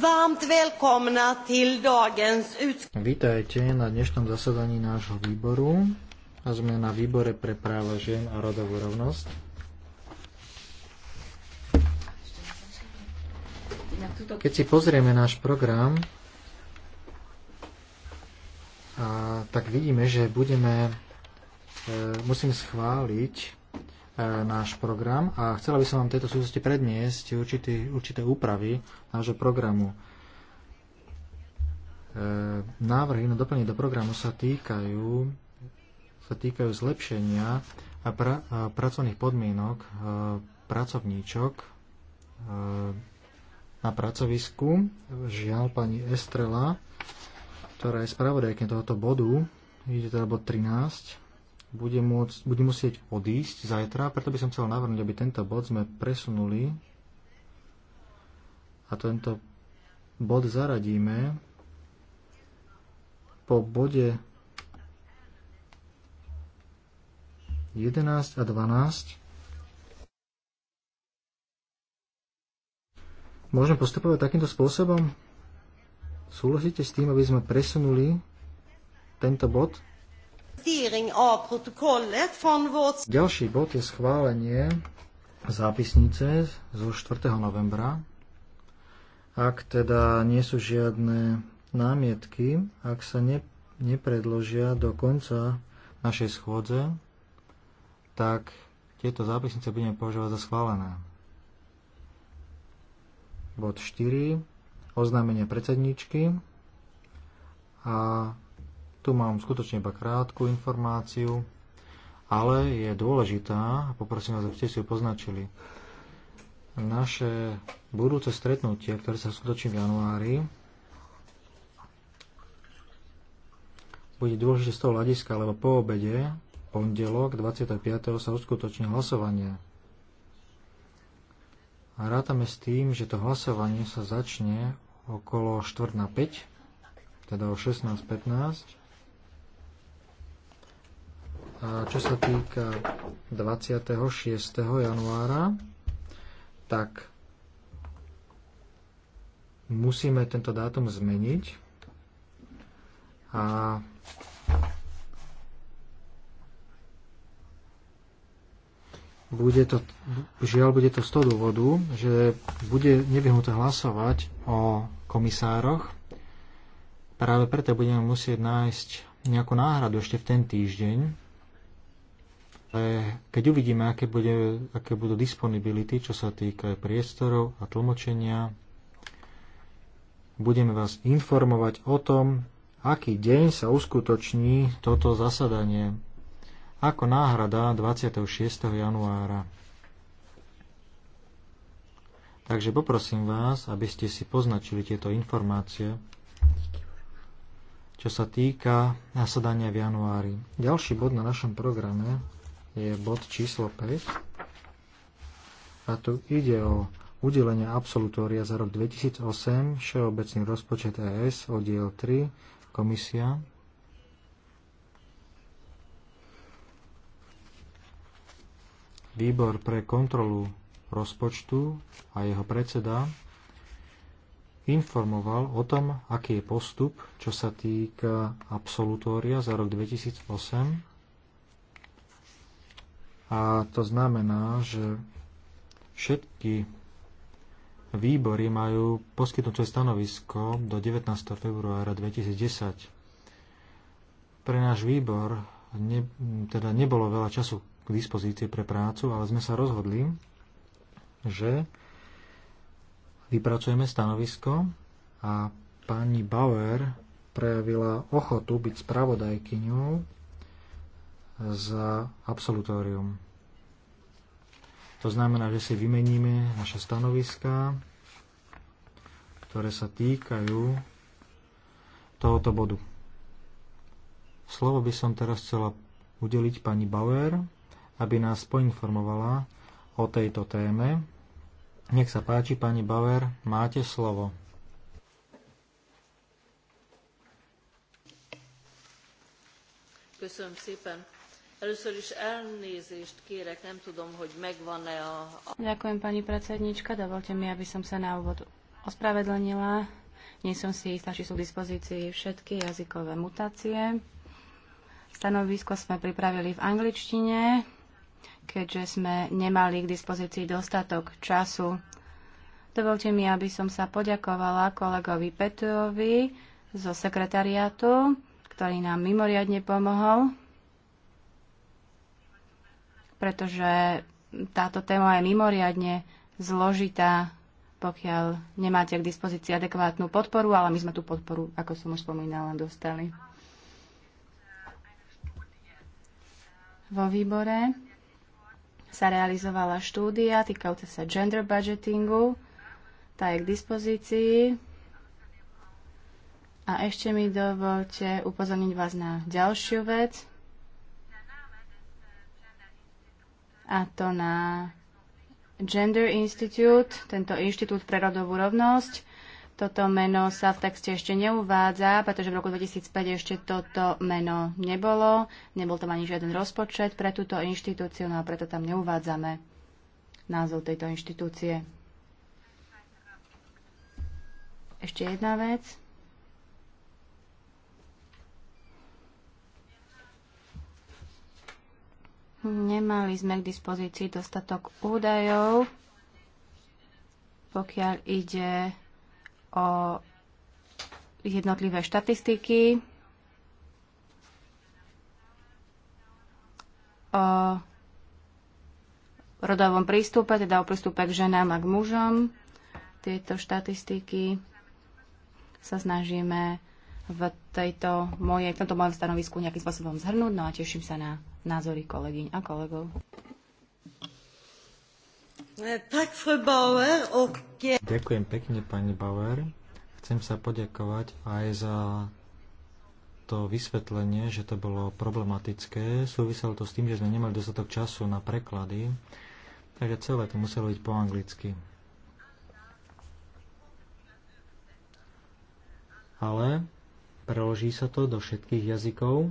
Varmt välkomna till dagens Vítajte na dnešnom zasadaní nášho výboru a sme na výbore pre práva žien a rodovú rovnosť. Keď si pozrieme náš program, a tak vidíme, že budeme, e, musím schváliť E, náš program a chcela by som vám v tejto súvislosti predniesť určité, určité úpravy nášho programu. E, návrhy na doplnenie do programu sa týkajú, sa týkajú zlepšenia a pra, a pracovných podmienok a e, pracovníčok a na pracovisku. Žiaľ, pani Estrela, ktorá je spravodajkne tohoto bodu, ide teda bod 13, bude, môcť, bude musieť odísť zajtra, preto by som chcel navrhnúť, aby tento bod sme presunuli a tento bod zaradíme po bode 11 a 12 Môžeme postupovať takýmto spôsobom? Súhlasíte s tým, aby sme presunuli tento bod ďalší bod je schválenie zápisnice zo 4. novembra. Ak teda nie sú žiadne námietky, ak sa ne, nepredložia do konca našej schôdze, tak tieto zápisnice budeme považovať za schválené. Bod 4. Oznámenie predsedničky. a tu mám skutočne iba krátku informáciu, ale je dôležitá a poprosím vás, aby ste si ju poznačili. Naše budúce stretnutie, ktoré sa skutočí v januári, bude dôležité z toho hľadiska, lebo po obede, pondelok 25. sa uskutoční hlasovanie. A rátame s tým, že to hlasovanie sa začne okolo 4 na 5, teda o 16.15 čo sa týka 26. januára, tak musíme tento dátum zmeniť a bude to, žiaľ bude to z toho dôvodu, že bude nevyhnuté hlasovať o komisároch. Práve preto budeme musieť nájsť nejakú náhradu ešte v ten týždeň, ale keď uvidíme, aké, bude, aké budú disponibility, čo sa týka priestorov a tlmočenia, budeme vás informovať o tom, aký deň sa uskutoční toto zasadanie ako náhrada 26. januára. Takže poprosím vás, aby ste si poznačili tieto informácie, čo sa týka nasadania v januári. Ďalší bod na našom programe je bod číslo 5 a tu ide o udelenie absolutória za rok 2008, Všeobecný rozpočet ES, oddiel 3, komisia. Výbor pre kontrolu rozpočtu a jeho predseda informoval o tom, aký je postup, čo sa týka absolutória za rok 2008 a to znamená, že všetky výbory majú poskytnuté stanovisko do 19. februára 2010. Pre náš výbor ne, teda nebolo veľa času k dispozícii pre prácu, ale sme sa rozhodli, že vypracujeme stanovisko a pani Bauer prejavila ochotu byť spravodajkyňou za absolutórium. To znamená, že si vymeníme naše stanoviská, ktoré sa týkajú tohoto bodu. Slovo by som teraz chcela udeliť pani Bauer, aby nás poinformovala o tejto téme. Nech sa páči, pani Bauer, máte slovo. Köszönöm szépen. Először is elnézést kérek, nem tudom, hogy megvan-e a... Ďakujem, pani predsednička. Dovolte mi, aby som sa na úvod ospravedlnila. Nie som si istá, či sú k dispozícii všetky jazykové mutácie. Stanovisko sme pripravili v angličtine, keďže sme nemali k dispozícii dostatok času. Dovolte mi, aby som sa poďakovala kolegovi Petrovi zo sekretariátu, ktorý nám mimoriadne pomohol pretože táto téma je mimoriadne zložitá, pokiaľ nemáte k dispozícii adekvátnu podporu, ale my sme tú podporu, ako som už spomínala, dostali. Vo výbore sa realizovala štúdia týkajúca sa gender budgetingu. Tá je k dispozícii. A ešte mi dovolte upozorniť vás na ďalšiu vec. a to na Gender Institute, tento inštitút pre rodovú rovnosť. Toto meno sa v texte ešte neuvádza, pretože v roku 2005 ešte toto meno nebolo. Nebol tam ani žiaden rozpočet pre túto inštitúciu, no a preto tam neuvádzame názov tejto inštitúcie. Ešte jedna vec. Nemali sme k dispozícii dostatok údajov, pokiaľ ide o jednotlivé štatistiky, o rodovom prístupe, teda o prístupe k ženám a k mužom. Tieto štatistiky sa snažíme v tejto mojej, v tomto mojom stanovisku nejakým spôsobom zhrnúť, no a teším sa na názory kolegyň a kolegov. Ďakujem pekne, pani Bauer. Chcem sa poďakovať aj za to vysvetlenie, že to bolo problematické. Súviselo to s tým, že sme nemali dostatok času na preklady, takže celé to muselo byť po anglicky. Ale preloží sa to do všetkých jazykov,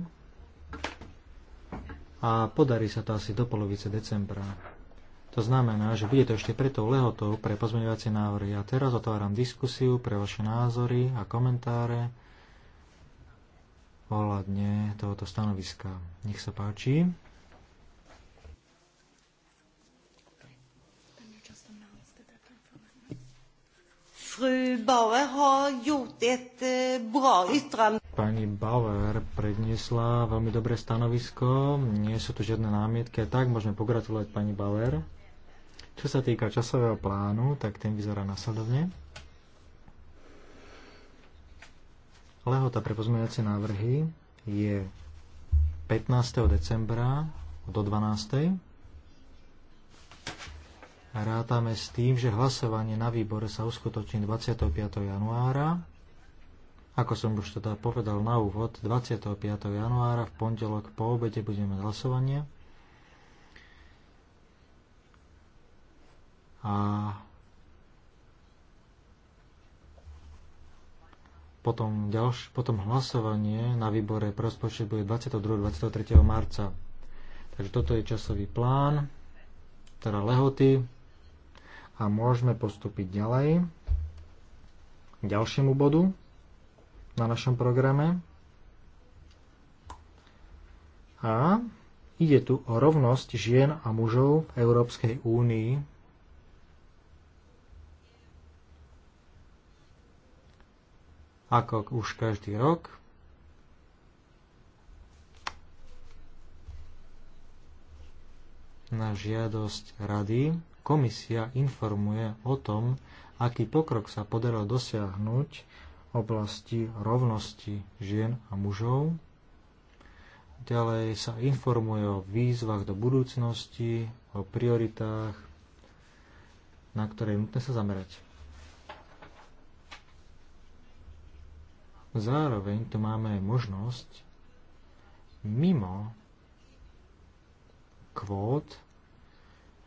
a podarí sa to asi do polovice decembra. To znamená, že bude to ešte pred tou lehotou pre pozmeňovacie návrhy. A teraz otváram diskusiu pre vaše názory a komentáre ohľadne tohoto stanoviska. Nech sa páči. Fru Bauer har gjort ett eh, bra yttrande pani Bauer predniesla veľmi dobré stanovisko, nie sú tu žiadne námietky, a tak môžeme pogratulovať pani Bauer. Čo sa týka časového plánu, tak ten vyzerá následovne. Lehota pre pozmeňovacie návrhy je 15. decembra do 12. Rátame s tým, že hlasovanie na výbore sa uskutoční 25. januára ako som už teda povedal na úvod, 25. januára v pondelok po obede budeme mať hlasovanie. A potom, ďalš, potom hlasovanie na výbore pre rozpočet bude 22. 23. marca. Takže toto je časový plán, teda lehoty a môžeme postúpiť ďalej k ďalšiemu bodu na našom programe. A ide tu o rovnosť žien a mužov v Európskej únii. Ako už každý rok. Na žiadosť rady komisia informuje o tom, aký pokrok sa podarilo dosiahnuť oblasti rovnosti žien a mužov. Ďalej sa informuje o výzvach do budúcnosti, o prioritách, na ktoré je nutné sa zamerať. Zároveň tu máme aj možnosť mimo kvót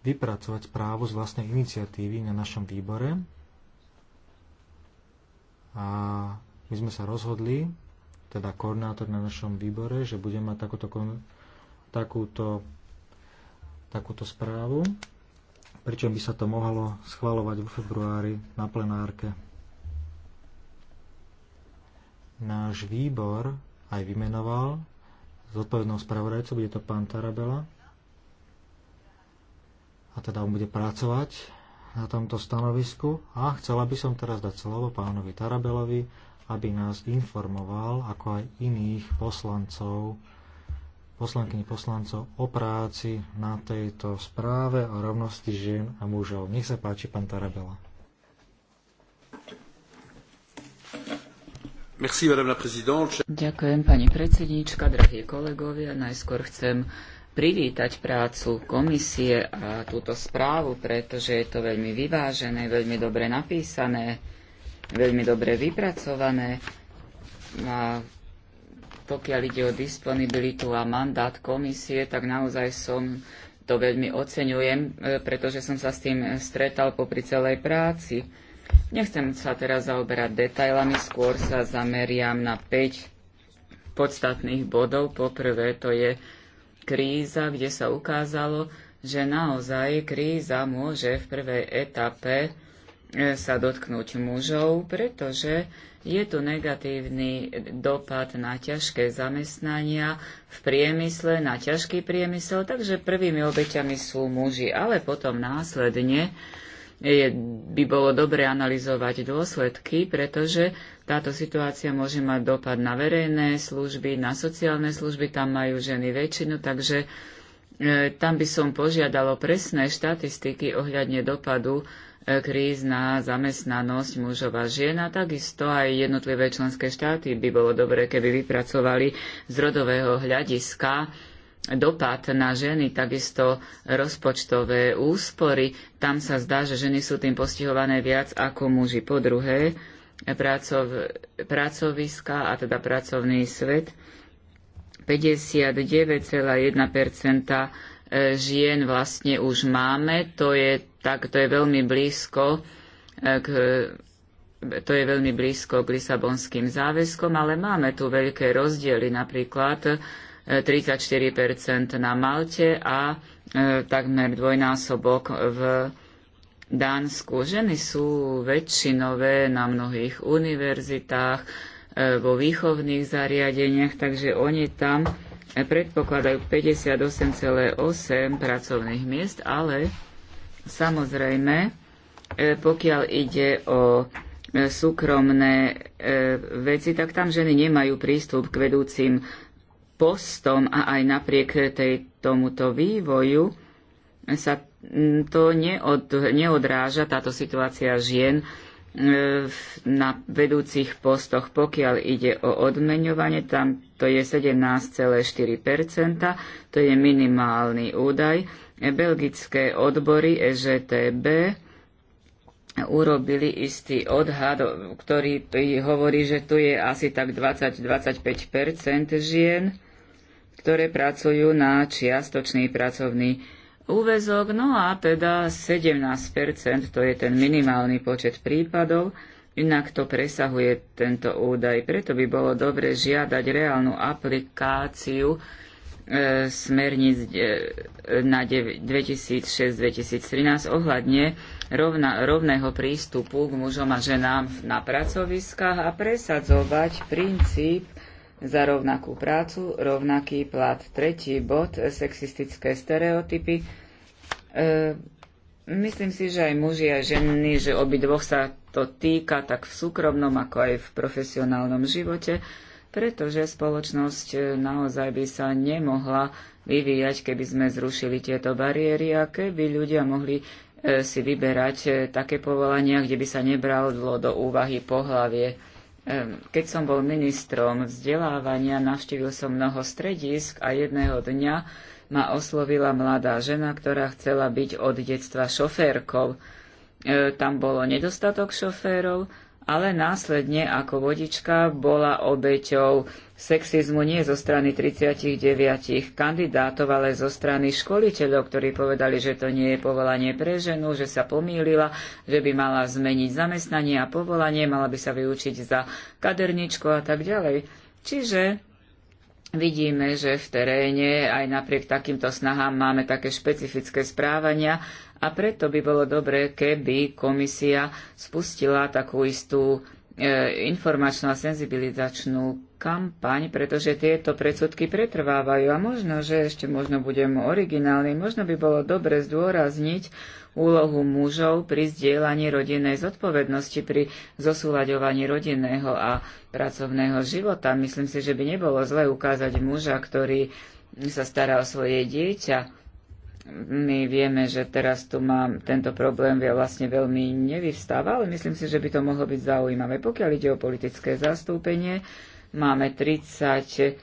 vypracovať právo z vlastnej iniciatívy na našom výbore, a my sme sa rozhodli, teda koordinátor na našom výbore, že budeme mať takúto, takúto, takúto správu, pričom by sa to mohlo schvalovať vo februári na plenárke. Náš výbor aj vymenoval zodpovedného spravodajcu, bude to pán Tarabela, a teda on bude pracovať na tomto stanovisku a chcela by som teraz dať slovo pánovi Tarabelovi, aby nás informoval, ako aj iných poslancov, poslankyni poslancov o práci na tejto správe o rovnosti žien a mužov. Nech sa páči, pán Tarabela. Ďakujem, pani predsedníčka, drahí kolegovia. Najskôr chcem privítať prácu komisie a túto správu, pretože je to veľmi vyvážené, veľmi dobre napísané, veľmi dobre vypracované. A pokiaľ ide o disponibilitu a mandát komisie, tak naozaj som to veľmi oceňujem, e, pretože som sa s tým stretal popri celej práci. Nechcem sa teraz zaoberať detailami, skôr sa zameriam na 5 podstatných bodov. Poprvé to je kríza, kde sa ukázalo, že naozaj kríza môže v prvej etape e, sa dotknúť mužov, pretože je tu negatívny dopad na ťažké zamestnania v priemysle, na ťažký priemysel, takže prvými obeťami sú muži, ale potom následne je, by bolo dobre analyzovať dôsledky, pretože táto situácia môže mať dopad na verejné služby, na sociálne služby, tam majú ženy väčšinu, takže e, tam by som požiadalo presné štatistiky ohľadne dopadu e, kríz na zamestnanosť mužov a žien a takisto aj jednotlivé členské štáty by bolo dobre, keby vypracovali z rodového hľadiska dopad na ženy, takisto rozpočtové úspory. Tam sa zdá, že ženy sú tým postihované viac ako muži. Po druhé, pracov, pracoviska a teda pracovný svet. 59,1 e, žien vlastne už máme. To je, tak, to je veľmi blízko e, k to je veľmi blízko k Lisabonským záväzkom, ale máme tu veľké rozdiely. Napríklad 34% na Malte a e, takmer dvojnásobok v Dánsku. Ženy sú väčšinové na mnohých univerzitách, e, vo výchovných zariadeniach, takže oni tam predpokladajú 58,8 pracovných miest, ale samozrejme, e, pokiaľ ide o súkromné veci, tak tam ženy nemajú prístup k vedúcim postom a aj napriek tej, tomuto vývoju sa mm, to neod, neodráža táto situácia žien e, na vedúcich postoch, pokiaľ ide o odmeňovanie, tam to je 17,4%, to je minimálny údaj. E, belgické odbory EŽTB urobili istý odhad, ktorý hovorí, že tu je asi tak 20-25% žien ktoré pracujú na čiastočný pracovný úvezok, no a teda 17%, to je ten minimálny počet prípadov, inak to presahuje tento údaj. Preto by bolo dobre žiadať reálnu aplikáciu e, smerníc e, na 2006-2013 ohľadne rovna, rovného prístupu k mužom a ženám na pracoviskách a presadzovať princíp za rovnakú prácu, rovnaký plat. Tretí bod, sexistické stereotypy. E, myslím si, že aj muži a ženy, že obidvoch sa to týka tak v súkromnom, ako aj v profesionálnom živote, pretože spoločnosť e, naozaj by sa nemohla vyvíjať, keby sme zrušili tieto bariéry a keby ľudia mohli e, si vyberať e, také povolania, kde by sa nebralo do úvahy pohlavie. Keď som bol ministrom vzdelávania, navštívil som mnoho stredisk a jedného dňa ma oslovila mladá žena, ktorá chcela byť od detstva šoférkou. Tam bolo nedostatok šoférov, ale následne ako vodička bola obeťou sexizmu nie zo strany 39 kandidátov, ale zo strany školiteľov, ktorí povedali, že to nie je povolanie pre ženu, že sa pomýlila, že by mala zmeniť zamestnanie a povolanie, mala by sa vyučiť za kaderničku a tak ďalej. Čiže vidíme, že v teréne aj napriek takýmto snahám máme také špecifické správania a preto by bolo dobré, keby komisia spustila takú istú E, informačnú a senzibilizačnú kampaň, pretože tieto predsudky pretrvávajú a možno, že ešte možno budem originálny, možno by bolo dobre zdôrazniť úlohu mužov pri zdieľaní rodinnej zodpovednosti, pri zosúľaďovaní rodinného a pracovného života. Myslím si, že by nebolo zle ukázať muža, ktorý sa stará o svoje dieťa, my vieme, že teraz tu mám tento problém vlastne veľmi nevyvstáva, ale myslím si, že by to mohlo byť zaujímavé. Pokiaľ ide o politické zastúpenie, máme 35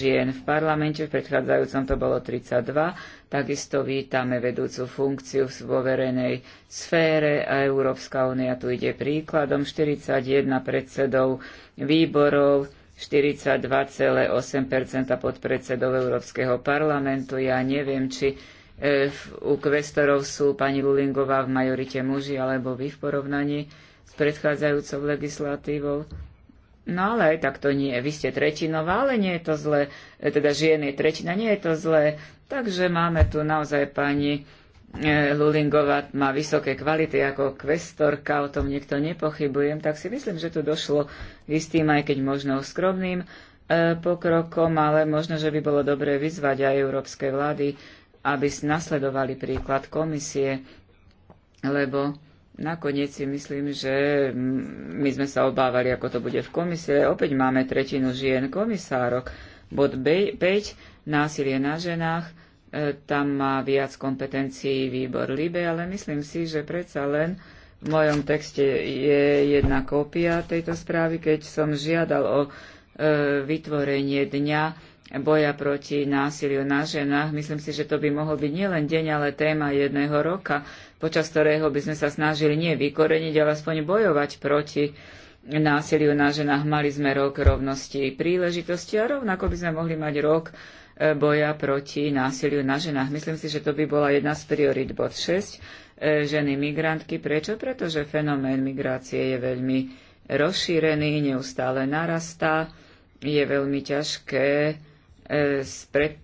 žien v parlamente, v predchádzajúcom to bolo 32. Takisto vítame vedúcu funkciu v verejnej sfére a Európska únia tu ide príkladom. 41 predsedov výborov, 42,8 podpredsedov Európskeho parlamentu. Ja neviem, či e, u kvestorov sú pani Lulingová v majorite muži alebo vy v porovnaní s predchádzajúcou legislatívou. No ale aj tak to nie. Vy ste tretinová, ale nie je to zlé. E, teda žien je tretina, nie je to zlé. Takže máme tu naozaj pani E, Lulingová má vysoké kvality ako kvestorka, o tom niekto nepochybujem, tak si myslím, že tu došlo k istým, aj keď možno skromným e, pokrokom, ale možno, že by bolo dobré vyzvať aj európske vlády, aby nasledovali príklad komisie, lebo nakoniec si myslím, že my sme sa obávali, ako to bude v komisie. Opäť máme tretinu žien komisárok. Bod 5, násilie na ženách E, tam má viac kompetencií výbor Libe, ale myslím si, že predsa len v mojom texte je jedna kópia tejto správy, keď som žiadal o e, vytvorenie dňa boja proti násiliu na ženách. Myslím si, že to by mohol byť nielen deň, ale téma jedného roka, počas ktorého by sme sa snažili nie vykoreniť, ale aspoň bojovať proti násiliu na ženách. Mali sme rok rovnosti príležitosti a rovnako by sme mohli mať rok E, boja proti násiliu na ženách. Myslím si, že to by bola jedna z priorit bod 6. E, ženy migrantky. Prečo? Pretože fenomén migrácie je veľmi rozšírený, neustále narastá. Je veľmi ťažké e, spred...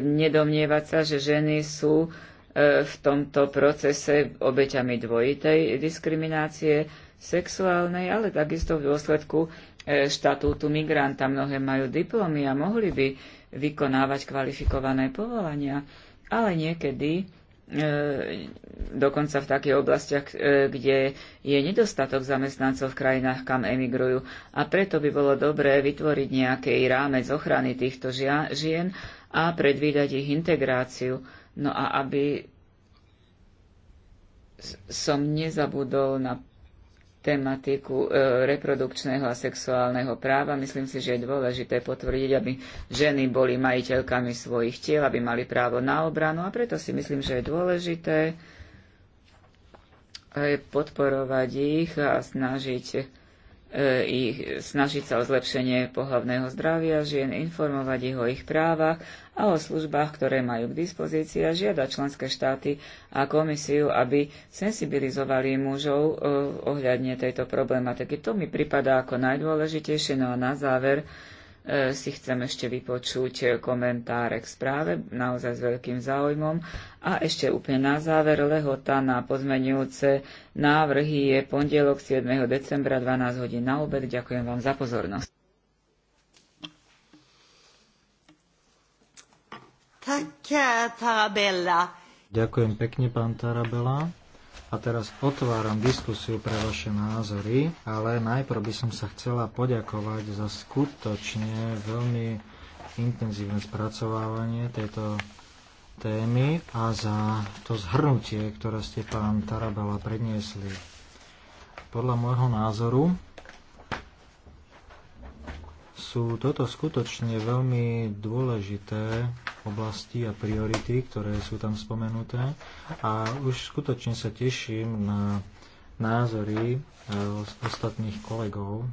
nedomnievať sa, že ženy sú v tomto procese obeťami dvojitej diskriminácie sexuálnej, ale takisto v dôsledku E, štatútu migranta. Mnohé majú diplomy a mohli by vykonávať kvalifikované povolania, ale niekedy e, dokonca v takých oblastiach, e, kde je nedostatok zamestnancov v krajinách, kam emigrujú. A preto by bolo dobré vytvoriť nejaký rámec ochrany týchto žien a predvídať ich integráciu. No a aby som nezabudol na tematiku e, reprodukčného a sexuálneho práva. Myslím si, že je dôležité potvrdiť, aby ženy boli majiteľkami svojich tiel, aby mali právo na obranu a preto si myslím, že je dôležité e, podporovať ich a snažiť ich, snažiť sa o zlepšenie pohľavného zdravia žien, informovať ich o ich právach a o službách, ktoré majú k dispozícii a žiada členské štáty a komisiu, aby sensibilizovali mužov eh, ohľadne tejto problematiky. To mi pripadá ako najdôležitejšie. No a na záver E, si chcem ešte vypočuť komentáre k správe, naozaj s veľkým záujmom. A ešte úplne na záver, lehota na pozmenujúce návrhy je pondelok 7. decembra 12 hodín na obed. Ďakujem vám za pozornosť. Eh, Ďakujem pekne, pán Tarabela. A teraz otváram diskusiu pre vaše názory, ale najprv by som sa chcela poďakovať za skutočne veľmi intenzívne spracovávanie tejto témy a za to zhrnutie, ktoré ste pán Tarabela predniesli. Podľa môjho názoru sú toto skutočne veľmi dôležité oblasti a priority, ktoré sú tam spomenuté. A už skutočne sa teším na názory e, ostatných kolegov.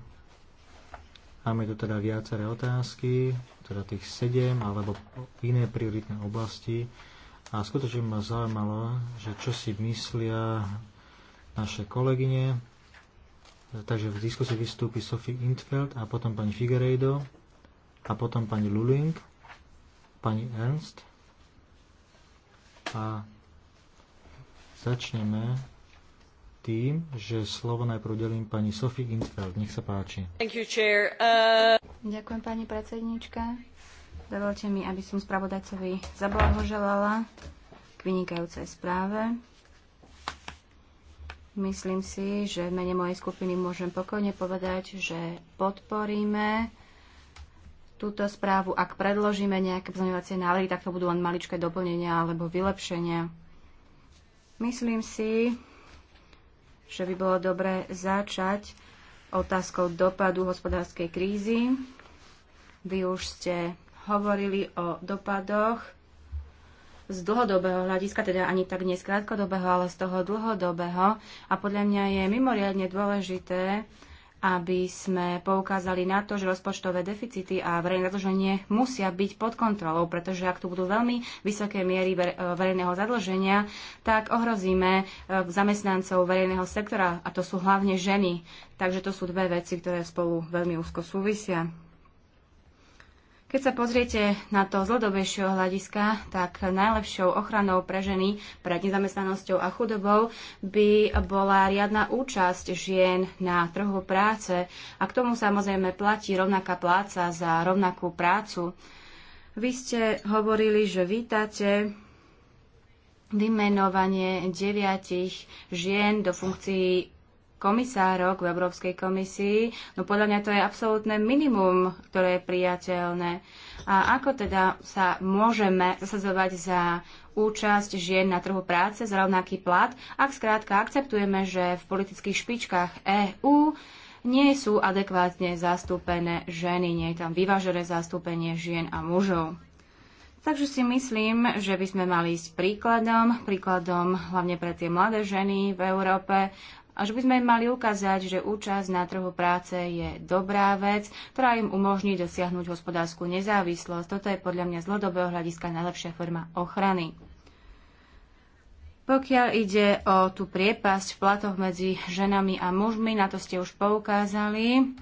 Máme tu teda viaceré otázky, teda tých sedem alebo iné prioritné oblasti. A skutočne ma zaujímalo, že čo si myslia naše kolegyne. Takže v diskusii vystúpi Sophie Intfeld a potom pani Figueiredo a potom pani Luling pani Ernst a začneme tým, že slovo najprv delím pani Sophie Infeld. Nech sa páči. You, uh... Ďakujem, pani predsednička. Dovolte mi, aby som spravodajcovi zablahoželala k vynikajúcej správe. Myslím si, že v mene mojej skupiny môžem pokojne povedať, že podporíme túto správu. Ak predložíme nejaké pozmeňovacie návrhy, tak to budú len maličké doplnenia alebo vylepšenia. Myslím si, že by bolo dobré začať otázkou dopadu hospodárskej krízy. Vy už ste hovorili o dopadoch z dlhodobého hľadiska, teda ani tak nie z krátkodobého, ale z toho dlhodobého. A podľa mňa je mimoriadne dôležité, aby sme poukázali na to, že rozpočtové deficity a verejné zadlženie musia byť pod kontrolou, pretože ak tu budú veľmi vysoké miery e, verejného zadlženia, tak ohrozíme e, zamestnancov verejného sektora a to sú hlavne ženy. Takže to sú dve veci, ktoré spolu veľmi úzko súvisia. Keď sa pozriete na to z dlhodobejšieho hľadiska, tak najlepšou ochranou pre ženy pred nezamestnanosťou a chudobou by bola riadna účasť žien na trhu práce a k tomu samozrejme platí rovnaká pláca za rovnakú prácu. Vy ste hovorili, že vítate vymenovanie deviatich žien do funkcií komisárok v Európskej komisii, no podľa mňa to je absolútne minimum, ktoré je priateľné. A ako teda sa môžeme zasadzovať za účasť žien na trhu práce za rovnaký plat, ak skrátka akceptujeme, že v politických špičkách EÚ nie sú adekvátne zastúpené ženy, nie je tam vyvážené zastúpenie žien a mužov. Takže si myslím, že by sme mali ísť príkladom, príkladom hlavne pre tie mladé ženy v Európe až by sme im mali ukázať, že účasť na trhu práce je dobrá vec, ktorá im umožní dosiahnuť hospodárskú nezávislosť. Toto je podľa mňa z dlhodobého hľadiska najlepšia forma ochrany. Pokiaľ ide o tú priepasť v platoch medzi ženami a mužmi, na to ste už poukázali.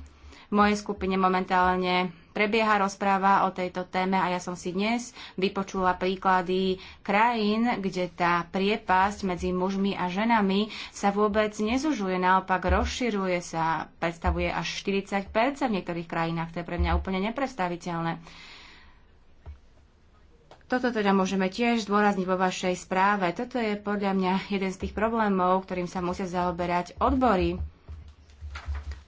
V mojej skupine momentálne Prebieha rozpráva o tejto téme a ja som si dnes vypočula príklady krajín, kde tá priepasť medzi mužmi a ženami sa vôbec nezužuje, naopak rozširuje sa, predstavuje až 40 v niektorých krajinách. To je pre mňa úplne nepredstaviteľné. Toto teda môžeme tiež zdôrazniť vo vašej správe. Toto je podľa mňa jeden z tých problémov, ktorým sa musia zaoberať odbory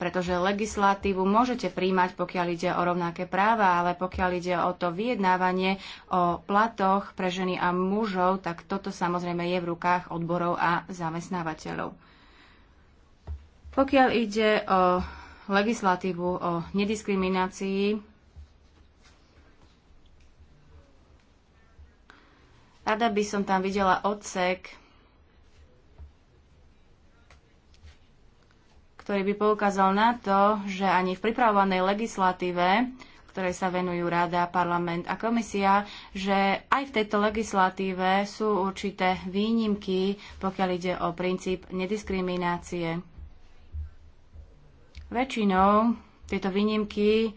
pretože legislatívu môžete príjmať, pokiaľ ide o rovnaké práva, ale pokiaľ ide o to vyjednávanie o platoch pre ženy a mužov, tak toto samozrejme je v rukách odborov a zamestnávateľov. Pokiaľ ide o legislatívu o nediskriminácii, rada by som tam videla odsek ktorý by poukázal na to, že ani v pripravovanej legislatíve, ktoré sa venujú Rada, Parlament a Komisia, že aj v tejto legislatíve sú určité výnimky, pokiaľ ide o princíp nediskriminácie. Väčšinou tieto výnimky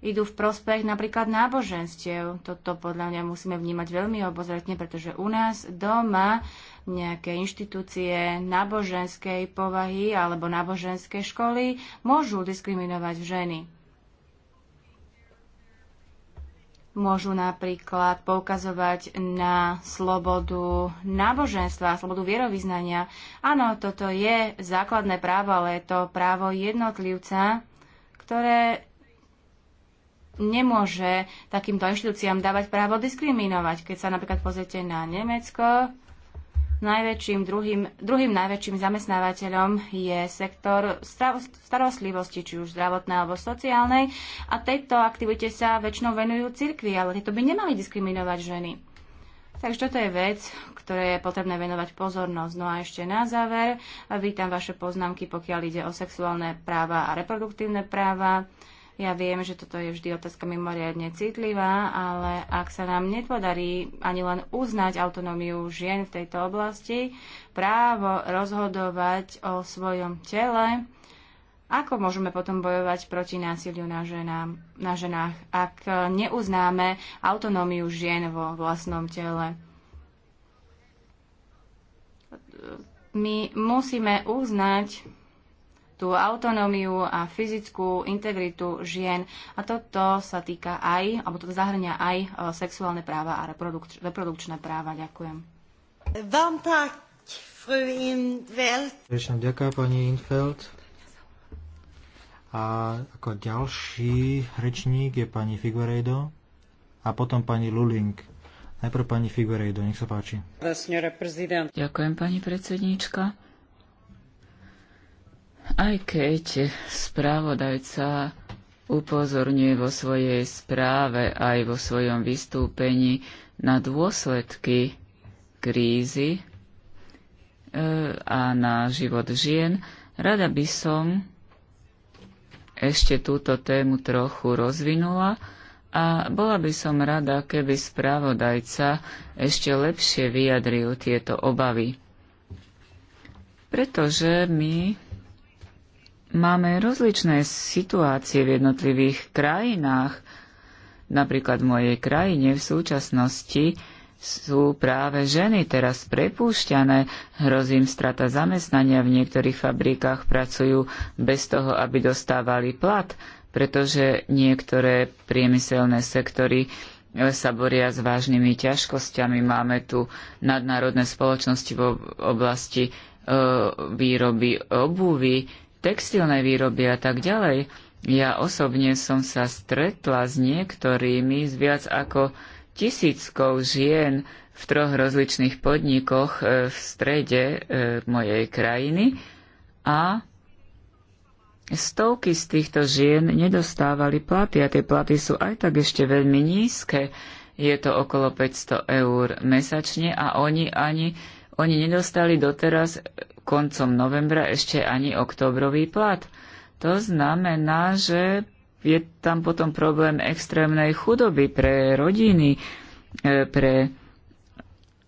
idú v prospech napríklad náboženstiev. Toto podľa mňa musíme vnímať veľmi obozretne, pretože u nás doma nejaké inštitúcie náboženskej povahy alebo náboženské školy môžu diskriminovať ženy. Môžu napríklad poukazovať na slobodu náboženstva, slobodu vierovýznania. Áno, toto je základné právo, ale je to právo jednotlivca, ktoré nemôže takýmto inštitúciám dávať právo diskriminovať. Keď sa napríklad pozrite na Nemecko, Najväčším, druhým, druhým najväčším zamestnávateľom je sektor starostlivosti, či už zdravotnej alebo sociálnej. A tejto aktivite sa väčšinou venujú cirkvi, ale tieto by nemali diskriminovať ženy. Takže toto je vec, ktoré je potrebné venovať pozornosť. No a ešte na záver, vítam vaše poznámky, pokiaľ ide o sexuálne práva a reproduktívne práva. Ja viem, že toto je vždy otázka mimoriadne citlivá, ale ak sa nám nepodarí ani len uznať autonómiu žien v tejto oblasti, právo rozhodovať o svojom tele, ako môžeme potom bojovať proti násiliu na, ženám, na ženách, ak neuznáme autonómiu žien vo vlastnom tele? My musíme uznať tú autonómiu a fyzickú integritu žien. A toto sa týka aj, alebo toto zahrňa aj e, sexuálne práva a reprodukč- reprodukčné práva. Ďakujem. Vám tak, fru Infeld. Ďakujem, pani Infeld. A ako ďalší rečník je pani Figueiredo a potom pani Luling. Najprv pani Figueiredo, nech sa páči. Ďakujem, pani predsedníčka. Aj keď správodajca upozorňuje vo svojej správe aj vo svojom vystúpení na dôsledky krízy e, a na život žien, rada by som ešte túto tému trochu rozvinula a bola by som rada, keby správodajca ešte lepšie vyjadril tieto obavy. Pretože my Máme rozličné situácie v jednotlivých krajinách. Napríklad v mojej krajine v súčasnosti sú práve ženy teraz prepúšťané, hrozím strata zamestnania, v niektorých fabrikách pracujú bez toho, aby dostávali plat, pretože niektoré priemyselné sektory e, sa boria s vážnymi ťažkosťami. Máme tu nadnárodné spoločnosti v oblasti e, výroby obuvy, textilnej výroby a tak ďalej. Ja osobne som sa stretla s niektorými z viac ako tisíckou žien v troch rozličných podnikoch e, v strede e, mojej krajiny a stovky z týchto žien nedostávali platy a tie platy sú aj tak ešte veľmi nízke. Je to okolo 500 eur mesačne a oni ani oni nedostali doteraz koncom novembra ešte ani oktobrový plat. To znamená, že je tam potom problém extrémnej chudoby pre rodiny, e, pre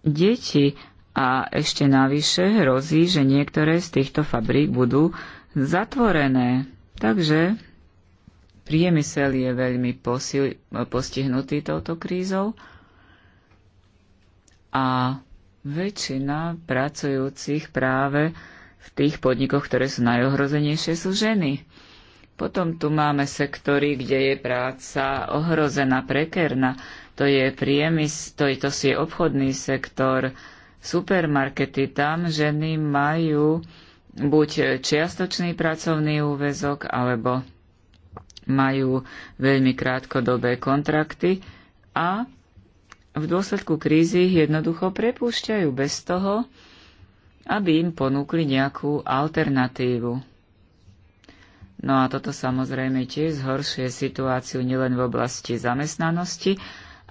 deti a ešte navyše hrozí, že niektoré z týchto fabrík budú zatvorené. Takže priemysel je veľmi posil, postihnutý touto krízou a väčšina pracujúcich práve v tých podnikoch, ktoré sú najohrozenejšie, sú ženy. Potom tu máme sektory, kde je práca ohrozená, prekerná. To je priemys, to, je, to si je obchodný sektor, supermarkety. Tam ženy majú buď čiastočný pracovný úvezok, alebo majú veľmi krátkodobé kontrakty a v dôsledku krízy ich jednoducho prepúšťajú bez toho, aby im ponúkli nejakú alternatívu. No a toto samozrejme tiež zhoršuje situáciu nielen v oblasti zamestnanosti,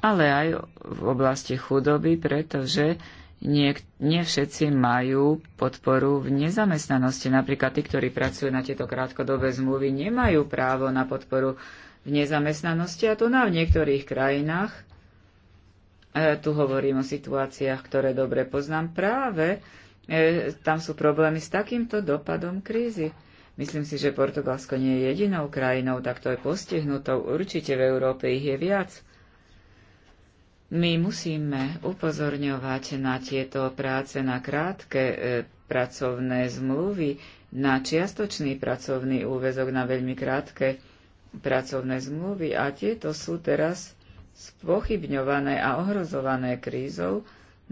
ale aj v oblasti chudoby, pretože nie, nie všetci majú podporu v nezamestnanosti. Napríklad tí, ktorí pracujú na tieto krátkodobé zmluvy, nemajú právo na podporu v nezamestnanosti a to na v niektorých krajinách E, tu hovorím o situáciách, ktoré dobre poznám práve. E, tam sú problémy s takýmto dopadom krízy. Myslím si, že Portugalsko nie je jedinou krajinou, takto je postihnutou. Určite v Európe ich je viac. My musíme upozorňovať na tieto práce, na krátke e, pracovné zmluvy, na čiastočný pracovný úvezok, na veľmi krátke pracovné zmluvy a tieto sú teraz spochybňované a ohrozované krízou,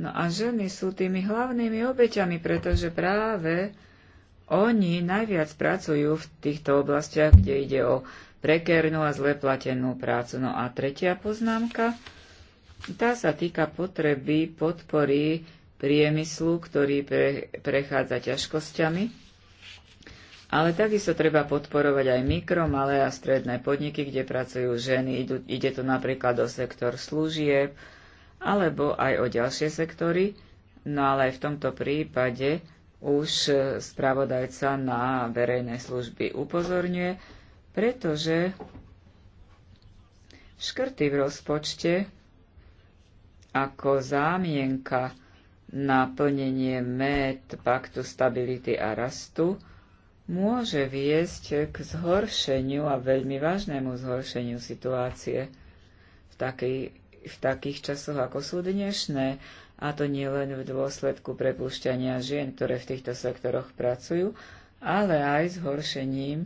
no a ženy sú tými hlavnými obeťami, pretože práve oni najviac pracujú v týchto oblastiach, kde ide o prekernú a zle platenú prácu. No a tretia poznámka, tá sa týka potreby podpory priemyslu, ktorý pre, prechádza ťažkosťami ale takisto treba podporovať aj mikro, malé a stredné podniky, kde pracujú ženy. Ide to napríklad o sektor služieb alebo aj o ďalšie sektory. No ale aj v tomto prípade už spravodajca na verejné služby upozorňuje, pretože škrty v rozpočte ako zámienka na plnenie MED, Paktu stability a rastu – môže viesť k zhoršeniu a veľmi vážnemu zhoršeniu situácie v, takej, v takých časoch, ako sú dnešné, a to nie len v dôsledku prepúšťania žien, ktoré v týchto sektoroch pracujú, ale aj zhoršením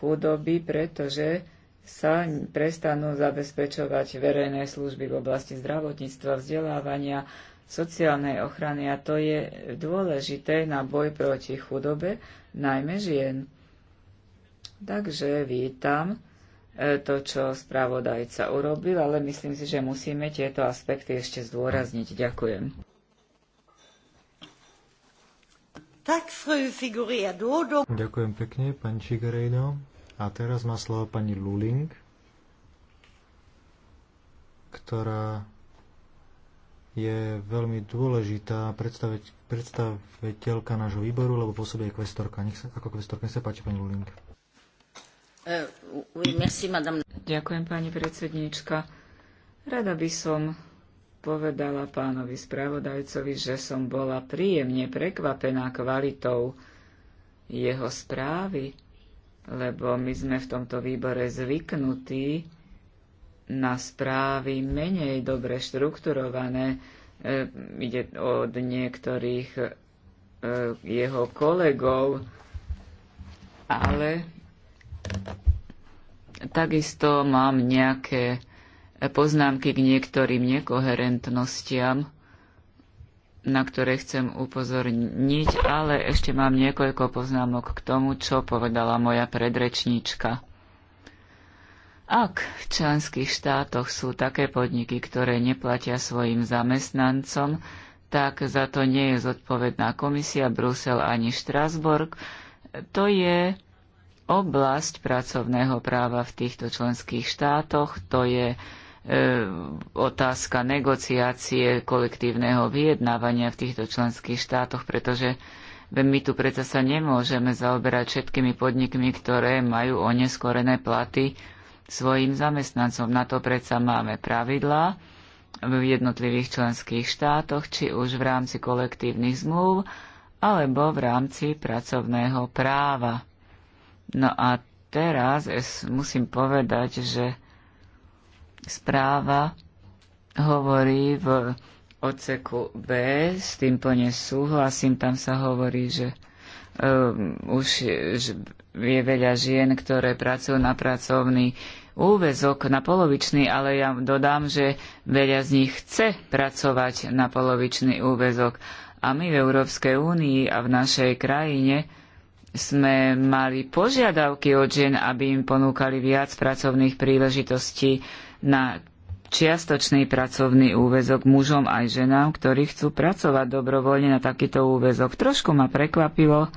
chudoby, pretože sa prestanú zabezpečovať verejné služby v oblasti zdravotníctva, vzdelávania, sociálnej ochrany a to je dôležité na boj proti chudobe, najmä žien. Takže vítam e, to, čo spravodajca urobil, ale myslím si, že musíme tieto aspekty ešte zdôrazniť. Ďakujem. Ďakujem pekne, pani Čigarejno. A teraz má slovo pani Luling, ktorá je veľmi dôležitá predstaviteľka nášho výboru, lebo pôsobí je kvestorka. Nech sa, ako kvestorka, nech sa páči, pani Luling. Eh, Ďakujem, pani predsednička. Rada by som povedala pánovi spravodajcovi, že som bola príjemne prekvapená kvalitou jeho správy, lebo my sme v tomto výbore zvyknutí, na správy menej dobre štrukturované. E, ide od niektorých e, jeho kolegov, ale takisto mám nejaké poznámky k niektorým nekoherentnostiam, na ktoré chcem upozorniť, ale ešte mám niekoľko poznámok k tomu, čo povedala moja predrečníčka. Ak v členských štátoch sú také podniky, ktoré neplatia svojim zamestnancom, tak za to nie je zodpovedná komisia Brusel ani Štrasburg. To je oblasť pracovného práva v týchto členských štátoch, to je e, otázka negociácie kolektívneho vyjednávania v týchto členských štátoch, pretože my tu predsa sa nemôžeme zaoberať všetkými podnikmi, ktoré majú oneskorené platy svojim zamestnancom. Na to predsa máme pravidlá v jednotlivých členských štátoch, či už v rámci kolektívnych zmluv, alebo v rámci pracovného práva. No a teraz musím povedať, že správa hovorí v oceku B, s tým plne súhlasím, tam sa hovorí, že um, už že je veľa žien, ktoré pracujú na pracovný úvezok na polovičný, ale ja dodám, že veľa z nich chce pracovať na polovičný úvezok. A my v Európskej únii a v našej krajine sme mali požiadavky od žien, aby im ponúkali viac pracovných príležitostí na čiastočný pracovný úväzok mužom aj ženám, ktorí chcú pracovať dobrovoľne na takýto úväzok. Trošku ma prekvapilo,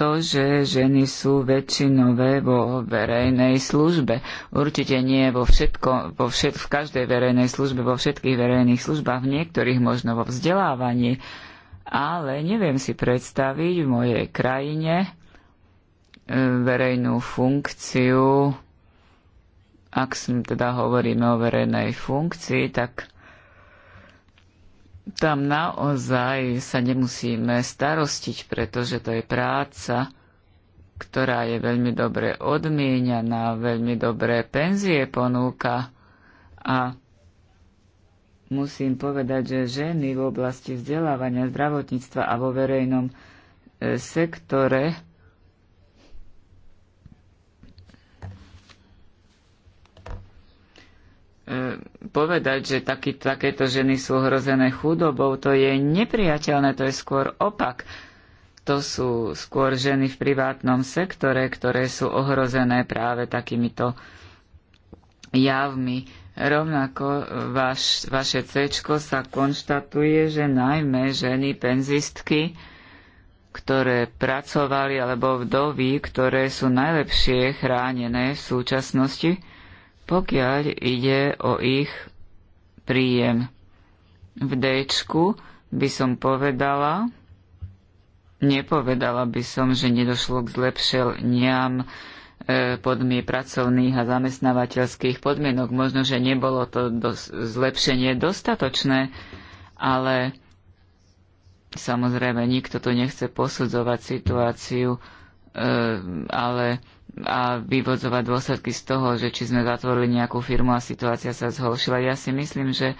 to, že ženy sú väčšinové vo verejnej službe. Určite nie vo všetko, vo všet, v každej verejnej službe, vo všetkých verejných službách, v niektorých možno vo vzdelávaní. Ale neviem si predstaviť v mojej krajine e, verejnú funkciu, ak teda hovoríme o verejnej funkcii, tak tam naozaj sa nemusíme starostiť, pretože to je práca, ktorá je veľmi dobre odmienaná, veľmi dobré penzie ponúka a musím povedať, že ženy v oblasti vzdelávania, zdravotníctva a vo verejnom e, sektore povedať, že taký, takéto ženy sú hrozené chudobou, to je nepriateľné, to je skôr opak. To sú skôr ženy v privátnom sektore, ktoré sú ohrozené práve takýmito javmi. Rovnako vaš, vaše cečko sa konštatuje, že najmä ženy penzistky, ktoré pracovali, alebo vdovy, ktoré sú najlepšie chránené v súčasnosti, pokiaľ ide o ich príjem. V D by som povedala, nepovedala by som, že nedošlo k zlepšeniam e, podmi pracovných a zamestnávateľských podmienok. Možno, že nebolo to dos- zlepšenie dostatočné, ale samozrejme nikto tu nechce posudzovať situáciu, e, ale a vyvozovať dôsledky z toho, že či sme zatvorili nejakú firmu a situácia sa zhoršila. Ja si myslím, že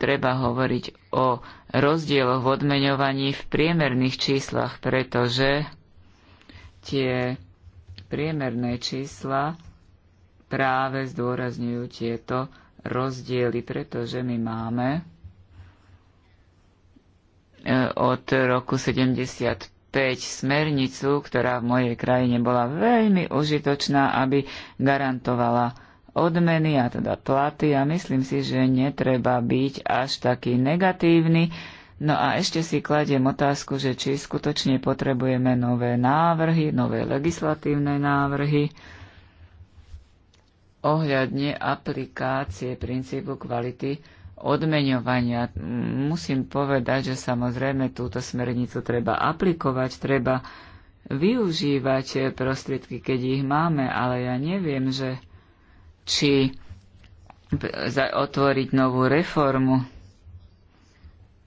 treba hovoriť o rozdieloch v odmeňovaní v priemerných číslach, pretože tie priemerné čísla práve zdôrazňujú tieto rozdiely, pretože my máme e, od roku 75 smernicu, ktorá v mojej krajine bola veľmi užitočná, aby garantovala odmeny a teda platy a myslím si, že netreba byť až taký negatívny. No a ešte si kladiem otázku, že či skutočne potrebujeme nové návrhy, nové legislatívne návrhy ohľadne aplikácie princípu kvality odmeňovania. Musím povedať, že samozrejme túto smernicu treba aplikovať, treba využívať prostriedky, keď ich máme, ale ja neviem, že či otvoriť novú reformu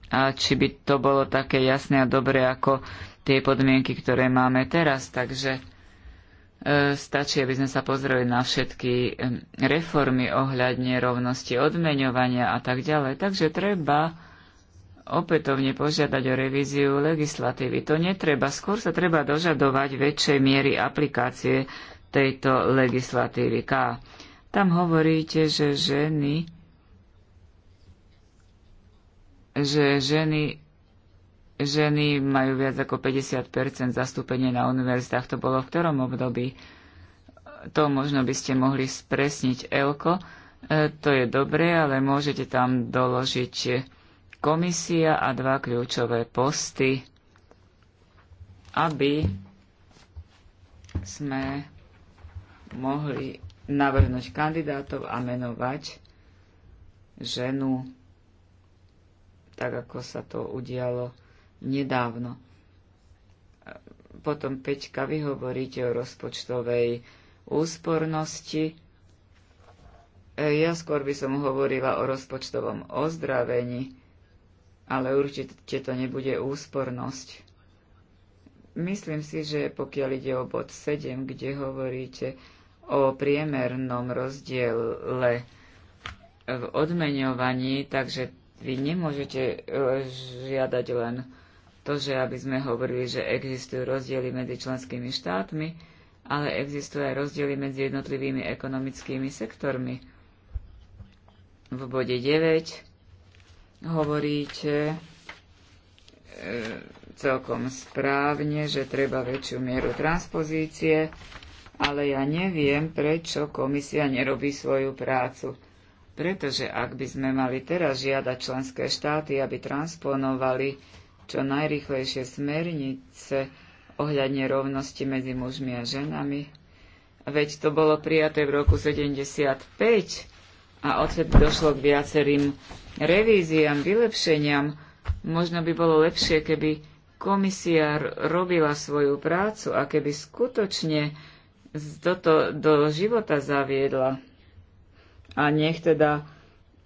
a či by to bolo také jasné a dobré ako tie podmienky, ktoré máme teraz. Takže E, stačí, aby sme sa pozreli na všetky e, reformy ohľadne rovnosti odmeňovania a tak ďalej. Takže treba opätovne požiadať o revíziu legislatívy. To netreba. Skôr sa treba dožadovať väčšej miery aplikácie tejto legislatívy K. Tam hovoríte, že ženy že ženy ženy majú viac ako 50% zastúpenie na univerzitách. To bolo v ktorom období? To možno by ste mohli spresniť ELKO. E, to je dobré, ale môžete tam doložiť komisia a dva kľúčové posty, aby sme mohli navrhnúť kandidátov a menovať ženu, tak ako sa to udialo nedávno. Potom, Peťka, vy hovoríte o rozpočtovej úspornosti. E, ja skôr by som hovorila o rozpočtovom ozdravení, ale určite to nebude úspornosť. Myslím si, že pokiaľ ide o bod 7, kde hovoríte o priemernom rozdiele v odmeňovaní, takže vy nemôžete e, žiadať len to, že aby sme hovorili, že existujú rozdiely medzi členskými štátmi, ale existujú aj rozdiely medzi jednotlivými ekonomickými sektormi. V bode 9 hovoríte e, celkom správne, že treba väčšiu mieru transpozície, ale ja neviem, prečo komisia nerobí svoju prácu. Pretože ak by sme mali teraz žiadať členské štáty, aby transponovali čo najrychlejšie smernice ohľadne rovnosti medzi mužmi a ženami. Veď to bolo prijaté v roku 75 a odtedy došlo k viacerým revíziám, vylepšeniam. Možno by bolo lepšie, keby komisia robila svoju prácu a keby skutočne toto do života zaviedla. A nech teda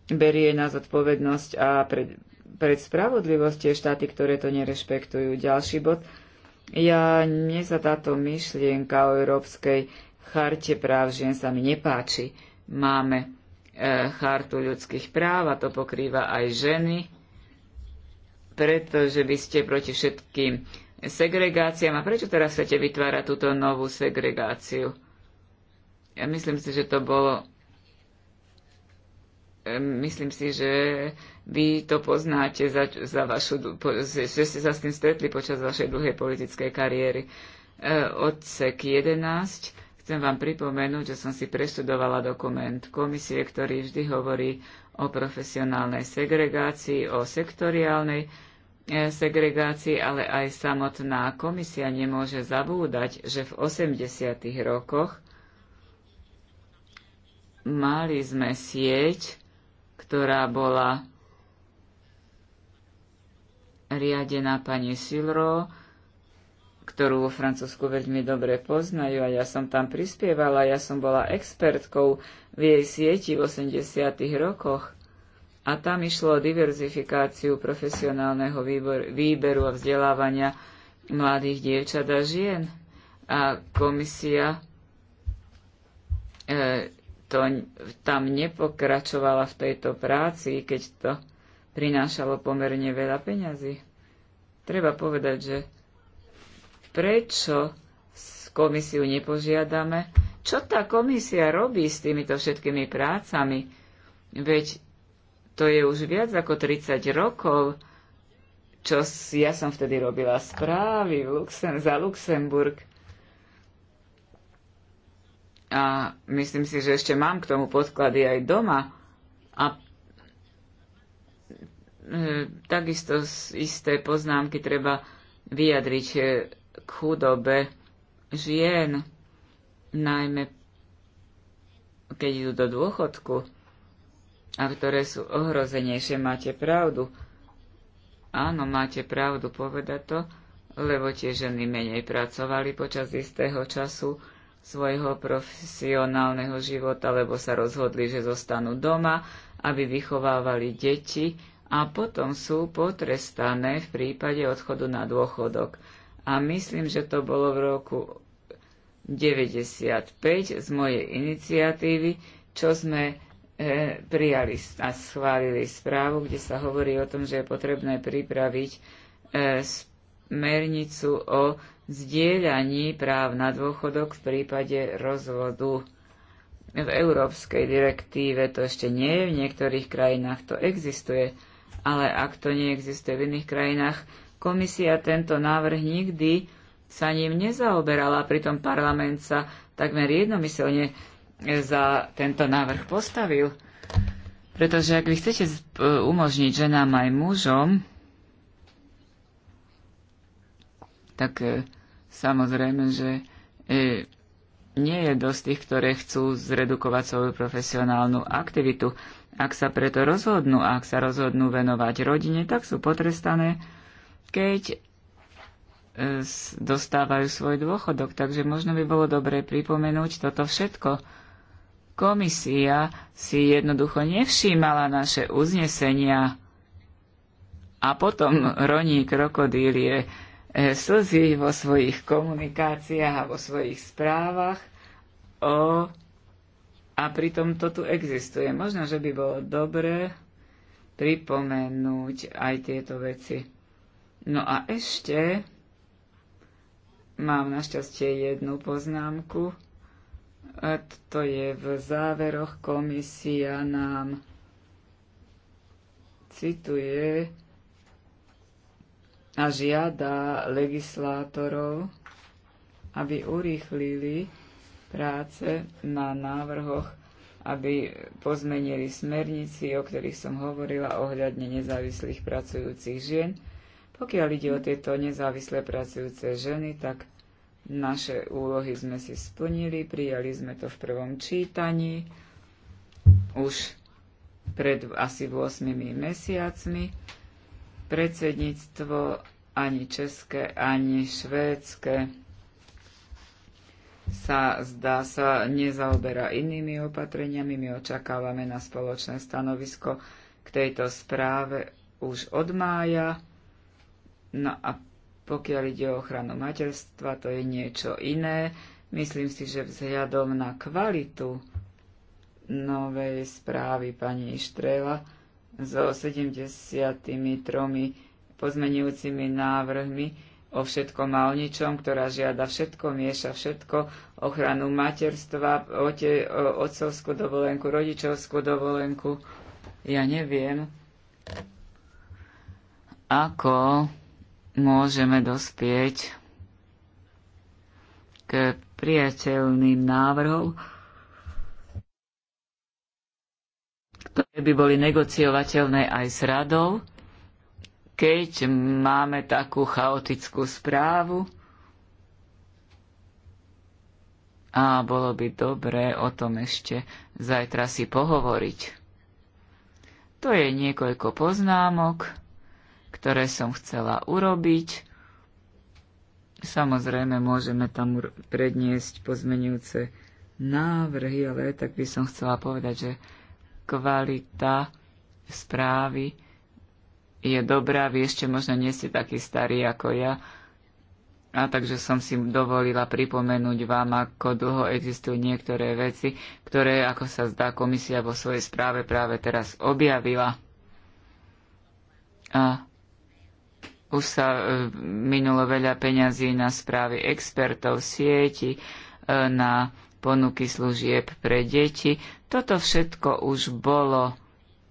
berie na zodpovednosť a pred, pred spravodlivosť tie štáty, ktoré to nerešpektujú. Ďalší bod. Ja, mne sa táto myšlienka o Európskej charte práv žien sa mi nepáči. Máme e, chartu ľudských práv a to pokrýva aj ženy, pretože vy ste proti všetkým segregáciám. A prečo teraz chcete vytvárať túto novú segregáciu? Ja myslím si, že to bolo myslím si, že vy to poznáte za, za vašu, že ste sa s tým stretli počas vašej dlhej politickej kariéry. E, odsek 11. Chcem vám pripomenúť, že som si preštudovala dokument komisie, ktorý vždy hovorí o profesionálnej segregácii, o sektoriálnej e, segregácii, ale aj samotná komisia nemôže zabúdať, že v 80. rokoch mali sme sieť ktorá bola riadená pani Silro, ktorú vo Francúzsku veľmi dobre poznajú a ja som tam prispievala, ja som bola expertkou v jej sieti v 80. rokoch a tam išlo o diverzifikáciu profesionálneho výberu a vzdelávania mladých dievčat a žien. A komisia e, to, tam nepokračovala v tejto práci, keď to prinášalo pomerne veľa peňazí. Treba povedať, že prečo komisiu nepožiadame? Čo tá komisia robí s týmito všetkými prácami? Veď to je už viac ako 30 rokov, čo ja som vtedy robila správy Luxem, za Luxemburg a myslím si, že ešte mám k tomu podklady aj doma a e, takisto isté poznámky treba vyjadriť e, k chudobe žien, najmä keď idú do dôchodku a ktoré sú ohrozenejšie. Máte pravdu. Áno, máte pravdu povedať to, lebo tie ženy menej pracovali počas istého času svojho profesionálneho života, lebo sa rozhodli, že zostanú doma, aby vychovávali deti a potom sú potrestané v prípade odchodu na dôchodok. A myslím, že to bolo v roku 95 z mojej iniciatívy, čo sme e, prijali a schválili správu, kde sa hovorí o tom, že je potrebné pripraviť e, smernicu o zdieľaní práv na dôchodok v prípade rozvodu. V európskej direktíve to ešte nie je, v niektorých krajinách to existuje, ale ak to neexistuje v iných krajinách, komisia tento návrh nikdy sa ním nezaoberala, pritom parlament sa takmer jednomyselne za tento návrh postavil. Pretože ak vy chcete e, umožniť ženám aj mužom, tak e, Samozrejme, že e, nie je dosť tých, ktoré chcú zredukovať svoju profesionálnu aktivitu. Ak sa preto rozhodnú, ak sa rozhodnú venovať rodine, tak sú potrestané, keď e, dostávajú svoj dôchodok. Takže možno by bolo dobre pripomenúť toto všetko. Komisia si jednoducho nevšímala naše uznesenia a potom roní krokodílie E, slzy vo svojich komunikáciách a vo svojich správach o, a pritom to tu existuje. Možno, že by bolo dobré pripomenúť aj tieto veci. No a ešte mám našťastie jednu poznámku. To je v záveroch komisia nám cituje a žiada legislátorov, aby urýchlili práce na návrhoch, aby pozmenili smernici, o ktorých som hovorila ohľadne nezávislých pracujúcich žien. Pokiaľ ide o tieto nezávislé pracujúce ženy, tak naše úlohy sme si splnili, prijali sme to v prvom čítaní už pred asi 8 mesiacmi predsedníctvo ani české, ani švédske sa zdá sa nezaoberá inými opatreniami. My očakávame na spoločné stanovisko k tejto správe už od mája. No a pokiaľ ide o ochranu materstva, to je niečo iné. Myslím si, že vzhľadom na kvalitu novej správy pani Štrela, so 73 pozmenujúcimi návrhmi o všetkom malničom, ničom, ktorá žiada všetko, mieša všetko, ochranu materstva, ote, otcovskú dovolenku, rodičovskú dovolenku. Ja neviem, ako môžeme dospieť k priateľným návrhom, ktoré by boli negociovateľné aj s radou, keď máme takú chaotickú správu. A bolo by dobré o tom ešte zajtra si pohovoriť. To je niekoľko poznámok, ktoré som chcela urobiť. Samozrejme, môžeme tam predniesť pozmenujúce návrhy, ale tak by som chcela povedať, že kvalita správy je dobrá, vy ešte možno nie ste taký starý ako ja, a takže som si dovolila pripomenúť vám, ako dlho existujú niektoré veci, ktoré, ako sa zdá, komisia vo svojej správe práve teraz objavila. A už sa e, minulo veľa peňazí na správy expertov sieti, e, na ponuky služieb pre deti. Toto všetko už bolo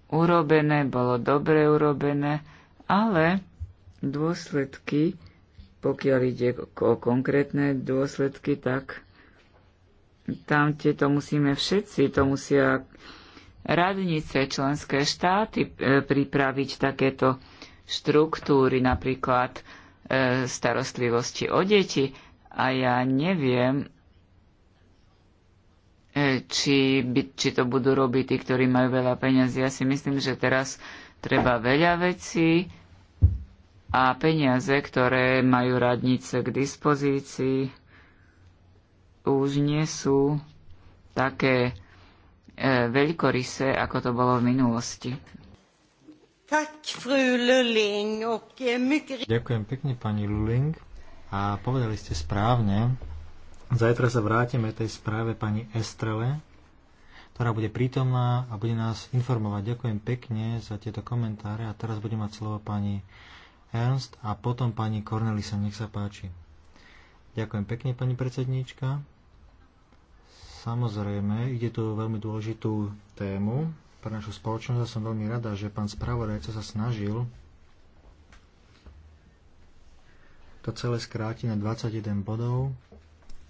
urobené, bolo dobre urobené, ale dôsledky, pokiaľ ide o konkrétne dôsledky, tak tam tieto musíme všetci, to musia radnice, členské štáty e, pripraviť takéto štruktúry, napríklad e, starostlivosti o deti. A ja neviem, E, či, by, či to budú robiť tí, ktorí majú veľa peniazy. Ja si myslím, že teraz treba veľa vecí a peniaze, ktoré majú radnice k dispozícii, už nie sú také e, veľkorysé, ako to bolo v minulosti. Ďakujem pekne, pani Luling. A povedali ste správne, Zajtra sa vrátime tej správe pani Estrele, ktorá bude prítomná a bude nás informovať. Ďakujem pekne za tieto komentáre a teraz bude mať slovo pani Ernst a potom pani Cornelisa, nech sa páči. Ďakujem pekne, pani predsedníčka. Samozrejme, ide tu o veľmi dôležitú tému pre našu spoločnosť a som veľmi rada, že pán spravodajca sa snažil to celé skráti na 21 bodov.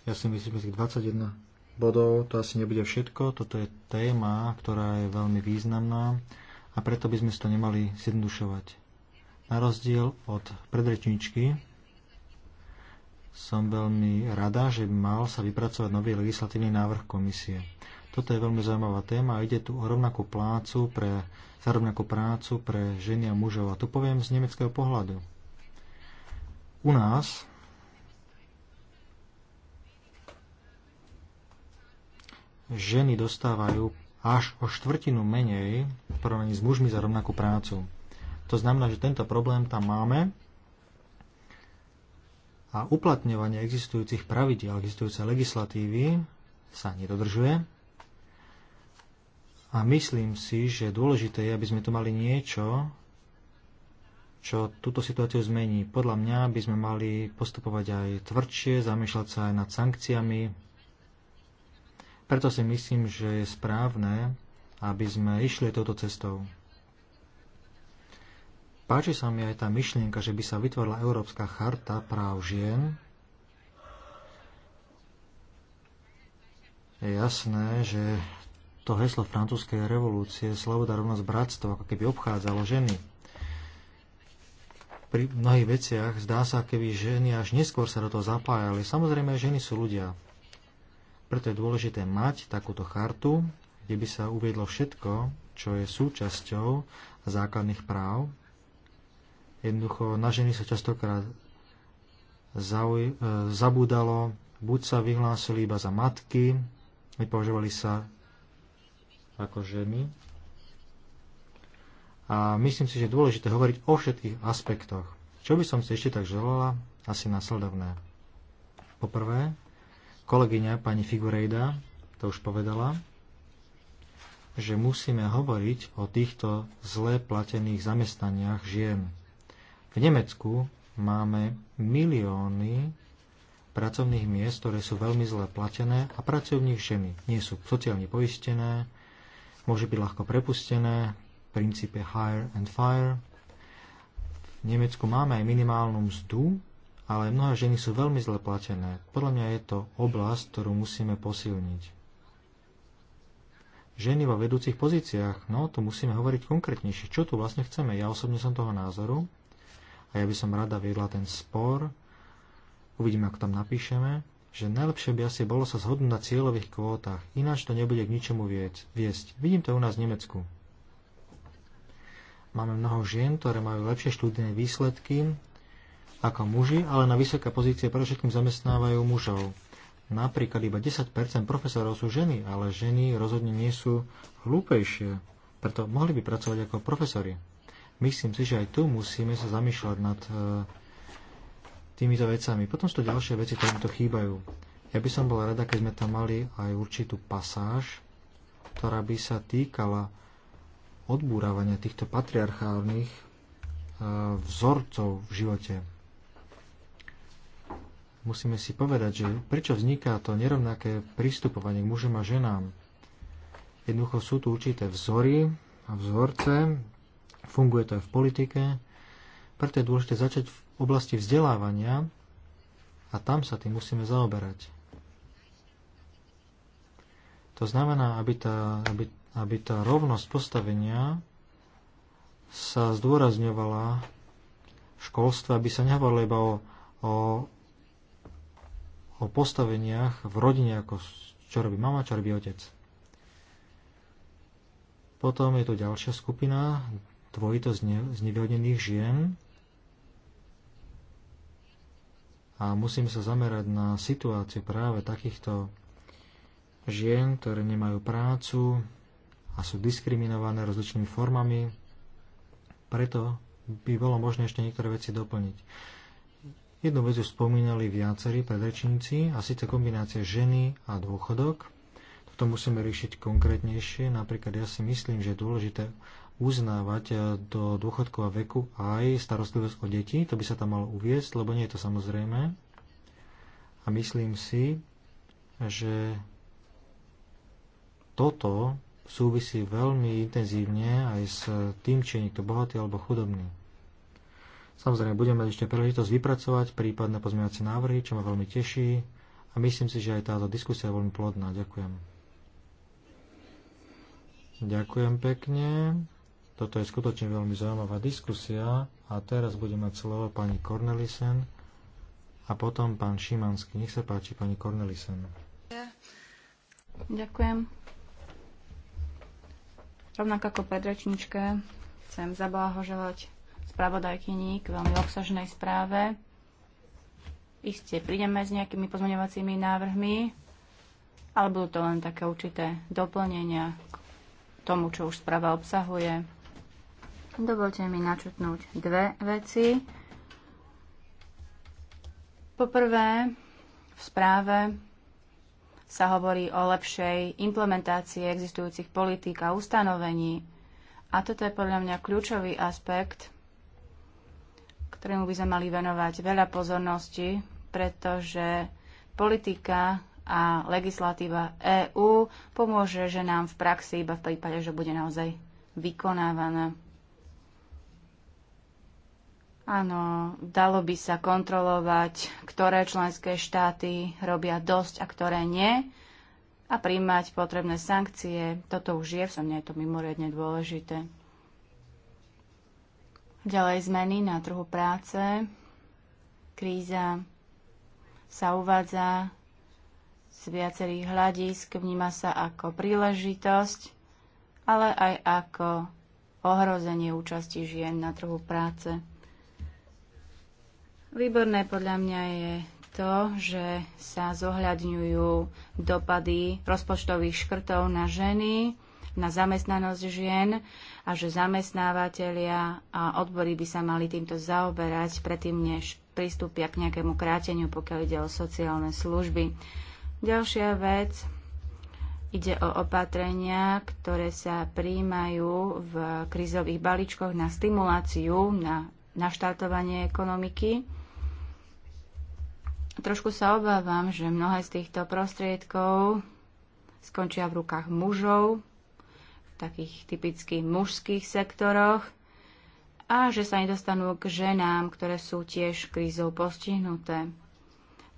Ja si myslím, že 21 bodov to asi nebude všetko. Toto je téma, ktorá je veľmi významná a preto by sme si to nemali zjednodušovať. Na rozdiel od predrečničky som veľmi rada, že mal sa vypracovať nový legislatívny návrh komisie. Toto je veľmi zaujímavá téma a ide tu o rovnakú plácu pre, za rovnakú prácu pre ženy a mužov. A to poviem z nemeckého pohľadu. U nás ženy dostávajú až o štvrtinu menej v porovnaní s mužmi za rovnakú prácu. To znamená, že tento problém tam máme a uplatňovanie existujúcich pravidel, existujúcej legislatívy sa nedodržuje. A myslím si, že dôležité je, aby sme tu mali niečo, čo túto situáciu zmení. Podľa mňa by sme mali postupovať aj tvrdšie, zamýšľať sa aj nad sankciami, preto si myslím, že je správne, aby sme išli touto cestou. Páči sa mi aj tá myšlienka, že by sa vytvorila Európska charta práv žien. Je jasné, že to heslo francúzskej revolúcie sloboda, rovnosť, bratstvo ako keby obchádzalo ženy. Pri mnohých veciach zdá sa, keby ženy až neskôr sa do toho zapájali. Samozrejme, ženy sú ľudia. Preto je dôležité mať takúto chartu, kde by sa uviedlo všetko, čo je súčasťou základných práv. Jednoducho na ženy sa častokrát zauj- e, zabúdalo, buď sa vyhlásili iba za matky, nepovažovali sa ako ženy. A myslím si, že je dôležité hovoriť o všetkých aspektoch. Čo by som si ešte tak želala? Asi následovné. Poprvé, Kolegyňa pani Figurejda to už povedala, že musíme hovoriť o týchto zle platených zamestnaniach žien. V Nemecku máme milióny pracovných miest, ktoré sú veľmi zle platené a pracujú v nich ženy. Nie sú sociálne poistené, môže byť ľahko prepustené, v princípe hire and fire. V Nemecku máme aj minimálnu mzdu, ale mnohé ženy sú veľmi zle platené. Podľa mňa je to oblasť, ktorú musíme posilniť. Ženy vo vedúcich pozíciách, no tu musíme hovoriť konkrétnejšie, čo tu vlastne chceme. Ja osobne som toho názoru a ja by som rada viedla ten spor, uvidíme, ako tam napíšeme, že najlepšie by asi bolo sa zhodnúť na cieľových kvótach, ináč to nebude k ničomu viesť. Vidím to u nás v Nemecku. Máme mnoho žien, ktoré majú lepšie študijné výsledky, ako muži, ale na vysoké pozície pre všetkým zamestnávajú mužov. Napríklad iba 10% profesorov sú ženy, ale ženy rozhodne nie sú hlúpejšie, preto mohli by pracovať ako profesori. Myslím si, že aj tu musíme sa zamýšľať nad e, týmito vecami. Potom sú to ďalšie veci, ktoré mi to chýbajú. Ja by som bol rada, keď sme tam mali aj určitú pasáž, ktorá by sa týkala odbúravania týchto patriarchálnych e, vzorcov v živote musíme si povedať, že prečo vzniká to nerovnaké pristupovanie k mužom a ženám. Jednoducho sú tu určité vzory a vzorce, funguje to aj v politike, preto je dôležité začať v oblasti vzdelávania a tam sa tým musíme zaoberať. To znamená, aby tá, aby, aby tá rovnosť postavenia sa zdôrazňovala v školstve, aby sa nehovorilo iba o, o o postaveniach v rodine, ako čo robí mama, čo robí otec. Potom je tu ďalšia skupina, z nevyhodnených žien. A musím sa zamerať na situáciu práve takýchto žien, ktoré nemajú prácu a sú diskriminované rozličnými formami. Preto by bolo možné ešte niektoré veci doplniť. Jednu vec už spomínali viacerí predrečníci, a síce kombinácia ženy a dôchodok. Toto musíme riešiť konkrétnejšie. Napríklad ja si myslím, že je dôležité uznávať eh, do dôchodkova veku aj starostlivosť o deti. To by sa tam malo uviesť, lebo nie je to samozrejme. A myslím si, že toto súvisí veľmi intenzívne aj s tým, či je niekto bohatý alebo chudobný. Samozrejme, budeme mať ešte príležitosť vypracovať prípadné pozmeňovacie návrhy, čo ma veľmi teší a myslím si, že aj táto diskusia je veľmi plodná. Ďakujem. Ďakujem pekne. Toto je skutočne veľmi zaujímavá diskusia a teraz bude mať slovo pani Cornelisen a potom pán Šimanský. Nech sa páči, pani Cornelisen. Ďakujem. Rovnako ako predrečničke chcem zablahoželať spravodajkyni k veľmi obsažnej správe. Isté, prídeme s nejakými pozmeňovacími návrhmi, ale budú to len také určité doplnenia k tomu, čo už správa obsahuje. Dovolte mi načutnúť dve veci. Poprvé, v správe sa hovorí o lepšej implementácii existujúcich politík a ustanovení. A toto je podľa mňa kľúčový aspekt ktorému by sme mali venovať veľa pozornosti, pretože politika a legislatíva EÚ pomôže že nám v praxi iba v prípade, že bude naozaj vykonávaná. Áno, dalo by sa kontrolovať, ktoré členské štáty robia dosť a ktoré nie a príjmať potrebné sankcie. Toto už je v som nie je to mimoriadne dôležité. Ďalej zmeny na trhu práce. Kríza sa uvádza z viacerých hľadisk, vníma sa ako príležitosť, ale aj ako ohrozenie účasti žien na trhu práce. Výborné podľa mňa je to, že sa zohľadňujú dopady rozpočtových škrtov na ženy, na zamestnanosť žien a že zamestnávateľia a odbory by sa mali týmto zaoberať predtým, než pristúpia k nejakému kráteniu, pokiaľ ide o sociálne služby. Ďalšia vec, ide o opatrenia, ktoré sa príjmajú v krizových balíčkoch na stimuláciu, na naštartovanie ekonomiky. Trošku sa obávam, že mnohé z týchto prostriedkov skončia v rukách mužov, takých typických mužských sektoroch a že sa nedostanú k ženám, ktoré sú tiež krízou postihnuté.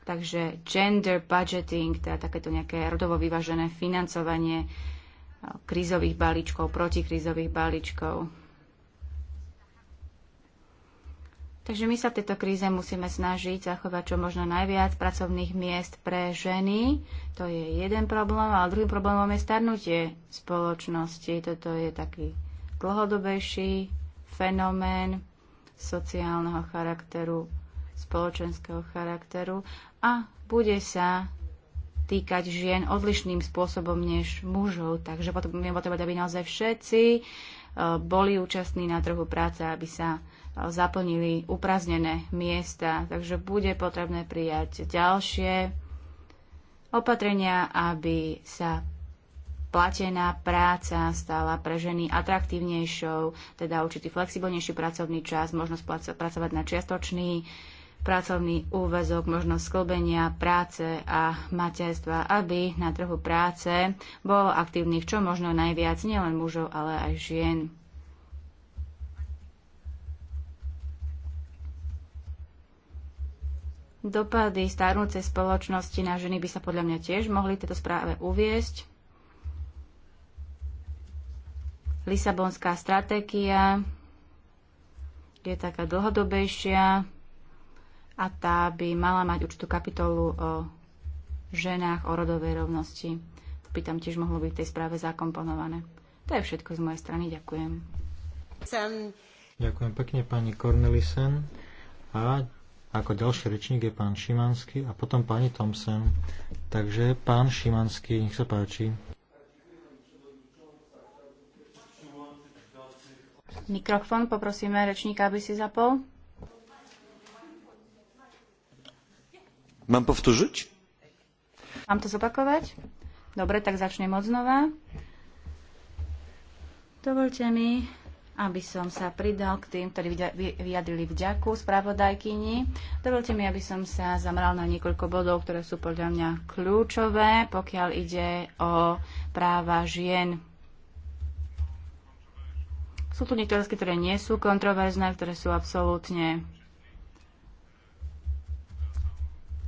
Takže gender budgeting, teda takéto nejaké rodovo vyvážené financovanie eh, krízových balíčkov, protikrízových balíčkov. Takže my sa v tejto kríze musíme snažiť zachovať čo možno najviac pracovných miest pre ženy. To je jeden problém, ale druhým problémom je starnutie spoločnosti. Toto je taký dlhodobejší fenomén sociálneho charakteru, spoločenského charakteru a bude sa týkať žien odlišným spôsobom než mužov. Takže potom je potrebovať, aby naozaj všetci eh, boli účastní na trhu práce, aby sa zaplnili upraznené miesta. Takže bude potrebné prijať ďalšie opatrenia, aby sa platená práca stala pre ženy atraktívnejšou, teda určitý flexibilnejší pracovný čas, možnosť pracovať na čiastočný pracovný úvezok, možnosť sklbenia práce a materstva, aby na trhu práce bolo aktívnych čo možno najviac nielen mužov, ale aj žien. Dopady starnúcej spoločnosti na ženy by sa podľa mňa tiež mohli tejto správe uviesť. Lisabonská stratégia je taká dlhodobejšia a tá by mala mať určitú kapitolu o ženách, o rodovej rovnosti. To by tam tiež mohlo byť v tej správe zakomponované. To je všetko z mojej strany. Ďakujem. Ďakujem pekne pani Cornelisen. A ako ďalší rečník je pán Šimanský a potom pani Thompson. Takže pán Šimanský, nech sa páči. Mikrofón, poprosíme rečníka, aby si zapol. Mám povtúžiť? Mám to zopakovať? Dobre, tak začnem od znova. Dovolte mi aby som sa pridal k tým, ktorí vyjadrili vďaku spravodajkyni. Dovolte mi, aby som sa zameral na niekoľko bodov, ktoré sú podľa mňa kľúčové, pokiaľ ide o práva žien. Sú tu niektoré, ktoré nie sú kontroverzné, ktoré sú absolútne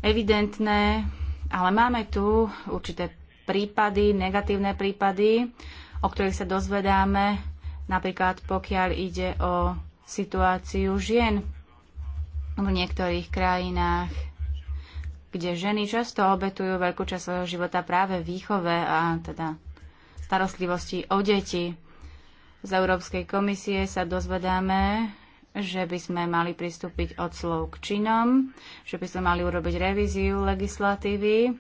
evidentné, ale máme tu určité prípady, negatívne prípady, o ktorých sa dozvedáme napríklad pokiaľ ide o situáciu žien v niektorých krajinách, kde ženy často obetujú veľkú časť svojho života práve výchove a teda starostlivosti o deti. Z Európskej komisie sa dozvedáme, že by sme mali pristúpiť od slov k činom, že by sme mali urobiť revíziu legislatívy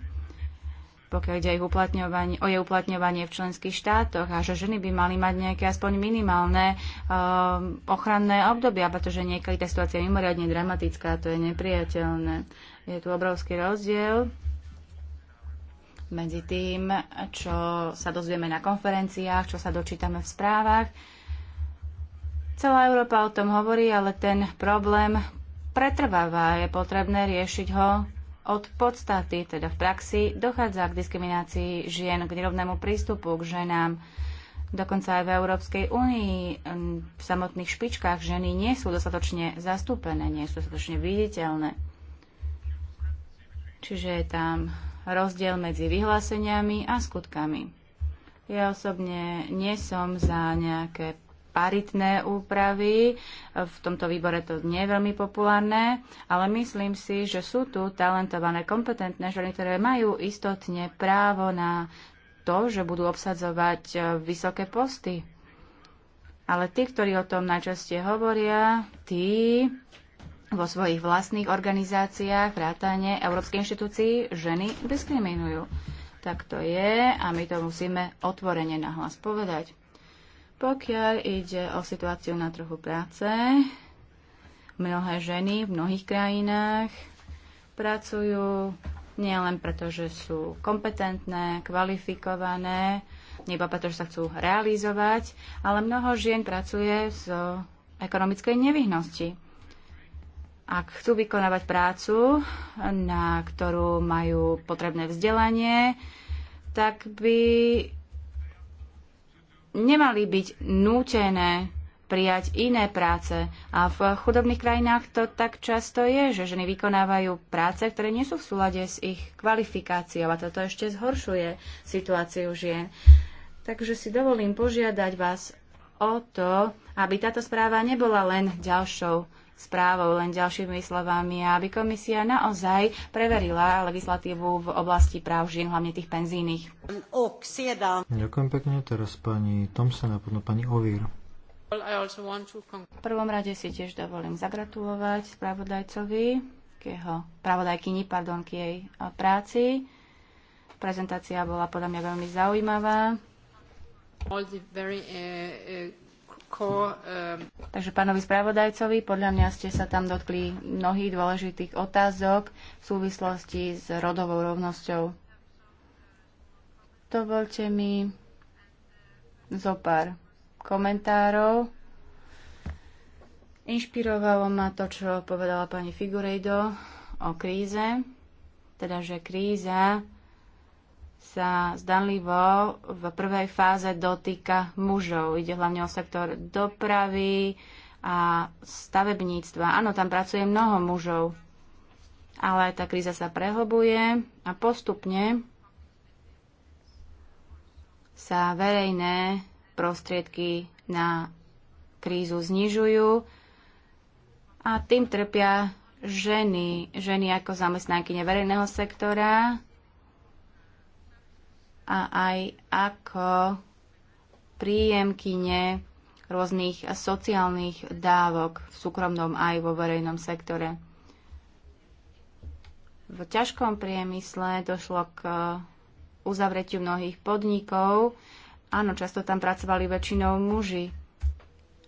pokiaľ ide uplatňovanie, o jej uplatňovanie v členských štátoch a že ženy by mali mať nejaké aspoň minimálne um, ochranné obdobia, pretože niekedy tá situácia je mimoriadne dramatická a to je nepriateľné. Je tu obrovský rozdiel medzi tým, čo sa dozvieme na konferenciách, čo sa dočítame v správach. Celá Európa o tom hovorí, ale ten problém pretrváva. Je potrebné riešiť ho od podstaty, teda v praxi, dochádza k diskriminácii žien, k nerovnému prístupu k ženám. Dokonca aj v Európskej únii v samotných špičkách ženy nie sú dostatočne zastúpené, nie sú dostatočne viditeľné. Čiže je tam rozdiel medzi vyhláseniami a skutkami. Ja osobne nie som za nejaké paritné úpravy. V tomto výbore to nie je veľmi populárne, ale myslím si, že sú tu talentované, kompetentné ženy, ktoré majú istotne právo na to, že budú obsadzovať e, vysoké posty. Ale tí, ktorí o tom najčastie hovoria, tí vo svojich vlastných organizáciách, vrátane Európskej inštitúcii, ženy diskriminujú. Tak to je a my to musíme otvorene nahlas povedať. Pokiaľ ide o situáciu na trhu práce, mnohé ženy v mnohých krajinách pracujú nielen preto, že sú kompetentné, kvalifikované, nebo preto, že sa chcú realizovať, ale mnoho žien pracuje z ekonomickej nevyhnosti. Ak chcú vykonávať prácu, na ktorú majú potrebné vzdelanie, tak by nemali byť nútené prijať iné práce. A v chudobných krajinách to tak často je, že ženy vykonávajú práce, ktoré nie sú v súlade s ich kvalifikáciou a toto ešte zhoršuje situáciu žien. Takže si dovolím požiadať vás o to, aby táto správa nebola len ďalšou správou, len ďalšími slovami, aby komisia naozaj preverila legislatívu v oblasti práv žien, hlavne tých penzijných. Ďakujem pekne, teraz pani Tomsen a potom pani Ovír. V prvom rade si tiež dovolím zagratulovať spravodajcovi k jeho pravodajkyni, pardon, k jej eh, práci. Prezentácia bola podľa mňa veľmi zaujímavá. All the very, uh, uh Ehm, Takže pánovi spravodajcovi, podľa mňa ste sa tam dotkli mnohých dôležitých otázok v súvislosti s rodovou rovnosťou. Dovolte mi zo pár komentárov. Inšpirovalo ma to, čo povedala pani Figurejdo o kríze, teda že kríza sa zdanlivo v prvej fáze dotýka mužov. Ide hlavne o sektor dopravy a stavebníctva. Áno, tam pracuje mnoho mužov, ale tá kríza sa prehlbuje a postupne sa verejné prostriedky na krízu znižujú a tým trpia ženy, ženy ako zamestnanky verejného sektora, a aj ako príjemkyne rôznych sociálnych dávok v súkromnom aj vo verejnom sektore. V ťažkom priemysle došlo k uzavretiu mnohých podnikov. Áno, často tam pracovali väčšinou muži.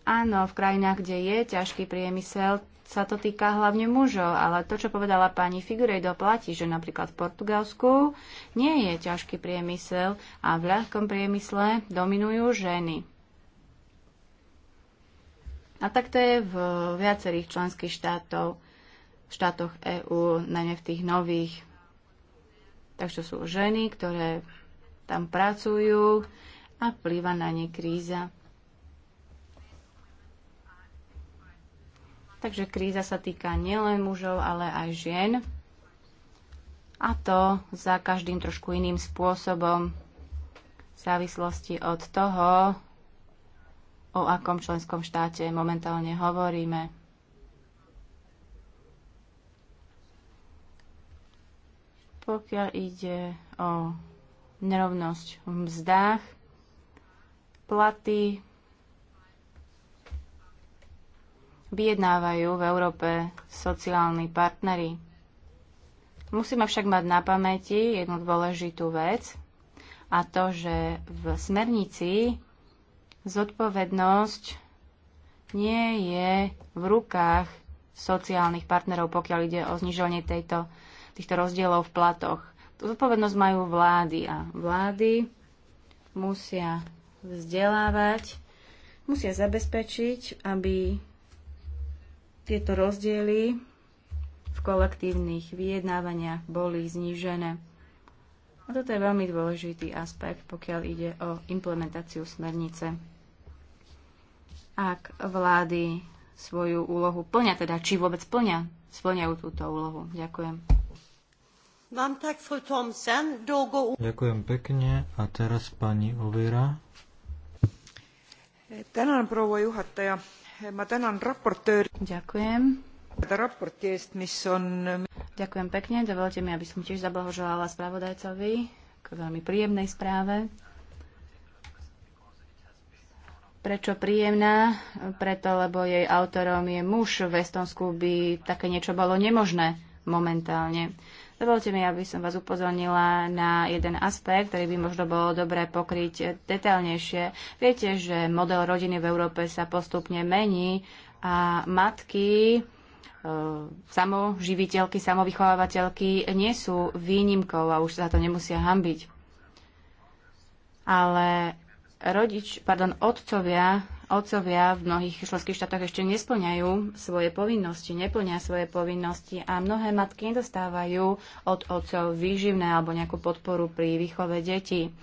Áno, v krajinách, kde je ťažký priemysel, sa to týka hlavne mužov, ale to, čo povedala pani Figuredo, platí, že napríklad v Portugalsku nie je ťažký priemysel a v ľahkom priemysle dominujú ženy. A tak to je v viacerých členských štátov, v štátoch EÚ, najmä v tých nových. Takže sú ženy, ktoré tam pracujú a plýva na ne kríza. Takže kríza sa týka nielen mužov, ale aj žien. A to za každým trošku iným spôsobom v závislosti od toho, o akom členskom štáte momentálne hovoríme. Pokiaľ ide o nerovnosť v mzdách, platy vyjednávajú v Európe sociálni partnery. Musíme však mať na pamäti jednu dôležitú vec a to, že v smernici zodpovednosť nie je v rukách sociálnych partnerov, pokiaľ ide o zniženie tejto, týchto rozdielov v platoch. zodpovednosť majú vlády a vlády musia vzdelávať, musia zabezpečiť, aby tieto rozdiely v kolektívnych vyjednávaniach boli znížené. A toto je veľmi dôležitý aspekt, pokiaľ ide o implementáciu smernice. Ak vlády svoju úlohu plňa, teda či vôbec plňa, splňajú túto úlohu. Ďakujem. Ďakujem pekne. A teraz pani Ovira. proua juhataja. Ďakujem. Ähm, Ďakujem pekne. Dovolte mi, aby som tiež zablahoželala spravodajcovi k veľmi príjemnej správe. Prečo príjemná? Preto, lebo jej autorom je muž. V Estonsku by také niečo bolo nemožné momentálne. Dovolte mi, aby som vás upozornila na jeden aspekt, ktorý by možno bolo dobré pokryť detailnejšie. Viete, že model rodiny v Európe sa postupne mení a matky e, samoživiteľky, samovychovávateľky nie sú výnimkou a už sa to nemusia hambiť. Ale rodič, pardon, otcovia Otcovia v mnohých členských štátoch ešte nesplňajú svoje povinnosti, neplňa svoje povinnosti a mnohé matky nedostávajú od otcov výživné alebo nejakú podporu pri výchove detí.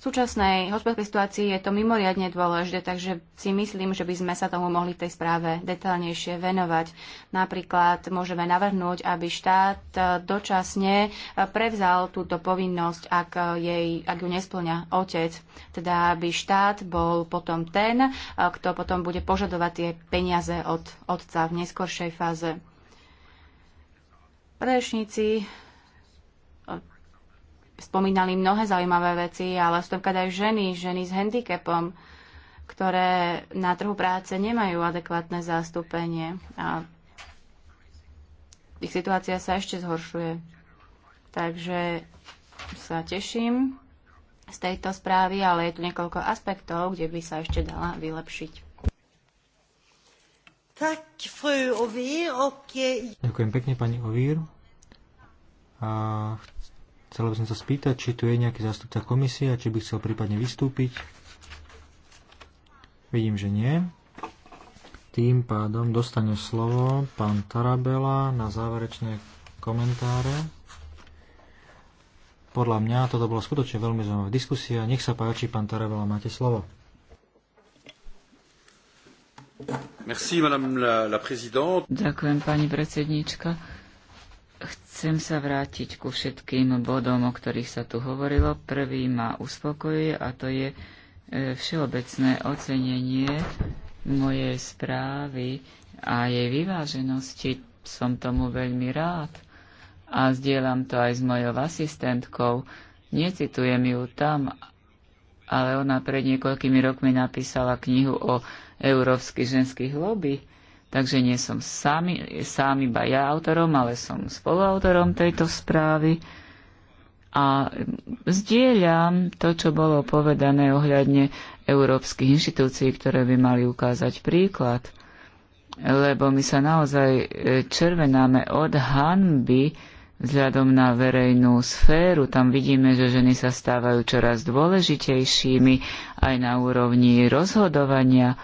V súčasnej hospodárskej situácii je to mimoriadne dôležité, takže si myslím, že by sme sa tomu mohli v tej správe detaľnejšie venovať. Napríklad môžeme navrhnúť, aby štát dočasne prevzal túto povinnosť, ak, jej, ak ju nesplňa otec. Teda aby štát bol potom ten, kto potom bude požadovať tie peniaze od otca v neskoršej fáze. Rešníci spomínali mnohé zaujímavé veci, ale sú tam aj ženy, ženy s handicapom, ktoré na trhu práce nemajú adekvátne zastúpenie a ich situácia sa ešte zhoršuje. Takže sa teším z tejto správy, ale je tu niekoľko aspektov, kde by sa ešte dala vylepšiť. Ďakujem pekne, pani Ovír. A Chcela by som sa spýtať, či tu je nejaký zástupca komisie a či by chcel prípadne vystúpiť. Vidím, že nie. Tým pádom dostane slovo pán Tarabela na záverečné komentáre. Podľa mňa toto bola skutočne veľmi zaujímavá diskusia. Nech sa páči, pán Tarabela, máte slovo. Merci, la, la Ďakujem, pani predsedníčka. Chcem sa vrátiť ku všetkým bodom, o ktorých sa tu hovorilo. Prvý ma uspokojuje a to je e, všeobecné ocenenie mojej správy a jej vyváženosti. Som tomu veľmi rád a zdieľam to aj s mojou asistentkou. Necitujem ju tam, ale ona pred niekoľkými rokmi napísala knihu o európskych ženských lobby Takže nie som sám, sám iba ja autorom, ale som spoluautorom tejto správy. A zdieľam to, čo bolo povedané ohľadne európskych inštitúcií, ktoré by mali ukázať príklad. Lebo my sa naozaj e, červenáme od hanby vzhľadom na verejnú sféru. Tam vidíme, že ženy sa stávajú čoraz dôležitejšími aj na úrovni rozhodovania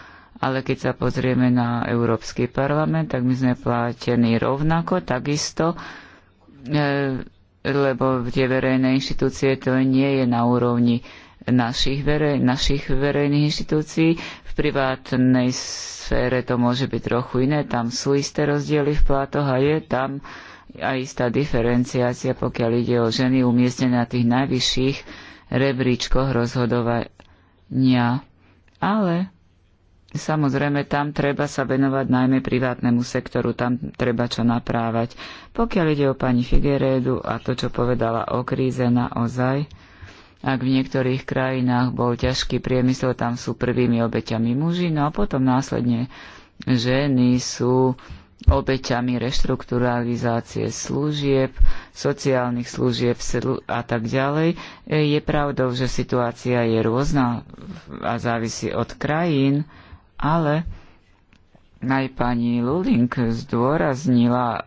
ale keď sa pozrieme na Európsky parlament, tak my sme platení rovnako, takisto, e, lebo tie verejné inštitúcie to nie je na úrovni našich, verej, našich verejných inštitúcií. V privátnej sfére to môže byť trochu iné, tam sú isté rozdiely v platoch a je tam aj istá diferenciácia, pokiaľ ide o ženy umiestnené na tých najvyšších rebríčkoch rozhodovania. Ale Samozrejme, tam treba sa venovať najmä privátnemu sektoru, tam treba čo naprávať. Pokiaľ ide o pani Figueredu a to, čo povedala o kríze naozaj, ak v niektorých krajinách bol ťažký priemysel, tam sú prvými obeťami muži, no a potom následne ženy sú obeťami reštrukturalizácie služieb, sociálnych služieb a tak ďalej. Je pravdou, že situácia je rôzna a závisí od krajín, ale aj pani Luling zdôraznila e,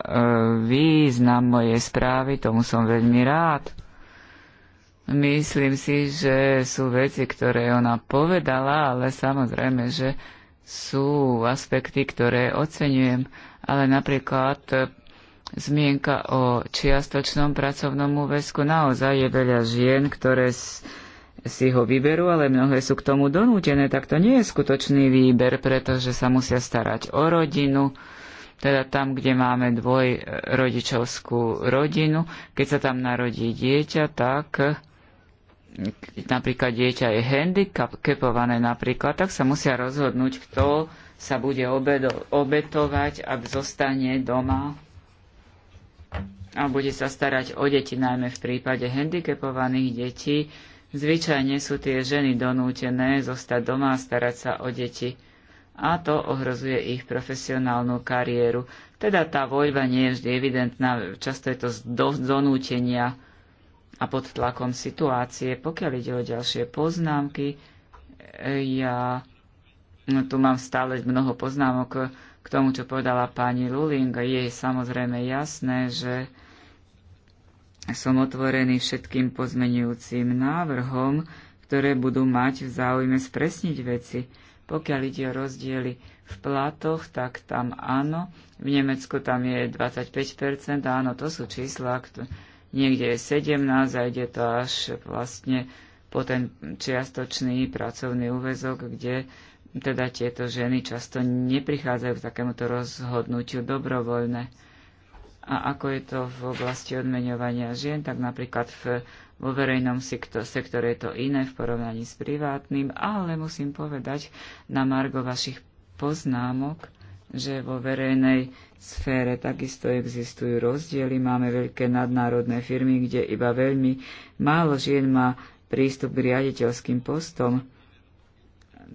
význam mojej správy, tomu som veľmi rád. Myslím si, že sú veci, ktoré ona povedala, ale samozrejme, že sú aspekty, ktoré oceňujem, ale napríklad e, zmienka o čiastočnom pracovnom úväzku. Naozaj je veľa žien, ktoré si ho vyberú, ale mnohé sú k tomu donútené, tak to nie je skutočný výber, pretože sa musia starať o rodinu, teda tam, kde máme dvojrodičovskú rodinu. Keď sa tam narodí dieťa, tak napríklad dieťa je handicapované napríklad, tak sa musia rozhodnúť, kto sa bude obetovať, ak zostane doma a bude sa starať o deti, najmä v prípade handicapovaných detí Zvyčajne sú tie ženy donútené zostať doma a starať sa o deti. A to ohrozuje ich profesionálnu kariéru. Teda tá voľba nie je vždy evidentná, často je to z donútenia a pod tlakom situácie. Pokiaľ ide o ďalšie poznámky, e, ja no, tu mám stále mnoho poznámok k tomu, čo povedala pani Luling. Je samozrejme jasné, že som otvorený všetkým pozmenujúcim návrhom, ktoré budú mať v záujme spresniť veci. Pokiaľ ide o rozdiely v platoch, tak tam áno. V Nemecku tam je 25%, áno, to sú čísla, niekde je 17 a ide to až vlastne po ten čiastočný pracovný úvezok, kde teda tieto ženy často neprichádzajú k takémuto rozhodnutiu dobrovoľne a ako je to v oblasti odmeňovania žien, tak napríklad v, vo verejnom sektore je to iné v porovnaní s privátnym, ale musím povedať na margo vašich poznámok, že vo verejnej sfére takisto existujú rozdiely. Máme veľké nadnárodné firmy, kde iba veľmi málo žien má prístup k riaditeľským postom.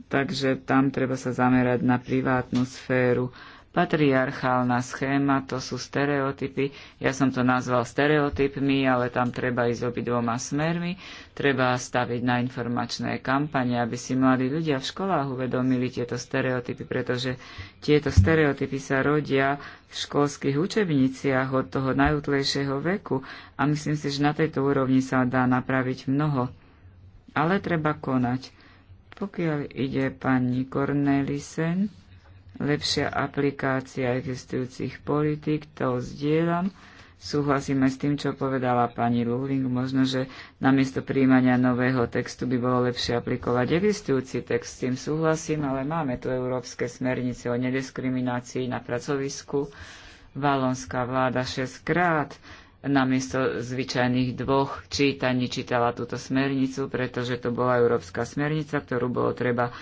Takže tam treba sa zamerať na privátnu sféru Patriarchálna schéma, to sú stereotypy. Ja som to nazval stereotypmi, ale tam treba ísť dvoma smermi. Treba staviť na informačné kampane, aby si mladí ľudia v školách uvedomili tieto stereotypy, pretože tieto stereotypy sa rodia v školských učebniciach od toho najútlejšieho veku a myslím si, že na tejto úrovni sa dá napraviť mnoho. Ale treba konať. Pokiaľ ide pani Cornelisen, lepšia aplikácia existujúcich politik, to zdieľam. Súhlasíme s tým, čo povedala pani Luhling. Možno, že namiesto príjmania nového textu by bolo lepšie aplikovať existujúci text. S tým súhlasím, ale máme tu európske smernice o nediskriminácii na pracovisku. Valonská vláda šestkrát namiesto zvyčajných dvoch čítaní čítala túto smernicu, pretože to bola európska smernica, ktorú bolo treba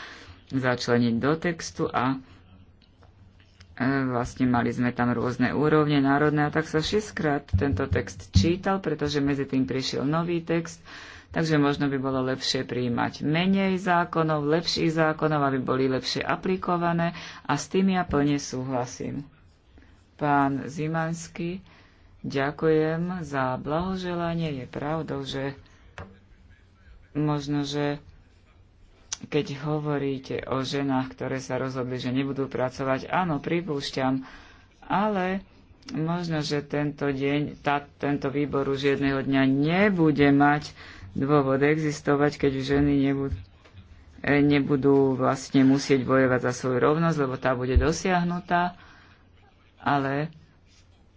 začleniť do textu a vlastne mali sme tam rôzne úrovne národné a tak sa šestkrát tento text čítal, pretože medzi tým prišiel nový text, takže možno by bolo lepšie prijímať menej zákonov, lepších zákonov, aby boli lepšie aplikované a s tým ja plne súhlasím. Pán Zimanský, ďakujem za blahoželanie. Je pravdou, že možno, že keď hovoríte o ženách, ktoré sa rozhodli, že nebudú pracovať, áno, pripúšťam, ale možno, že tento deň, tá, tento výbor už jedného dňa nebude mať dôvod existovať, keď ženy nebudú, e, nebudú vlastne musieť bojovať za svoju rovnosť, lebo tá bude dosiahnutá, ale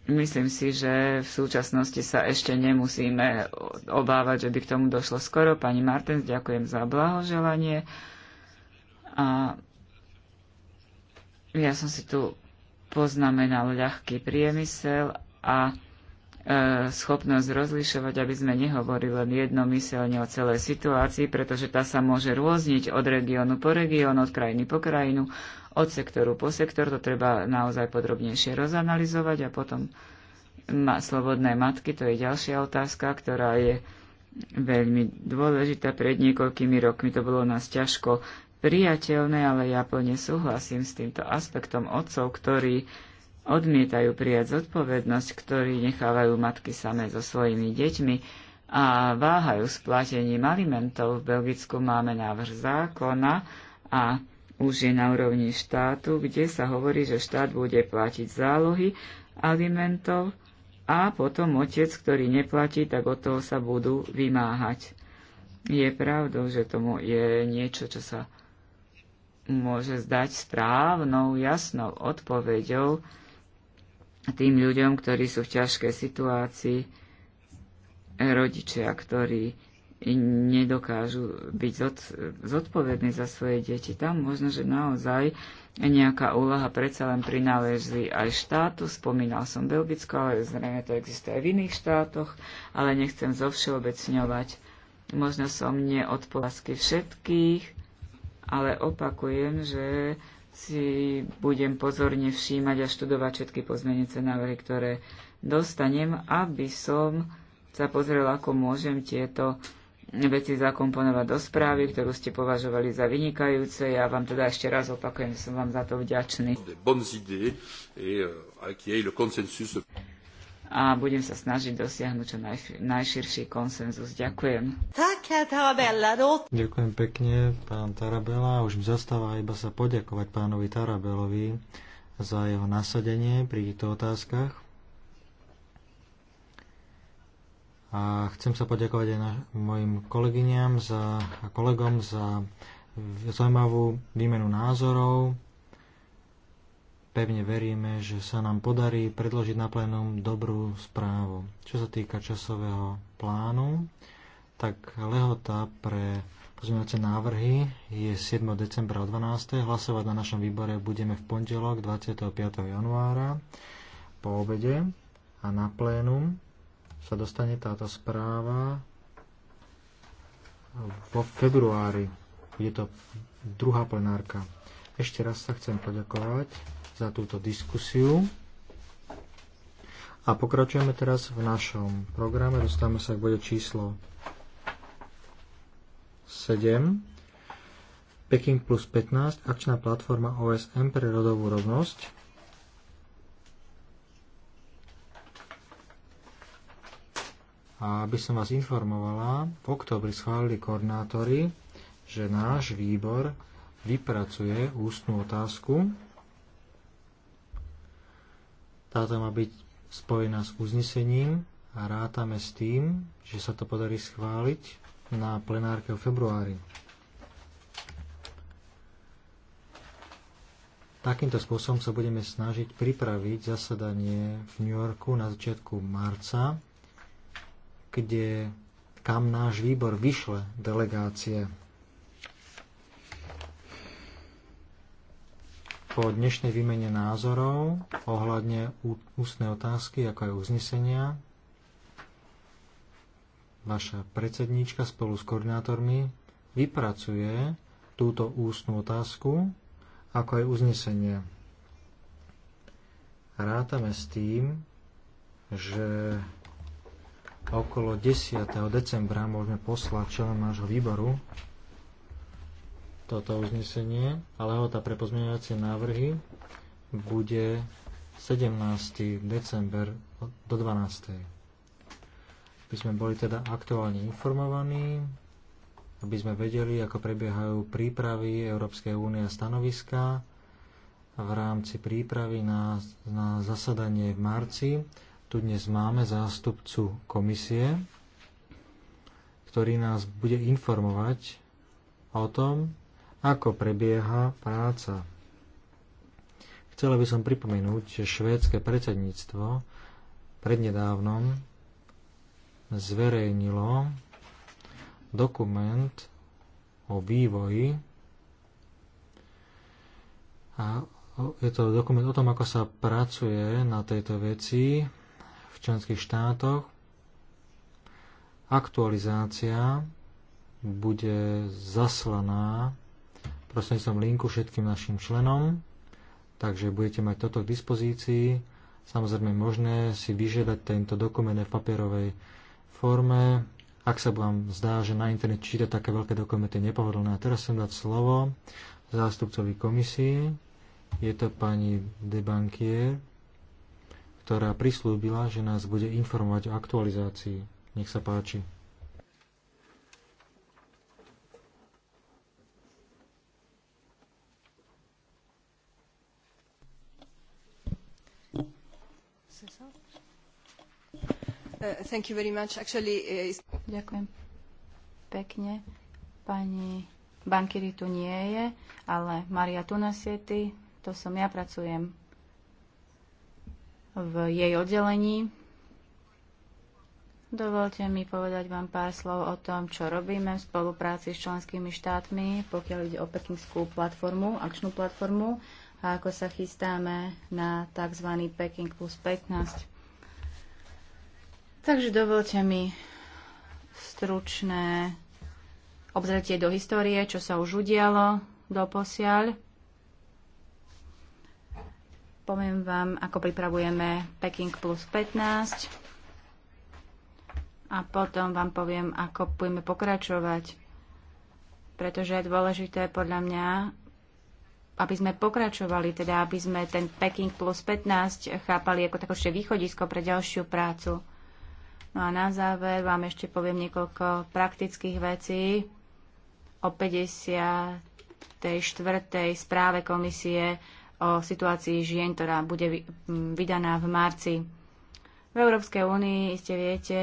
Myslím si, že v súčasnosti sa ešte nemusíme obávať, že by k tomu došlo skoro. Pani Martens, ďakujem za blahoželanie. A ja som si tu poznamenal ľahký priemysel a e, schopnosť rozlišovať, aby sme nehovorili len jednomyselne o celej situácii, pretože tá sa môže rôzniť od regiónu po región, od krajiny po krajinu, od sektoru po sektor, to treba naozaj podrobnejšie rozanalizovať a potom ma, slobodné matky, to je ďalšia otázka, ktorá je veľmi dôležitá. Pred niekoľkými rokmi to bolo nás ťažko priateľné, ale ja plne súhlasím s týmto aspektom otcov, ktorí odmietajú prijať zodpovednosť, ktorí nechávajú matky samé so svojimi deťmi a váhajú s platením alimentov. V Belgicku máme návrh zákona a už je na úrovni štátu, kde sa hovorí, že štát bude platiť zálohy alimentov a potom otec, ktorý neplatí, tak od toho sa budú vymáhať. Je pravdou, že tomu je niečo, čo sa môže zdať správnou, jasnou odpoveďou tým ľuďom, ktorí sú v ťažkej situácii, rodičia, ktorí nedokážu byť zodpovední za svoje deti. Tam možno, že naozaj nejaká úloha predsa len prináleží aj štátu. Spomínal som Belgicko, ale zrejme to existuje aj v iných štátoch, ale nechcem zovšeobecňovať. Možno som neodpolasky všetkých, ale opakujem, že si budem pozorne všímať a študovať všetky pozmenice návrhy, ktoré dostanem, aby som sa pozrela, ako môžem tieto veci zakomponovať do správy, ktorú ste považovali za vynikajúce. Ja vám teda ešte raz opakujem, som vám za to vďačný. Euh, A budem sa snažiť dosiahnuť čo najf- najširší konsenzus. Ďakujem. Ďakujem pekne, pán Tarabela. Už mi zastáva iba sa poďakovať pánovi Tarabelovi za jeho nasadenie pri týchto otázkach. A chcem sa poďakovať aj na, mojim kolegyňam za, a kolegom za zaujímavú výmenu názorov. Pevne veríme, že sa nám podarí predložiť na plénum dobrú správu. Čo sa týka časového plánu, tak lehota pre pozmeňujúce návrhy je 7. decembra o 12. Hlasovať na našom výbore budeme v pondelok 25. januára po obede a na plénum sa dostane táto správa vo februári. Je to druhá plenárka. Ešte raz sa chcem poďakovať za túto diskusiu. A pokračujeme teraz v našom programe. Dostávame sa k bode číslo 7. Peking plus 15, akčná platforma OSM pre rodovú rovnosť. A aby som vás informovala, v oktobri schválili koordinátori, že náš výbor vypracuje ústnú otázku. Táto má byť spojená s uznesením a rátame s tým, že sa to podarí schváliť na plenárke v februári. Takýmto spôsobom sa budeme snažiť pripraviť zasadanie v New Yorku na začiatku marca kde, kam náš výbor vyšle delegácie. Po dnešnej výmene názorov ohľadne ústnej otázky, ako aj uznesenia, vaša predsedníčka spolu s koordinátormi vypracuje túto ústnu otázku, ako aj uznesenie. Rátame s tým, že okolo 10. decembra môžeme poslať členom nášho výboru toto uznesenie a lehota pre pozmeňovacie návrhy bude 17. december do 12. Aby sme boli teda aktuálne informovaní, aby sme vedeli, ako prebiehajú prípravy Európskej únie a stanoviska v rámci prípravy na, na zasadanie v marci tu dnes máme zástupcu komisie, ktorý nás bude informovať o tom, ako prebieha práca. Chcela by som pripomenúť, že švédske predsedníctvo prednedávnom zverejnilo dokument o vývoji a je to dokument o tom, ako sa pracuje na tejto veci v členských štátoch. Aktualizácia bude zaslaná prostredníctvom linku všetkým našim členom, takže budete mať toto k dispozícii. Samozrejme možné si vyžiadať tento dokument v papierovej forme. Ak sa vám zdá, že na internet čítať také veľké dokumenty je nepohodlné. A teraz chcem dať slovo zástupcovi komisie, Je to pani Debankier ktorá prislúbila, že nás bude informovať o aktualizácii. Nech sa páči. Uh, Actually, uh, is... Ďakujem pekne. Pani Bankiri tu nie je, ale Maria Tunasiety, to som ja, pracujem v jej oddelení. Dovolte mi povedať vám pár slov o tom, čo robíme v spolupráci s členskými štátmi, pokiaľ ide o pekingskú platformu, akčnú platformu a ako sa chystáme na tzv. Peking plus 15. Takže dovolte mi stručné obzretie do histórie, čo sa už udialo do posiaľ. Poviem vám, ako pripravujeme Peking plus 15 a potom vám poviem, ako budeme pokračovať, pretože je dôležité podľa mňa, aby sme pokračovali, teda aby sme ten Peking plus 15 chápali ako také východisko pre ďalšiu prácu. No a na záver vám ešte poviem niekoľko praktických vecí o 54. správe komisie o situácii žien, ktorá bude vydaná v marci. V Európskej únii, ste viete,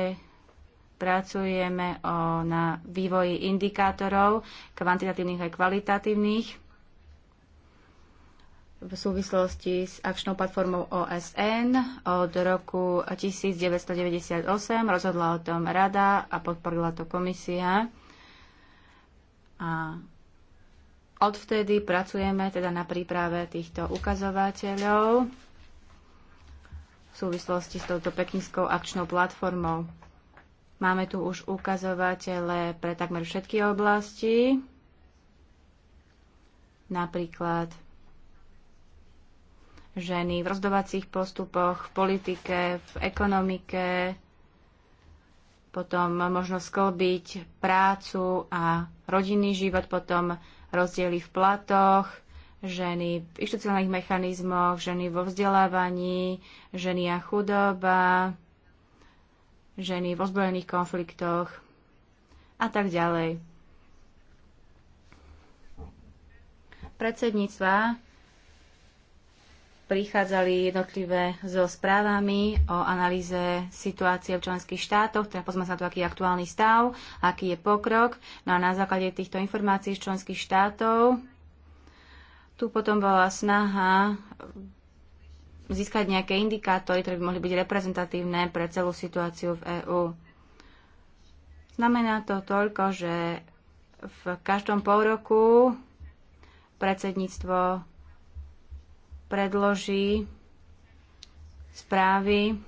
pracujeme o, na vývoji indikátorov, kvantitatívnych aj kvalitatívnych, v súvislosti s akčnou platformou OSN od roku 1998. Rozhodla o tom rada a podporila to komisia. A Odvtedy pracujeme teda na príprave týchto ukazovateľov v súvislosti s touto pekinskou akčnou platformou. Máme tu už ukazovatele pre takmer všetky oblasti, napríklad ženy v rozdovacích postupoch, v politike, v ekonomike, potom možno sklbiť prácu a rodinný život, potom rozdiely v platoch, ženy v inštitucionálnych mechanizmoch, ženy vo vzdelávaní, ženy a chudoba, ženy v ozbrojených konfliktoch a tak ďalej. Predsedníctva prichádzali jednotlivé so správami o analýze situácie v členských štátoch, teda pozme sa tu, aký je aktuálny stav, aký je pokrok. No a na základe týchto informácií z členských štátov tu potom bola snaha získať nejaké indikátory, ktoré by mohli byť reprezentatívne pre celú situáciu v EÚ. Znamená to toľko, že v každom pol roku predsedníctvo predloží správy,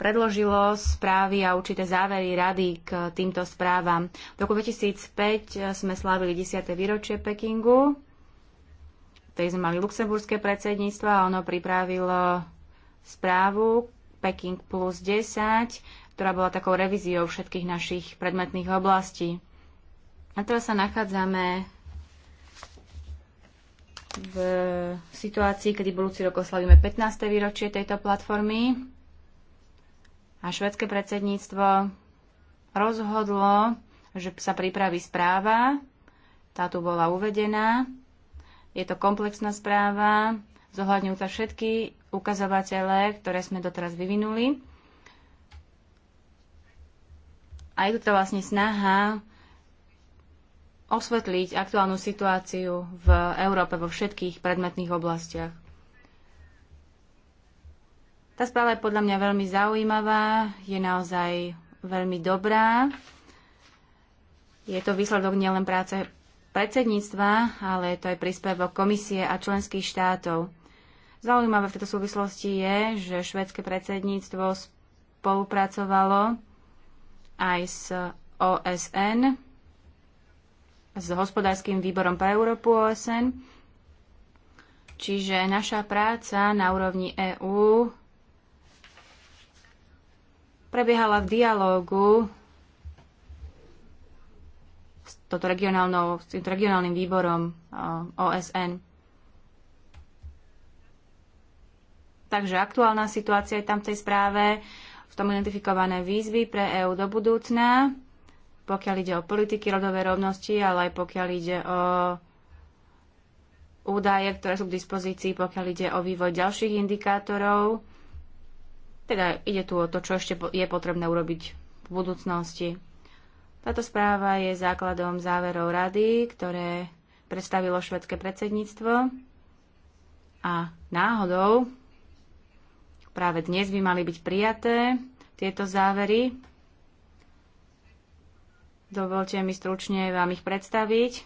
predložilo správy a určité závery rady k týmto správam. V roku 2005 sme slávili 10. výročie Pekingu, tej sme mali luxemburské predsedníctvo a ono pripravilo správu Peking plus 10, ktorá bola takou revíziou všetkých našich predmetných oblastí. A teraz sa nachádzame v situácii, kedy budúci rok oslavíme 15. výročie tejto platformy a švedské predsedníctvo rozhodlo, že sa pripraví správa. Tá tu bola uvedená. Je to komplexná správa, zohľadňujúca všetky ukazovatele, ktoré sme doteraz vyvinuli. A je tu to vlastne snaha osvetliť aktuálnu situáciu v Európe vo všetkých predmetných oblastiach. Tá správa je podľa mňa veľmi zaujímavá, je naozaj veľmi dobrá. Je to výsledok nielen práce predsedníctva, ale je to aj príspevok komisie a členských štátov. Zaujímavé v tejto súvislosti je, že švedské predsedníctvo spolupracovalo aj s OSN s hospodárským výborom pre Európu OSN. Čiže naša práca na úrovni EÚ prebiehala v dialógu s, toto regionálnou, s týmto regionálnym výborom OSN. Takže aktuálna situácia je tam v tej správe, v tom identifikované výzvy pre EÚ do budúcna pokiaľ ide o politiky rodovej rovnosti, ale aj pokiaľ ide o údaje, ktoré sú k dispozícii, pokiaľ ide o vývoj ďalších indikátorov. Teda ide tu o to, čo ešte je potrebné urobiť v budúcnosti. Táto správa je základom záverov rady, ktoré predstavilo švedské predsedníctvo. A náhodou práve dnes by mali byť prijaté tieto závery Dovolte mi stručne vám ich predstaviť,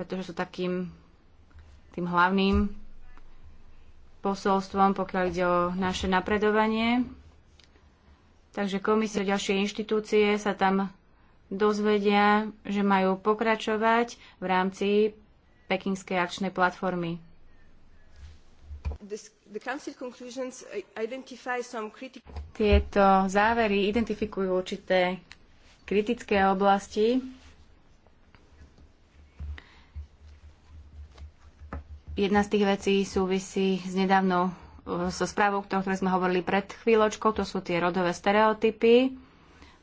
pretože sú takým tým hlavným posolstvom, pokiaľ ide o naše napredovanie. Takže Komisie a ďalšie inštitúcie sa tam dozvedia, že majú pokračovať v rámci Pekinskej akčnej platformy. Tieto závery identifikujú určité kritické oblasti. Jedna z tých vecí súvisí s nedávnou eh, so správou, o ktorej sme hovorili pred chvíľočkou, to sú tie rodové stereotypy.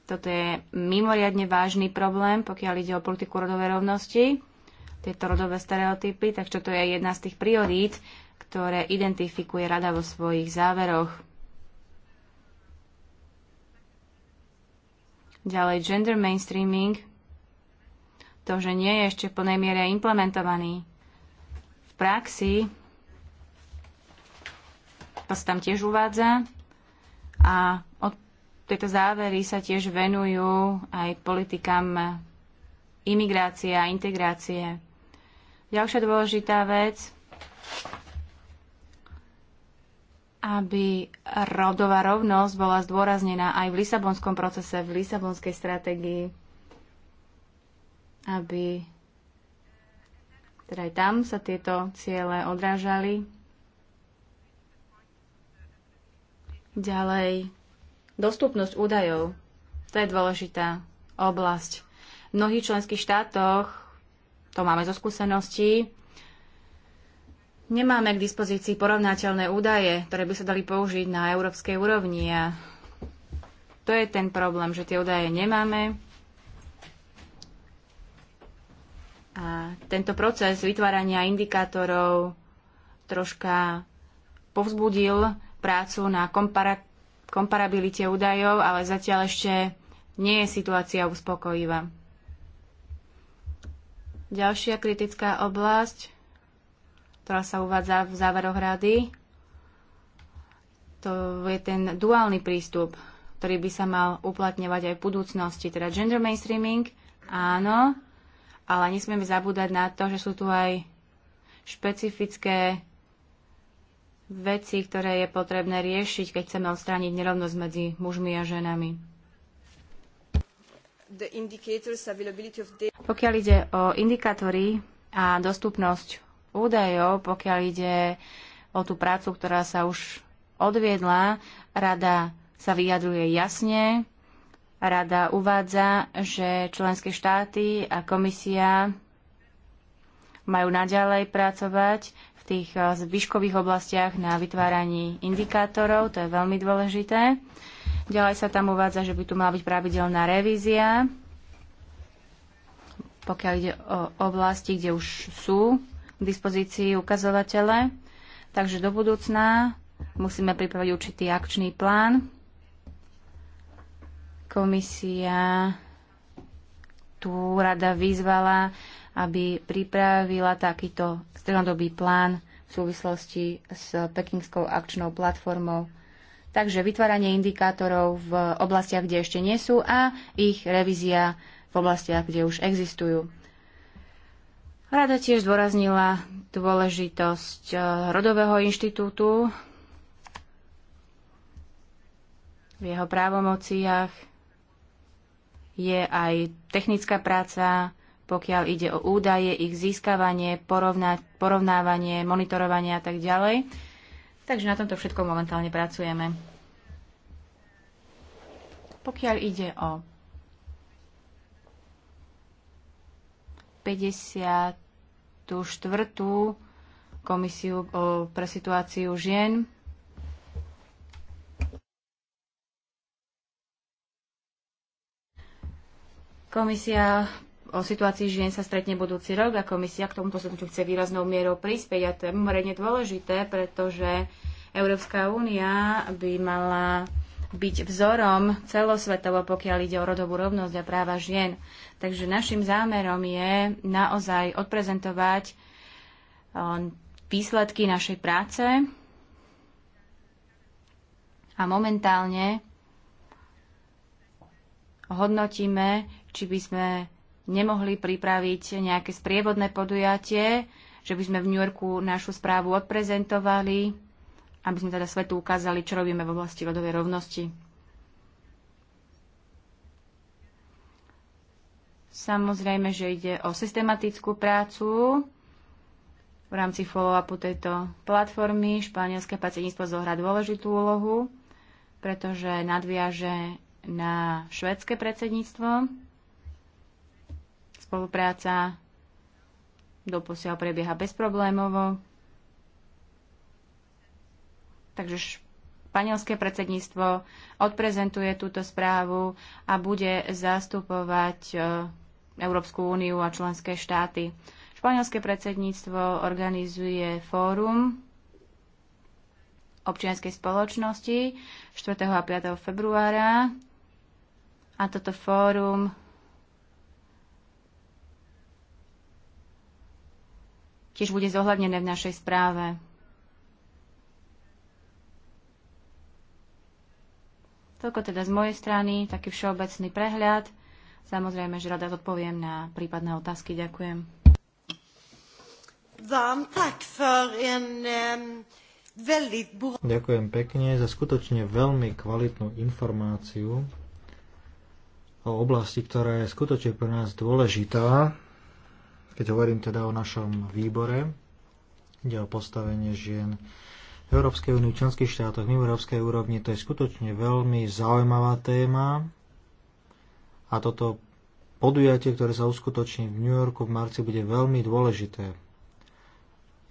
Toto je mimoriadne vážny problém, pokiaľ ide o politiku rodovej rovnosti, tieto rodové stereotypy, takže to je jedna z tých priorít, ktoré identifikuje rada vo svojich záveroch. Ďalej gender mainstreaming, to, že nie je ešte v plnej miere implementovaný. V praxi, to sa tam tiež uvádza, a od tieto závery sa tiež venujú aj politikám imigrácie a integrácie. Ďalšia dôležitá vec aby rodová rovnosť bola zdôraznená aj v Lisabonskom procese, v Lisabonskej stratégii, aby teda aj tam sa tieto ciele odrážali. Ďalej, dostupnosť údajov. To je dôležitá oblasť. V mnohých členských štátoch, to máme zo skúseností, Nemáme k dispozícii porovnateľné údaje, ktoré by sa dali použiť na európskej úrovni a to je ten problém, že tie údaje nemáme. A tento proces vytvárania indikátorov troška povzbudil prácu na kompara- komparabilite údajov, ale zatiaľ ešte nie je situácia uspokojivá. Ďalšia kritická oblasť ktorá sa uvádza v záveroch rady. To je ten duálny prístup, ktorý by sa mal uplatňovať aj v budúcnosti, teda gender mainstreaming, áno, ale nesmieme zabúdať na to, že sú tu aj špecifické veci, ktoré je potrebné riešiť, keď chceme odstrániť nerovnosť medzi mužmi a ženami. Pokiaľ ide o indikátory a dostupnosť údajov, pokiaľ ide o tú prácu, ktorá sa už odviedla. Rada sa vyjadruje jasne. Rada uvádza, že členské štáty a komisia majú naďalej pracovať v tých eh, zvyškových oblastiach na vytváraní indikátorov, to je veľmi dôležité. Ďalej sa tam uvádza, že by tu mala byť pravidelná revízia, pokiaľ ide o oblasti, kde už sú k dispozícii ukazovatele, takže do budúcna musíme pripraviť určitý akčný plán. Komisia tu rada vyzvala, aby pripravila takýto strednodobý plán v súvislosti s Pekingskou akčnou platformou. Takže vytváranie indikátorov v oblastiach, kde ešte nie sú a ich revízia v oblastiach, kde už existujú. Rada tiež dôraznila dôležitosť eh, rodového inštitútu v jeho právomociach je aj technická práca, pokiaľ ide o údaje, ich získavanie, porovna- porovnávanie, monitorovanie a tak ďalej. Takže na tomto všetko momentálne pracujeme. Pokiaľ ide o 54. komisiu pre situáciu žien. Komisia o situácii žien sa stretne budúci rok a komisia k tomuto stretnutiu chce výraznou mierou prispieť a to je mimoriadne dôležité, pretože Európska únia by mala byť vzorom celosvetovo, pokiaľ ide o rodovú rovnosť a práva žien. Takže našim zámerom je naozaj odprezentovať výsledky našej práce a momentálne hodnotíme, či by sme nemohli pripraviť nejaké sprievodné podujatie, že by sme v New Yorku našu správu odprezentovali aby sme teda svetu ukázali, čo robíme v oblasti rodovej rovnosti. Samozrejme, že ide o systematickú prácu v rámci follow-upu tejto platformy. Španielské pacientníctvo zohrá dôležitú úlohu, pretože nadviaže na švedské predsedníctvo. Spolupráca doposiaľ prebieha bezproblémovo. Takže španielské predsedníctvo odprezentuje túto správu a bude zastupovať e, Európsku úniu a členské štáty. Španielské predsedníctvo organizuje fórum občianskej spoločnosti 4. a 5. februára a toto fórum tiež bude zohľadnené v našej správe. Toľko teda z mojej strany, taký všeobecný prehľad. Samozrejme, že rada odpoviem na prípadné otázky. Ďakujem. Ďakujem pekne za skutočne veľmi kvalitnú informáciu o oblasti, ktorá je skutočne pre nás dôležitá, keď hovorím teda o našom výbore, kde o postavenie žien Európskej únii, členských štátoch, mimo európskej úrovni. To je skutočne veľmi zaujímavá téma a toto podujatie, ktoré sa uskutoční v New Yorku v marci, bude veľmi dôležité.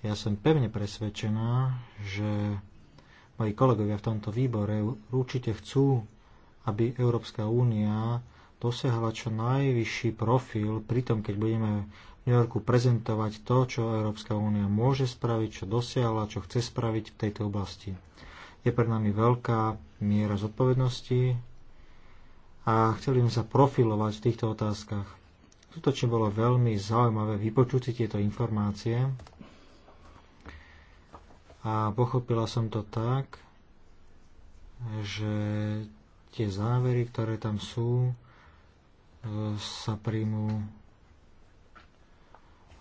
Ja som pevne presvedčená, že moji kolegovia v tomto výbore určite chcú, aby Európska únia dosiahla čo najvyšší profil pri tom, keď budeme New Yorku prezentovať to, čo Európska únia môže spraviť, čo dosiahla, čo chce spraviť v tejto oblasti. Je pred nami veľká miera zodpovednosti a chceli sme sa profilovať v týchto otázkach. Skutočne bolo veľmi zaujímavé vypočuť si tieto informácie a pochopila som to tak, že tie závery, ktoré tam sú, e, sa príjmú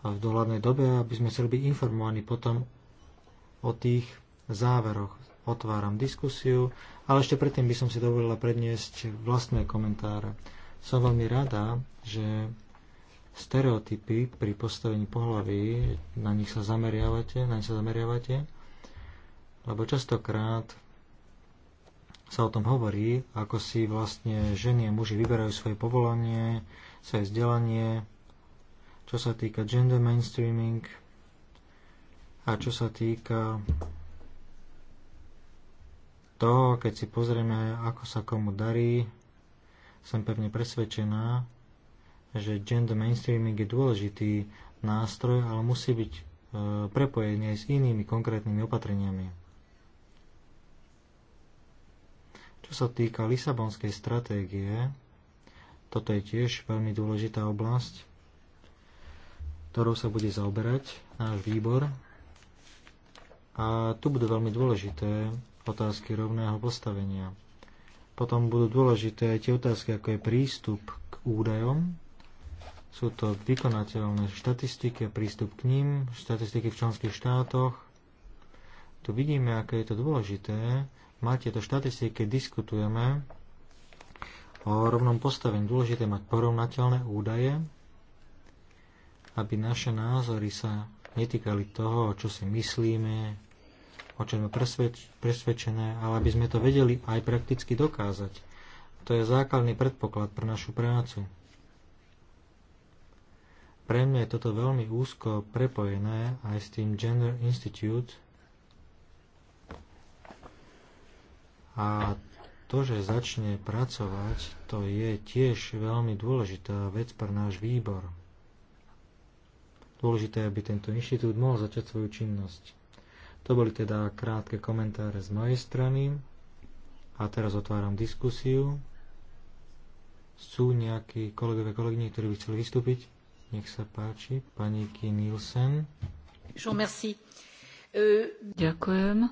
v dohľadnej dobe, aby sme chceli byť informovaní potom o tých záveroch. Otváram diskusiu, ale ešte predtým by som si dovolila predniesť vlastné komentáre. Som veľmi rada, že stereotypy pri postavení pohlaví, na nich sa zameriavate, na nich sa zameriavate, lebo častokrát sa o tom hovorí, ako si vlastne ženy a muži vyberajú svoje povolanie, svoje vzdelanie, čo sa týka gender mainstreaming a čo sa týka toho, keď si pozrieme, ako sa komu darí, som pevne presvedčená, že gender mainstreaming je dôležitý nástroj, ale musí byť e, prepojený aj s inými konkrétnymi opatreniami. Čo sa týka Lisabonskej stratégie, toto je tiež veľmi dôležitá oblasť ktorou sa bude zaoberať náš výbor. A tu budú veľmi dôležité otázky rovného postavenia. Potom budú dôležité aj tie otázky, ako je prístup k údajom. Sú to vykonateľné štatistiky, prístup k ním, štatistiky v členských štátoch. Tu vidíme, aké je to dôležité. Máte to štatistiky, diskutujeme o rovnom postavení. Dôležité mať porovnateľné údaje, aby naše názory sa netýkali toho, čo si myslíme, o čom sme presvedč- presvedčené, ale aby sme to vedeli aj prakticky dokázať. To je základný predpoklad pre našu prácu. Pre mňa je toto veľmi úzko prepojené aj s tým Gender Institute a to, že začne pracovať, to je tiež veľmi dôležitá vec pre náš výbor. Dôležité, aby tento inštitút mohol začať svoju činnosť. To boli teda krátke komentáre z mojej strany a teraz otváram diskusiu. Sú nejakí kolegovia, kolegyne, ktorí by chceli vystúpiť? Nech sa páči, pani Ki Nielsen. Euh, Ďakujem.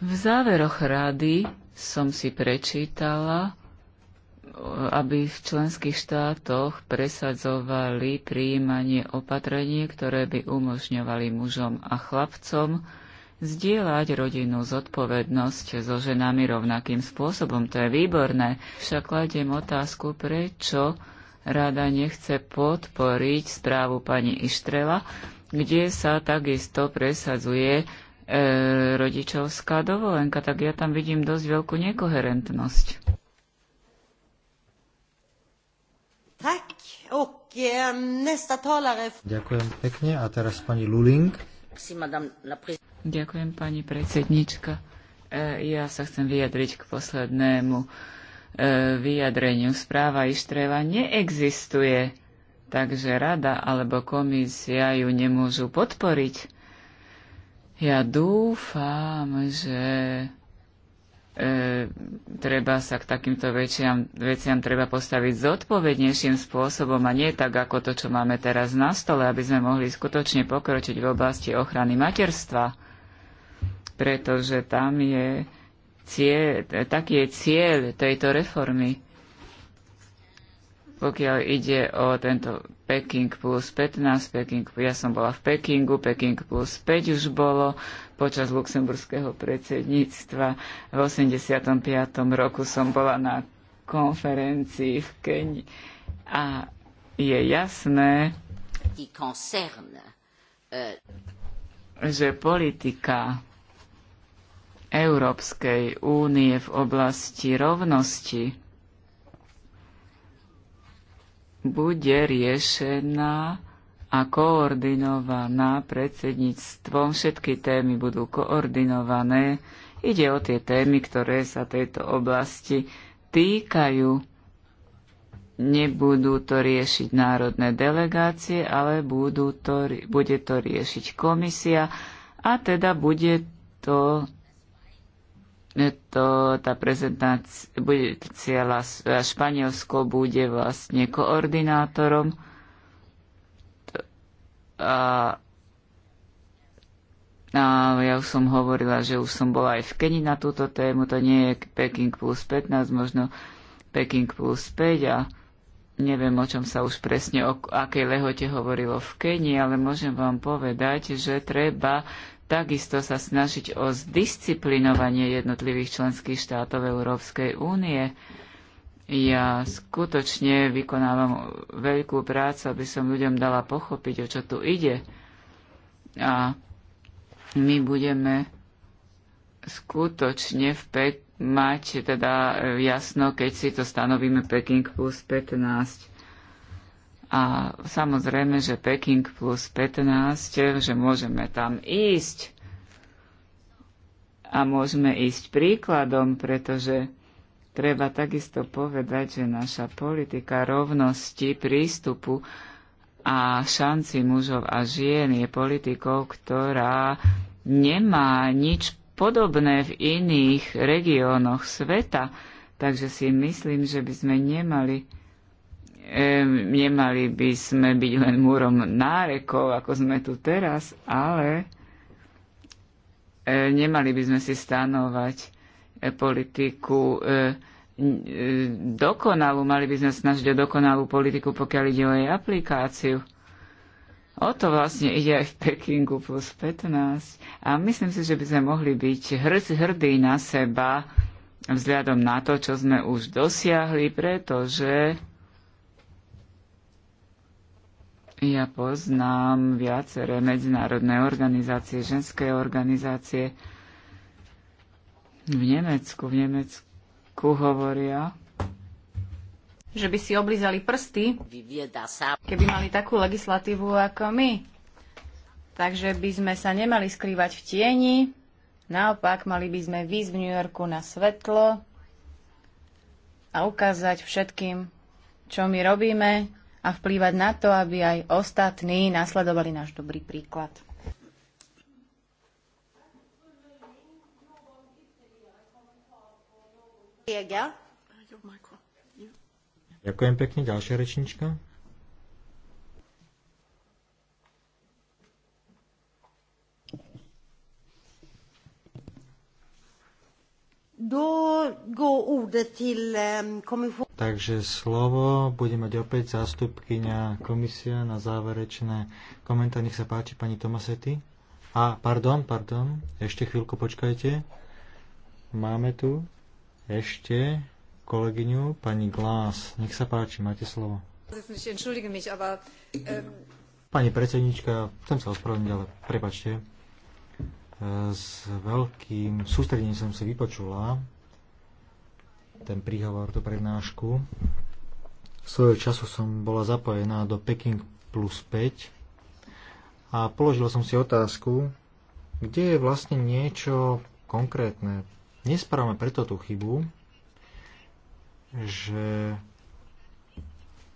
V záveroch rady som si prečítala, aby v členských štátoch presadzovali prijímanie opatrení, ktoré by umožňovali mužom a chlapcom zdieľať rodinnú zodpovednosť so ženami rovnakým spôsobom. To je výborné. Však kladiem otázku, prečo rada nechce podporiť správu pani Ištrela, kde sa takisto presadzuje e, rodičovská dovolenka. Tak ja tam vidím dosť veľkú nekoherentnosť. Ehm, Ďakujem pekne. A teraz pani Luling. Ďakujem pani predsednička. E, ja sa chcem vyjadriť k poslednému e, vyjadreniu. Správa Ištreva neexistuje, takže rada alebo komisia ju nemôžu podporiť. Ja dúfam, že e, treba sa k takýmto veciam, veciam treba postaviť zodpovednejším spôsobom a nie tak, ako to, čo máme teraz na stole, aby sme mohli skutočne pokročiť v oblasti ochrany materstva, pretože tam je cieľ, taký je cieľ tejto reformy. Pokiaľ ide o tento Peking plus 15, Peking, ja som bola v Pekingu, Peking plus 5 už bolo, počas luxemburského predsedníctva. V 85. roku som bola na konferencii v Keni a je jasné, euh, že politika Európskej únie v oblasti rovnosti bude riešená a koordinovaná predsedníctvom. Všetky témy budú koordinované. Ide o tie témy, ktoré sa tejto oblasti týkajú. Nebudú to riešiť národné delegácie, ale budú to, bude to riešiť komisia a teda bude to, to tá prezentácia bude, Španielsko bude vlastne koordinátorom a, a ja už som hovorila, že už som bola aj v Keni na túto tému, to nie je Peking plus 15, možno Peking plus 5 a neviem, o čom sa už presne, o akej lehote hovorilo v Keni, ale môžem vám povedať, že treba takisto sa snažiť o zdisciplinovanie jednotlivých členských štátov Európskej únie. Ja skutočne vykonávam veľkú prácu, aby som ľuďom dala pochopiť, o čo tu ide. A my budeme skutočne v Pek- mať teda e, jasno, keď si to stanovíme Peking plus 15. A samozrejme, že Peking plus 15, e, že môžeme tam ísť. A môžeme ísť príkladom, pretože Treba takisto povedať, že naša politika rovnosti prístupu a šanci mužov a žien je politikou, ktorá nemá nič podobné v iných regiónoch sveta. Takže si myslím, že by sme nemali, e, nemali by sme byť len múrom nárekov, ako sme tu teraz, ale e, nemali by sme si stanovať E, politiku e, e, dokonalú, mali by sme snažiť o dokonalú politiku, pokiaľ ide o jej aplikáciu. O to vlastne ide aj v Pekingu plus 15. A myslím si, že by sme mohli byť hrdí na seba vzhľadom na to, čo sme už dosiahli, pretože ja poznám viaceré medzinárodné organizácie, ženské organizácie, v Nemecku, v Nemecku hovoria, že by si oblízali prsty, keby mali takú legislatívu ako my. Takže by sme sa nemali skrývať v tieni, naopak mali by sme výsť v New Yorku na svetlo a ukázať všetkým, čo my robíme a vplývať na to, aby aj ostatní nasledovali náš dobrý príklad. Ďakujem pekne. Ďalšia rečnička. Ehm, Takže slovo bude mať opäť zástupkynia komisia na záverečné komentár. Nech sa páči, pani Tomasety. A, pardon, pardon, ešte chvíľku počkajte. Máme tu ešte kolegyňu, pani Glás. Nech sa páči, máte slovo. Pani predsednička, chcem sa ospravedlniť, ale prepačte. E, s veľkým sústredením som si vypočula ten príhovor, tú prednášku. Svojho času som bola zapojená do Peking plus 5 a položila som si otázku, kde je vlastne niečo konkrétne, Nespravme preto tú chybu, že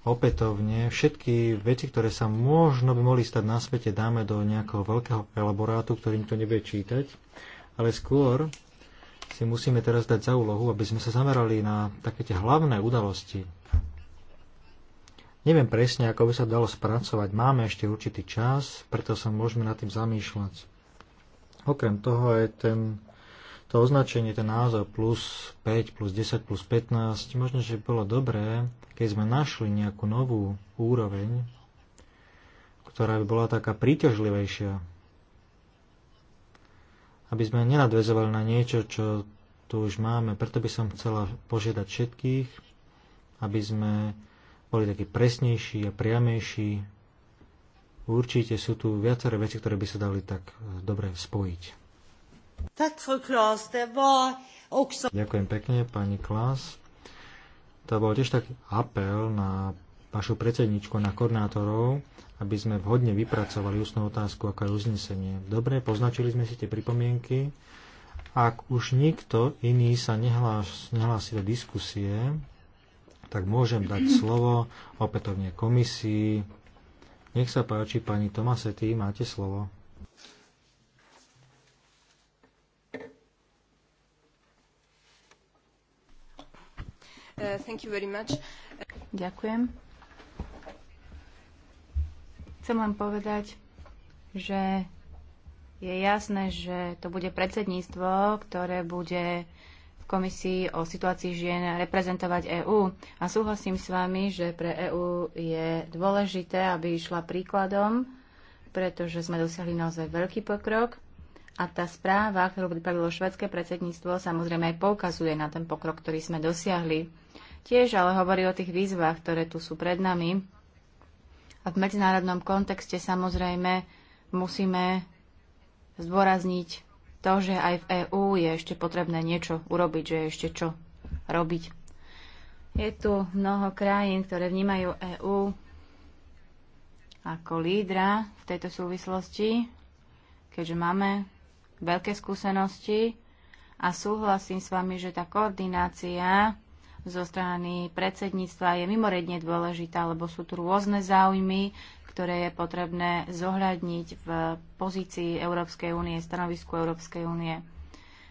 opätovne všetky veci, ktoré sa možno by mohli stať na svete, dáme do nejakého veľkého elaborátu, ktorý nikto nebude čítať, ale skôr si musíme teraz dať za úlohu, aby sme sa zamerali na také tie hlavné udalosti. Neviem presne, ako by sa dalo spracovať. Máme ešte určitý čas, preto sa môžeme nad tým zamýšľať. Okrem toho aj ten to označenie, ten názov plus 5, plus 10, plus 15, možno, že bolo dobré, keď sme našli nejakú novú úroveň, ktorá by bola taká príťažlivejšia. Aby sme nenadvezovali na niečo, čo tu už máme. Preto by som chcela požiadať všetkých, aby sme boli takí presnejší a priamejší. Určite sú tu viaceré veci, ktoré by sa dali tak eh, dobre spojiť. Ďakujem pekne, pani Klas. To bol tiež taký apel na vašu predsedničku, na koordinátorov, aby sme vhodne vypracovali ústnú otázku ako je uznesenie. Dobre, poznačili sme si tie pripomienky. Ak už nikto iný sa nehlás, nehlási do diskusie, tak môžem dať slovo opätovne komisii. Nech sa páči, pani Tomasety, máte slovo. Uh, Ďakujem. Chcem len povedať, že je jasné, že to bude predsedníctvo, ktoré bude v komisii o situácii žien reprezentovať EÚ. A súhlasím s vami, že pre EÚ je dôležité, aby išla príkladom, pretože sme dosiahli naozaj veľký pokrok. A tá správa, ktorú pripravilo švedské predsedníctvo, samozrejme aj poukazuje na ten pokrok, ktorý sme dosiahli tiež ale hovorí o tých výzvach, ktoré tu sú pred nami. A v medzinárodnom kontexte samozrejme musíme zdôrazniť to, že aj v EÚ je ešte potrebné niečo urobiť, že je ešte čo robiť. Je tu mnoho krajín, ktoré vnímajú EÚ ako lídra v tejto súvislosti, keďže máme veľké skúsenosti a súhlasím s vami, že tá koordinácia zo strany predsedníctva je mimoriadne dôležitá, lebo sú tu rôzne záujmy, ktoré je potrebné zohľadniť v pozícii Európskej únie, stanovisku Európskej únie.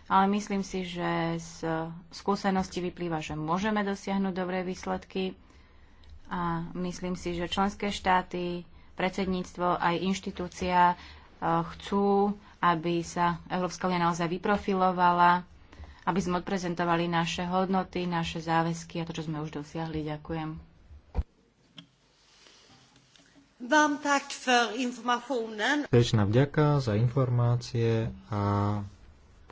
Ale myslím si, že z skúsenosti vyplýva, že môžeme dosiahnuť dobré výsledky a myslím si, že členské štáty, predsedníctvo aj inštitúcia eh, chcú, aby sa Európska únia naozaj vyprofilovala aby sme odprezentovali naše hodnoty, naše záväzky a to, čo sme už dosiahli. Ďakujem. Vám tak för informationen. Srdečná vďaka za informácie a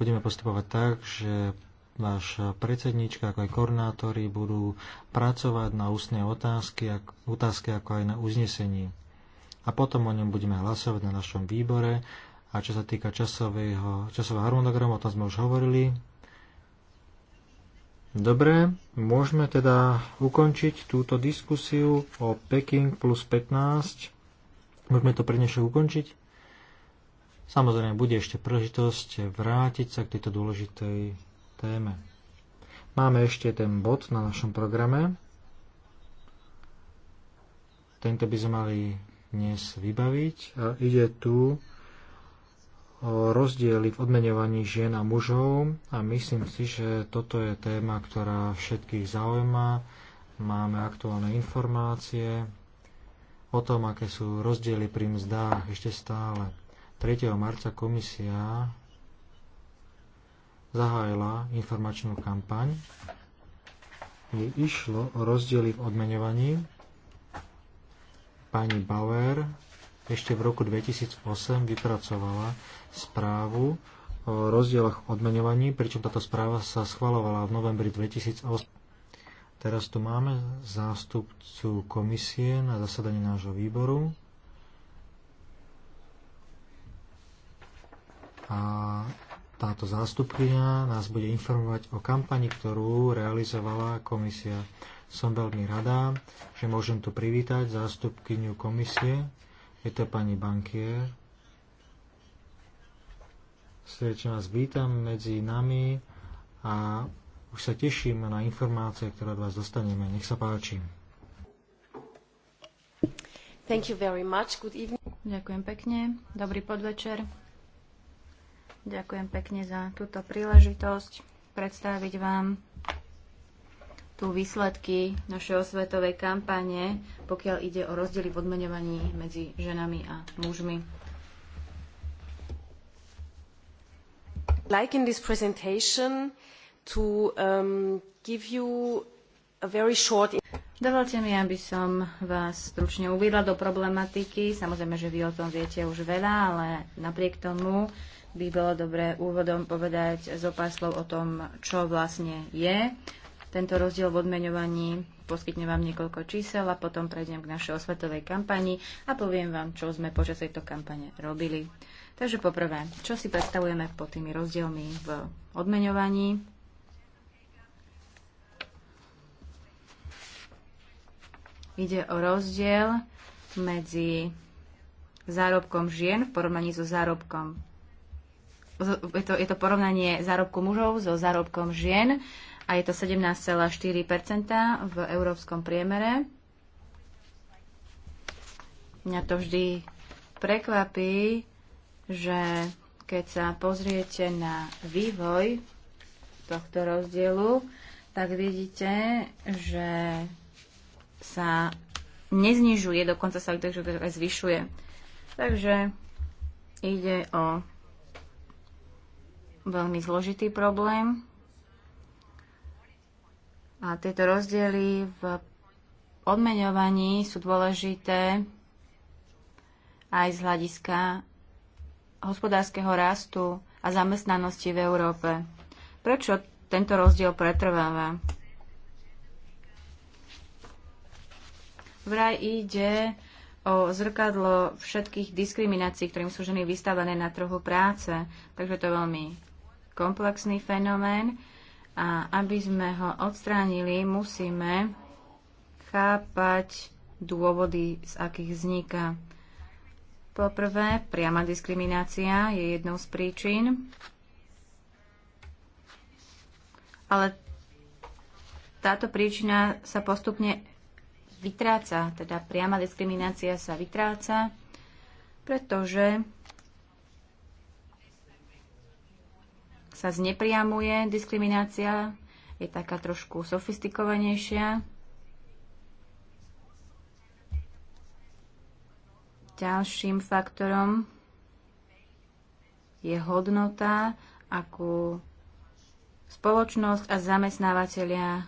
budeme postupovať tak, že váš predsednička, ako aj koordinátori budú pracovať na ústnej otázky, otázke, ako aj na uznesení. A potom o ňom budeme hlasovať na našom výbore. A čo sa týka časového, časového harmonogramu, o tom sme už hovorili, Dobre, môžeme teda ukončiť túto diskusiu o Peking plus 15. Môžeme to pre dnešok ukončiť. Samozrejme, bude ešte príležitosť vrátiť sa k tejto dôležitej téme. Máme ešte ten bod na našom programe. Tento by sme mali dnes vybaviť. A ide tu rozdiely v odmeňovaní žien a mužov a myslím si, že toto je téma, ktorá všetkých zaujíma. Máme aktuálne informácie o tom, aké sú rozdiely pri mzdách ešte stále. 3. marca komisia zahájila informačnú kampaň, kde išlo o rozdiely v odmeňovaní. Pani Bauer ešte v roku 2008 vypracovala správu o rozdieloch odmenovaní, pričom táto správa sa schvalovala v novembri 2008. Teraz tu máme zástupcu komisie na zasadanie nášho výboru. A táto zástupkynia nás bude informovať o kampani, ktorú realizovala komisia. Som veľmi rada, že môžem tu privítať zástupkyňu komisie, je to pani bankier. Srdečne vás vítam medzi nami a už sa teším na informácie, ktoré od vás dostaneme. Nech sa páči. Thank you very much. Good evening. Ďakujem pekne. Dobrý podvečer. Ďakujem pekne za túto príležitosť predstaviť vám tu výsledky našej osvetovej kampane, pokiaľ ide o rozdiely v odmeňovaní medzi ženami a mužmi. Like in this presentation to um, give you a very short Dovolte mi, aby som vás stručne uviedla do problematiky. Samozrejme, že vy o tom viete už veľa, ale napriek tomu by bolo dobré úvodom povedať zo pár slov o tom, čo vlastne je tento rozdiel v odmeňovaní. Poskytnem vám niekoľko čísel a potom prejdem k našej osvetovej kampani a poviem vám, čo sme počas tejto kampane robili. Takže poprvé, čo si predstavujeme pod tými rozdielmi v odmeňovaní? Ide o rozdiel medzi zárobkom žien v porovnaní so zárobkom je to, je to porovnanie zárobku mužov so zárobkom žien a je to 17,4 v európskom priemere. Mňa to vždy prekvapí, že keď sa pozriete na vývoj tohto rozdielu, tak vidíte, že sa neznižuje, dokonca sa takže aj zvyšuje. Takže ide o veľmi zložitý problém. A tieto rozdiely v odmeňovaní sú dôležité aj z hľadiska hospodárskeho rastu a zamestnanosti v Európe. Prečo tento rozdiel pretrváva? Vraj ide o zrkadlo všetkých diskriminácií, ktorým sú ženy vystavené na trhu práce. Takže to je veľmi komplexný fenomén a aby sme ho odstránili, musíme chápať dôvody, z akých vzniká. Poprvé, priama diskriminácia je jednou z príčin, ale táto príčina sa postupne vytráca, teda priama diskriminácia sa vytráca, pretože sa znepriamuje diskriminácia, je taká trošku sofistikovanejšia. Ďalším faktorom je hodnota, akú spoločnosť a zamestnávateľia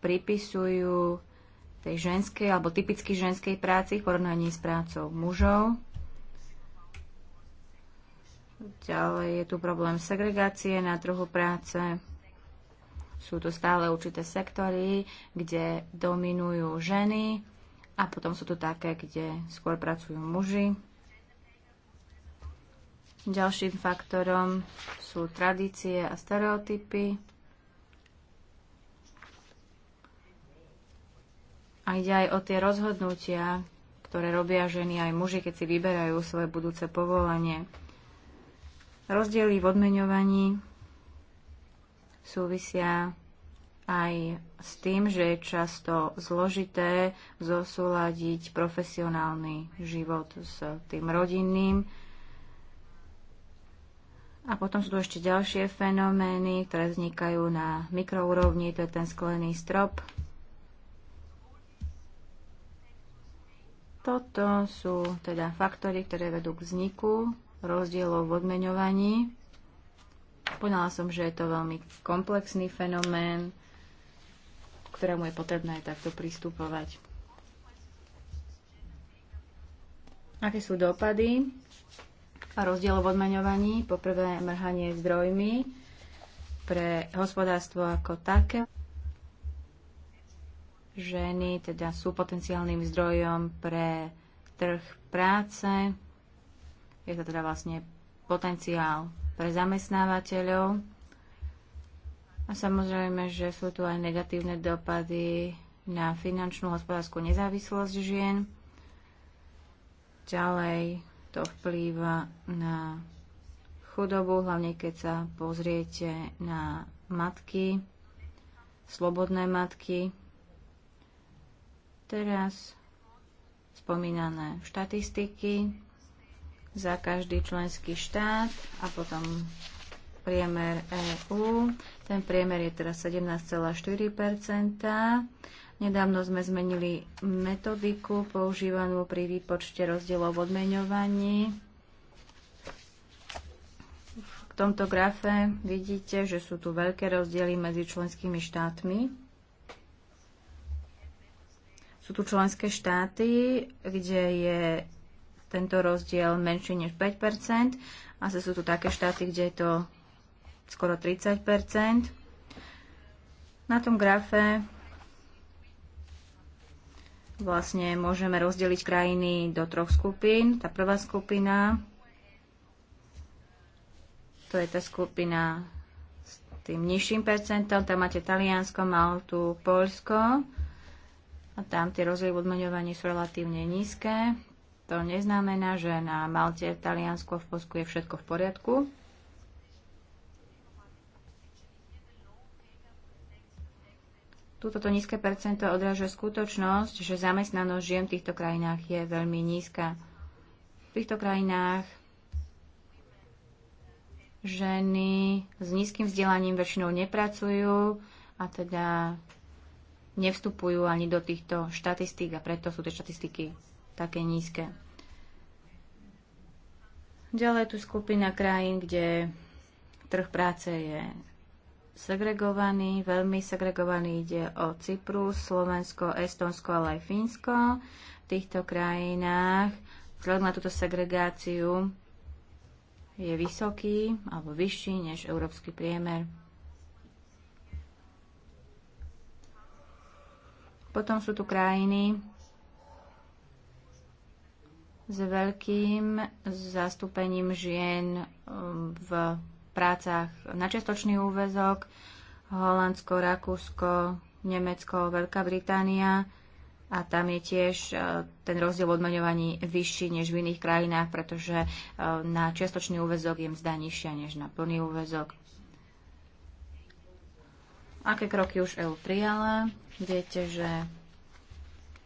pripisujú tej ženskej alebo typicky ženskej práci v porovnaní s prácou mužov. Ďalej je tu problém segregácie na trhu práce. Sú tu stále určité sektory, kde dominujú ženy a potom sú tu také, kde skôr pracujú muži. Ďalším faktorom sú tradície a stereotypy. A ide aj o tie rozhodnutia, ktoré robia ženy aj muži, keď si vyberajú svoje budúce povolanie. Rozdiely v odmeňovaní súvisia aj s tým, že je často zložité zosúľadiť profesionálny život s tým rodinným. A potom sú tu ešte ďalšie fenomény, ktoré vznikajú na mikroúrovni, to je ten sklený strop. Toto sú teda faktory, ktoré vedú k vzniku rozdielov v odmeňovaní. Poňala som, že je to veľmi komplexný fenomén, ktorému je potrebné aj takto pristupovať. Aké sú dopady a rozdiel v odmeňovaní? Poprvé mrhanie zdrojmi pre hospodárstvo ako také ženy teda sú potenciálnym zdrojom pre trh práce, je to teda vlastne potenciál pre zamestnávateľov. A samozrejme, že sú tu aj negatívne dopady na finančnú hospodárskú nezávislosť žien. Ďalej to vplýva na chudobu, hlavne keď sa pozriete na matky, slobodné matky. Teraz spomínané štatistiky za každý členský štát a potom priemer EÚ. Ten priemer je teraz 17,4 Nedávno sme zmenili metodiku používanú pri výpočte rozdielov v odmeňovaní. V tomto grafe vidíte, že sú tu veľké rozdiely medzi členskými štátmi. Sú tu členské štáty, kde je tento rozdiel menší než 5 Asi sú tu také štáty, kde je to skoro 30 Na tom grafe vlastne môžeme rozdeliť krajiny do troch skupín. Tá prvá skupina, to je tá skupina s tým nižším percentom, tam máte Taliansko, Maltu, Polsko a tam tie rozdiely odmeňovaní sú relatívne nízke. To neznamená, že na Malte, v Taliansku a v Polsku je všetko v poriadku. Tuto to nízke percento odrážuje skutočnosť, že zamestnanosť žien v týchto krajinách je veľmi nízka. V týchto krajinách ženy s nízkym vzdelaním väčšinou nepracujú a teda nevstupujú ani do týchto štatistík a preto sú tie štatistiky také nízke. Ďalej tu skupina krajín, kde trh práce je segregovaný, veľmi segregovaný ide o Cyprus, Slovensko, Estonsko, ale aj Fínsko. V týchto krajinách vzhľadom na túto segregáciu je vysoký alebo vyšší než európsky priemer. Potom sú tu krajiny, s veľkým zastúpením žien um, v prácach na čiastočný úvezok, Holandsko, Rakúsko, Nemecko, Veľká Británia a tam je tiež uh, ten rozdiel v odmaňovaní vyšší než v iných krajinách, pretože uh, na čiastočný úvezok je mzda nižšia než na plný úvezok. Aké kroky už EU prijala? Viete, že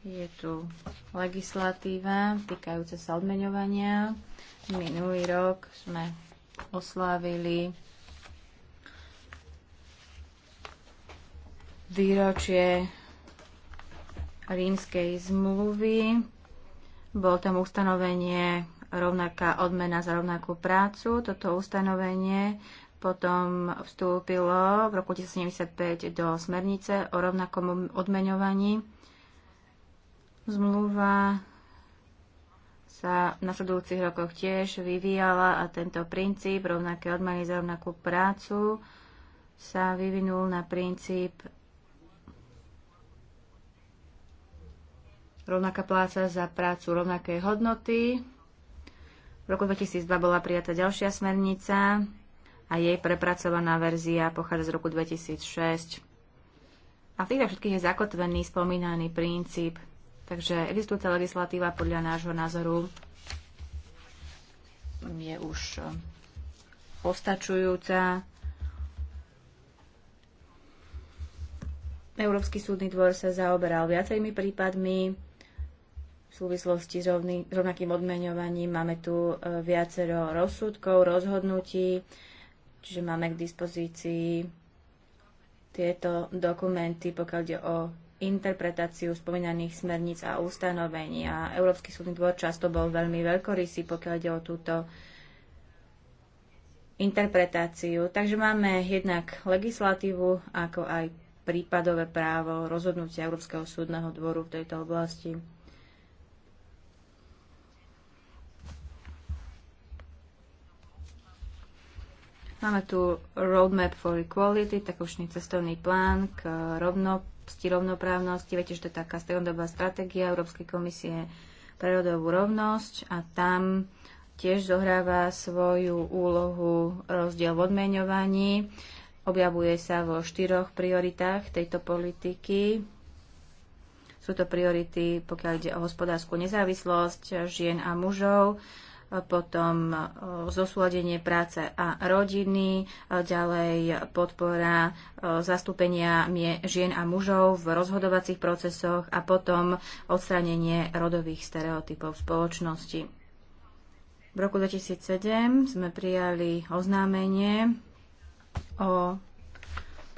je tu legislatíva týkajúca sa odmeňovania. Minulý rok sme oslávili výročie rímskej zmluvy. Bolo tam ustanovenie rovnaká odmena za rovnakú prácu. Toto ustanovenie potom vstúpilo v roku 1975 do smernice o rovnakom odmeňovaní Zmluva sa v nasledujúcich rokoch tiež vyvíjala a tento princíp rovnaké odmeny za rovnakú prácu sa vyvinul na princíp rovnaká pláca za prácu rovnakej hodnoty. V roku 2002 bola prijatá ďalšia smernica a jej prepracovaná verzia pochádza z roku 2006. A v týchto všetkých je zakotvený spomínaný princíp Takže existujúca legislatíva podľa nášho názoru je už eh, postačujúca. Európsky súdny dvor sa zaoberal viacerými prípadmi v súvislosti s rovný, rovnakým odmeňovaním. Máme tu eh, viacero rozsudkov, rozhodnutí, čiže máme k dispozícii tieto dokumenty, pokiaľ ide o interpretáciu spomínaných smerníc a ustanovení. A Európsky súdny dvor často bol veľmi veľkorysý, pokiaľ ide o túto interpretáciu. Takže máme jednak legislatívu, ako aj prípadové právo rozhodnutia Európskeho súdneho dvoru v tejto oblasti. Máme tu Roadmap for Equality, takúčný cestovný plán k rovnoprávnosti rovnoprávnosti. Viete, že to je taká strednodobá stratégia Európskej komisie pre rodovú rovnosť a tam tiež zohráva svoju úlohu rozdiel v odmeňovaní. Objavuje sa vo štyroch prioritách tejto politiky. Sú to priority, pokiaľ ide o hospodárskú nezávislosť žien a mužov, potom e, zosúladenie práce a rodiny, ďalej podpora e, zastúpenia žien a mužov v rozhodovacích procesoch a potom odstránenie rodových stereotypov v spoločnosti. V roku 2007 sme prijali oznámenie o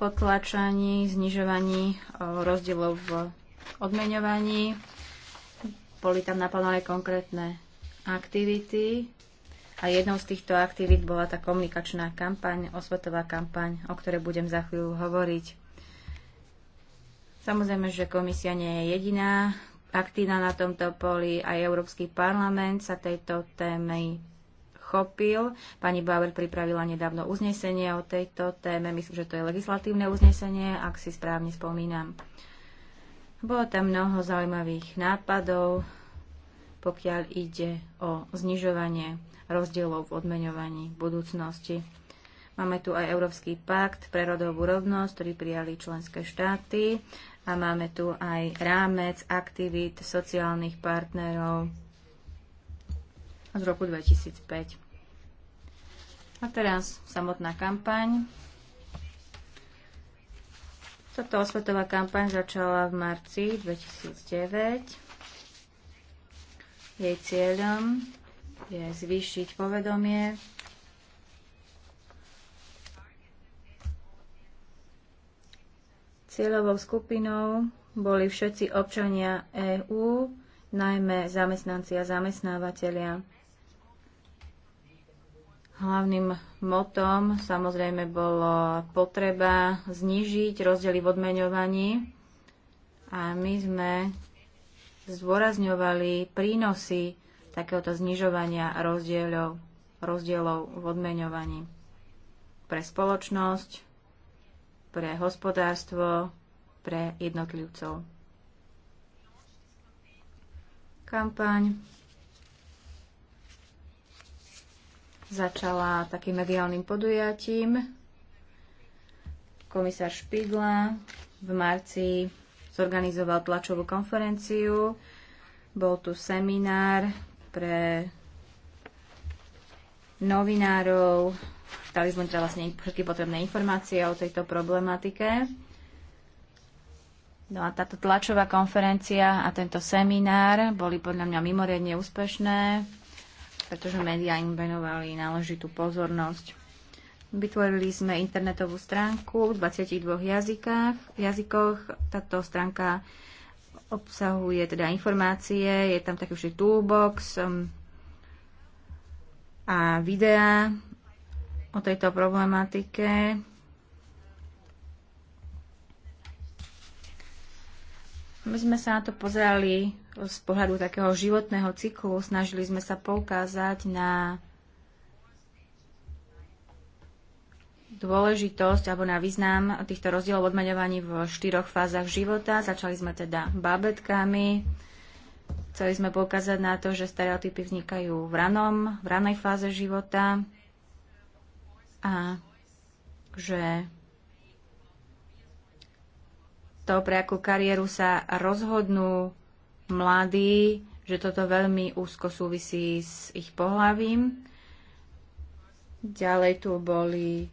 potlačaní, znižovaní e, rozdielov v odmeňovaní. Boli tam naplánované konkrétne aktivity a jednou z týchto aktivít bola tá komunikačná kampaň, osvetová kampaň, o ktorej budem za chvíľu hovoriť. Samozrejme, že komisia nie je jediná aktívna na tomto poli. Aj Európsky parlament sa tejto témy chopil. Pani Bauer pripravila nedávno uznesenie o tejto téme. Myslím, že to je legislatívne uznesenie, ak si správne spomínam. Bolo tam mnoho zaujímavých nápadov, pokiaľ ide o znižovanie rozdielov v odmeňovaní v budúcnosti. Máme tu aj Európsky pakt pre rodovú rovnosť, ktorý prijali členské štáty a máme tu aj rámec aktivít sociálnych partnerov z roku 2005. A teraz samotná kampaň. Toto osvetová kampaň začala v marci 2009 jej cieľom je zvýšiť povedomie Cieľovou skupinou boli všetci občania EÚ, najmä zamestnanci a zamestnávateľia. Hlavným motom samozrejme bolo potreba znížiť rozdiely v odmeňovaní a my sme zdôrazňovali prínosy takéhoto znižovania rozdielov, rozdielov v odmeňovaní pre spoločnosť, pre hospodárstvo, pre jednotlivcov. Kampaň začala takým mediálnym podujatím. Komisár Špidla v marci zorganizoval tlačovú konferenciu, bol tu seminár pre novinárov, dali sme teda vlastne všetky potrebné informácie o tejto problematike. No a táto tlačová konferencia a tento seminár boli podľa mňa mimoriadne úspešné, pretože médiá im venovali náležitú pozornosť. Vytvorili sme internetovú stránku v 22 jazykách, jazykoch. Táto stránka obsahuje teda informácie, je tam taký už toolbox um, a videá o tejto problematike. My sme sa na to pozerali z pohľadu takého životného cyklu. Snažili sme sa poukázať na dôležitosť alebo na význam týchto rozdielov odmeňovaní v štyroch fázach života. Začali sme teda babetkami. Chceli sme poukázať na to, že stereotypy vznikajú v ranom, v ranej fáze života a že to, pre akú kariéru sa rozhodnú mladí, že toto veľmi úzko súvisí s ich pohlavím. Ďalej tu boli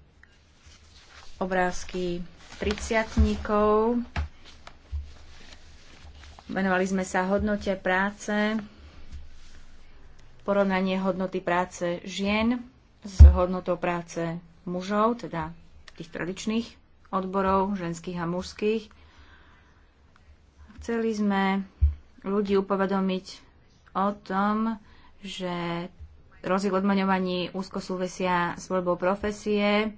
obrázky triciatníkov. Venovali sme sa hodnote práce, porovnanie hodnoty práce žien s hodnotou práce mužov, teda tých tradičných odborov, ženských a mužských. Chceli sme ľudí upovedomiť o tom, že rozdiel odmaňovaní úzko súvisia s voľbou profesie,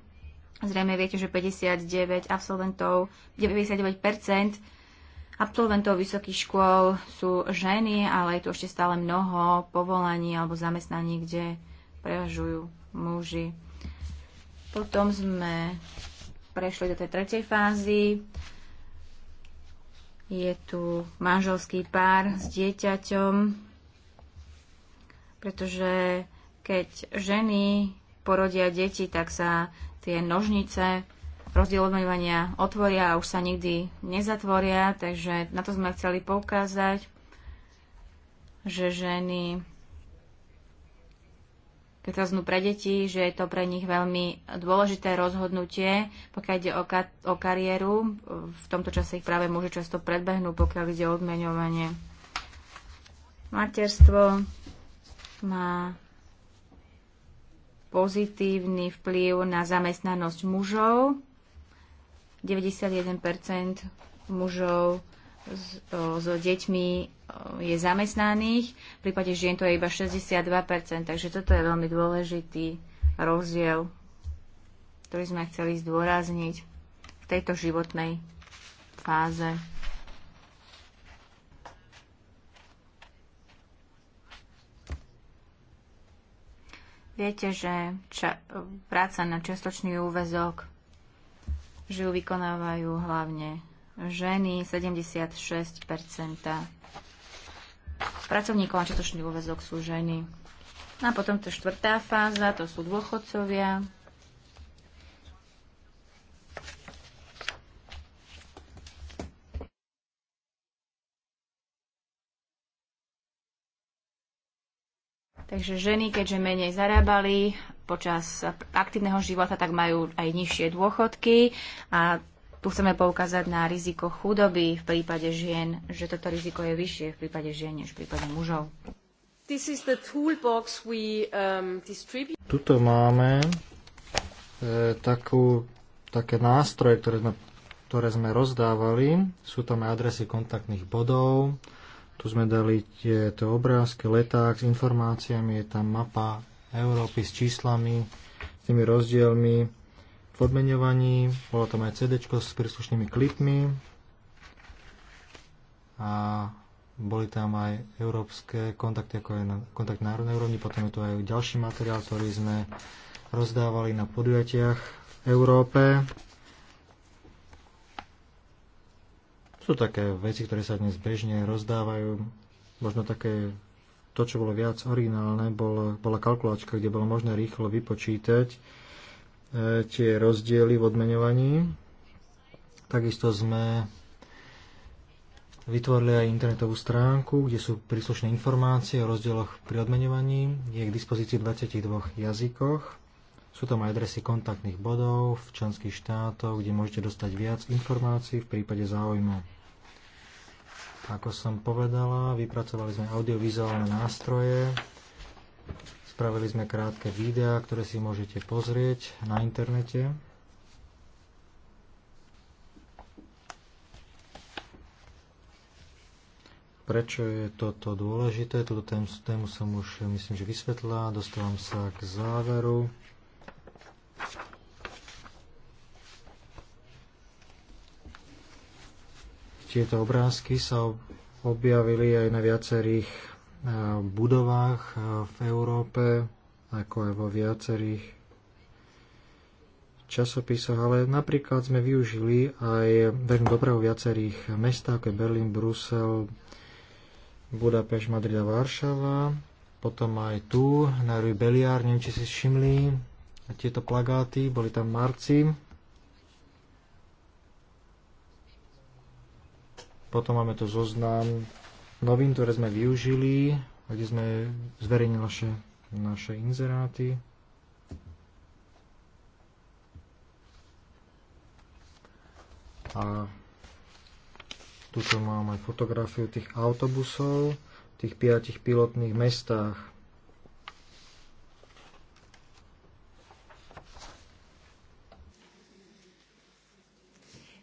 Zrejme viete, že 59 absolventov, 99% absolventov vysokých škôl sú ženy, ale je tu ešte stále mnoho povolaní alebo zamestnaní, kde prevažujú muži. Potom sme prešli do tej tretej fázy. Je tu manželský pár s dieťaťom, pretože keď ženy porodia deti, tak sa tie nožnice rozdiel otvoria a už sa nikdy nezatvoria, takže na to sme chceli poukázať, že ženy keď rozhodnú pre deti, že je to pre nich veľmi dôležité rozhodnutie, pokiaľ ide o, ka- o kariéru. V tomto čase ich práve muži často predbehnú, pokiaľ ide o odmeňovanie. Materstvo má pozitívny vplyv na zamestnanosť mužov. 91 mužov s, s deťmi je zamestnaných, v prípade žien to je iba 62 takže toto je veľmi dôležitý rozdiel, ktorý sme chceli zdôrazniť v tejto životnej fáze. Viete, že ča- práca na čiastočný úvezok, že ju vykonávajú hlavne ženy, 76 pracovníkov na čiastočný úvezok sú ženy. A potom to štvrtá fáza, to sú dôchodcovia, Takže ženy, keďže menej zarábali počas aktívneho života, tak majú aj nižšie dôchodky a tu chceme poukázať na riziko chudoby v prípade žien, že toto riziko je vyššie v prípade žien než v prípade mužov. We, um, Tuto máme e, takú, také nástroje, ktoré sme, ktoré sme rozdávali. Sú tam aj adresy kontaktných bodov, tu sme dali tieto obrázky, leták s informáciami, je tam mapa Európy s číslami, s tými rozdielmi v odmeňovaní, bolo tam aj CD s príslušnými klipmi a boli tam aj európske kontakty, ako je na, kontakt na národnej úrovni, potom je tu aj ďalší materiál, ktorý sme rozdávali na podujatiach v Európe. Sú také veci, ktoré sa dnes bežne rozdávajú. Možno také to, čo bolo viac originálne, bol, bola kalkulačka, kde bolo možné rýchlo vypočítať e, tie rozdiely v odmeňovaní. Takisto sme vytvorili aj internetovú stránku, kde sú príslušné informácie o rozdieloch pri odmenovaní. Je k dispozícii v 22 jazykoch. Sú tam aj adresy kontaktných bodov v členských štátoch, kde môžete dostať viac informácií v prípade záujmu. Ako som povedala, vypracovali sme audiovizuálne nástroje, spravili sme krátke videá, ktoré si môžete pozrieť na internete. Prečo je toto dôležité? Túto tému som už, myslím, že vysvetlila. Dostávam sa k záveru. Tieto obrázky sa objavili aj na viacerých eh, budovách eh, v Európe, ako aj vo viacerých časopisoch, ale napríklad sme využili aj veľmi dobre vo viacerých mestách, ako je Berlín, Brusel, Budapešť, Madrid a Varšava, potom aj tu na Rue Beliar, neviem, či si všimli tieto plagáty, boli tam marci, Potom máme tu zoznam novín, ktoré sme využili, kde sme zverejnili naše, naše inzeráty. A tuto mám aj fotografiu tých autobusov v tých piatich pilotných mestách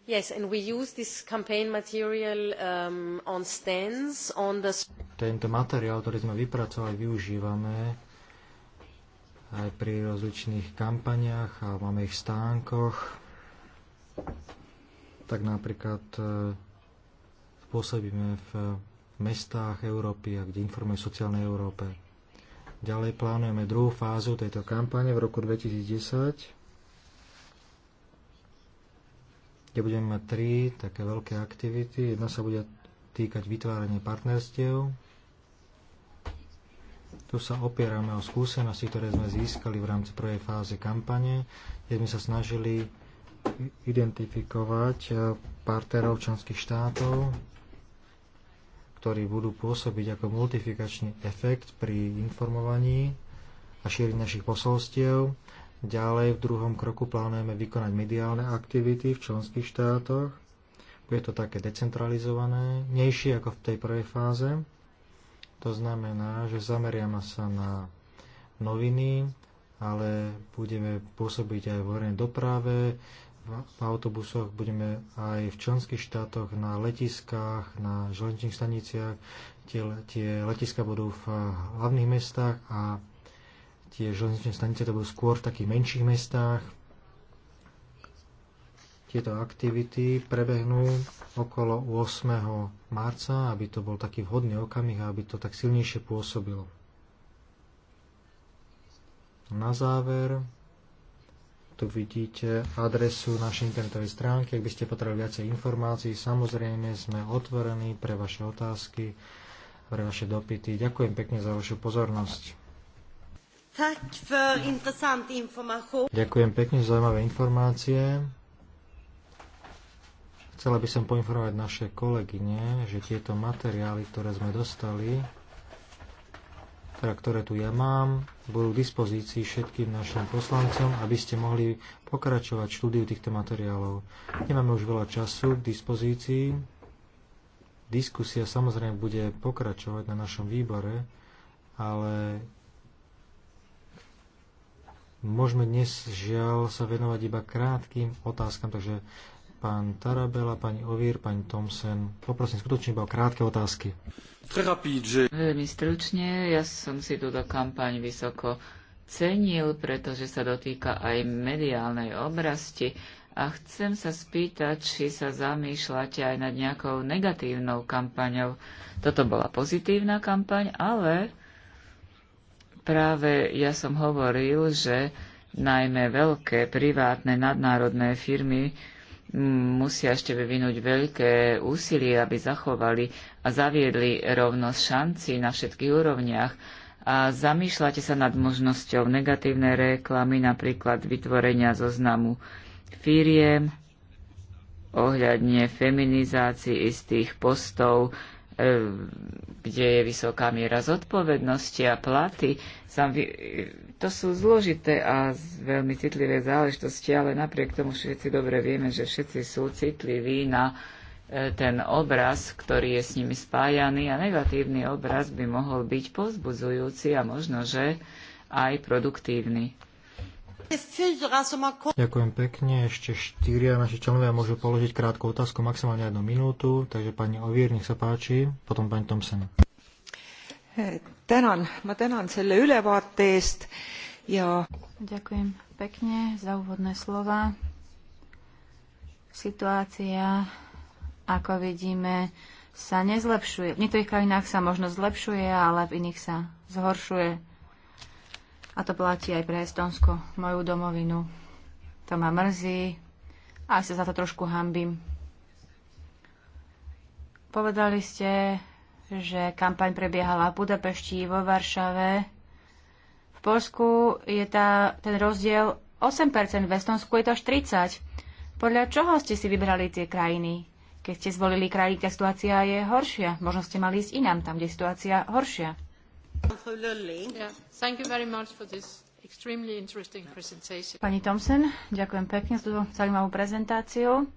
Yes, and we use this campaign material um, on stands on the... Tento materiál, ktorý sme vypracovali, využívame aj pri rozličných kampaniách a máme ich v stánkoch. Tak napríklad e, pôsobíme v mestách Európy a kde informuje o sociálnej Európe. Ďalej plánujeme druhú fázu tejto kampane v roku 2010 kde budeme mať tri také veľké aktivity. Jedna sa bude týkať vytvárania partnerstiev. Tu sa opierame o skúsenosti, ktoré sme získali v rámci prvej fáze kampane, kde sme sa snažili identifikovať eh, partnerov členských štátov, ktorí budú pôsobiť ako multifikačný efekt pri informovaní a šíriť našich posolstiev. Ďalej v druhom kroku plánujeme vykonať mediálne aktivity v členských štátoch. Bude to také decentralizované, nejšie ako v tej prvej fáze. To znamená, že zameriame sa na noviny, ale budeme pôsobiť aj v verejnej doprave, v autobusoch, budeme aj v členských štátoch, na letiskách, na železničných staniciach. Tie, tie letiska budú v hlavných mestách a tie železničné stanice to budú skôr v takých menších mestách. Tieto aktivity prebehnú okolo 8. marca, aby to bol taký vhodný okamih a aby to tak silnejšie pôsobilo. Na záver tu vidíte adresu našej internetovej stránky, ak by ste potrebovali viacej informácií. Samozrejme sme otvorení pre vaše otázky, pre vaše dopity. Ďakujem pekne za vašu pozornosť. Ďakujem pekne za zaujímavé informácie. Chcela by som poinformovať naše kolegyne, že tieto materiály, ktoré sme dostali, teda ktoré tu ja mám, budú k dispozícii všetkým našim poslancom, aby ste mohli pokračovať štúdiu týchto materiálov. Nemáme už veľa času k dispozícii. Diskusia samozrejme bude pokračovať na našom výbore, ale Môžeme dnes žiaľ sa venovať iba krátkým otázkam, takže pán Tarabela, pani Ovír, pani Tomsen, Poprosím skutočne iba o krátke otázky. Veľmi stručne, ja som si túto kampaň vysoko cenil, pretože sa dotýka aj mediálnej oblasti a chcem sa spýtať, či sa zamýšľate aj nad nejakou negatívnou kampaňou. Toto bola pozitívna kampaň, ale Práve ja som hovoril, že najmä veľké privátne nadnárodné firmy mm, musia ešte vyvinúť veľké úsilie, aby zachovali a zaviedli rovnosť šanci na všetkých úrovniach. A zamýšľate sa nad možnosťou negatívnej reklamy, napríklad vytvorenia zoznamu firiem, ohľadne feminizácii istých postov E, kde je vysoká miera zodpovednosti a platy. To sú zložité a veľmi citlivé záležitosti, ale napriek tomu všetci dobre vieme, že všetci sú citliví na e, ten obraz, ktorý je s nimi spájaný a negatívny obraz by mohol byť pozbudzujúci a možno, že aj produktívny. Ďakujem pekne. Ešte štyria naši členovia môžu položiť krátku otázku, maximálne jednu minútu. Takže pani Ovier, nech sa páči, potom pani Tomsen. Tänan, ma tänan selle ülevaate eest ja... Ďakujem pekne za úvodné slova. Situácia, ako vidíme, sa nezlepšuje. V niektorých krajinách sa možno zlepšuje, ale v iných sa zhoršuje a to platí aj pre Estonsko, moju domovinu. To ma mrzí. a sa za to trošku hambím. Povedali ste, že kampaň prebiehala v Budapešti, vo Varšave. V Polsku je tá, ten rozdiel 8%, v Estonsku je to až 30%. Podľa čoho ste si vybrali tie krajiny? Keď ste zvolili krajiny, tá situácia je horšia, možno ste mali ísť inám, tam, kde je situácia horšia. Pani thomsen ďakujem pekne za túto zaujímavú prezentáciu.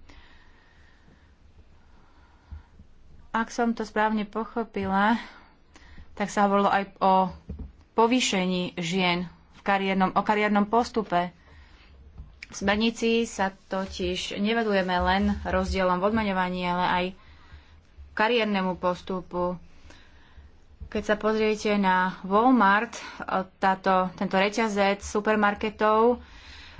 Ak som to správne pochopila, tak sa hovorilo aj o povýšení žien v kariérnom, o kariérnom postupe. V smernici sa totiž nevedujeme len rozdielom v odmaňovaní, ale aj kariérnemu postupu, keď sa pozriete na Walmart, e, táto, tento reťazec supermarketov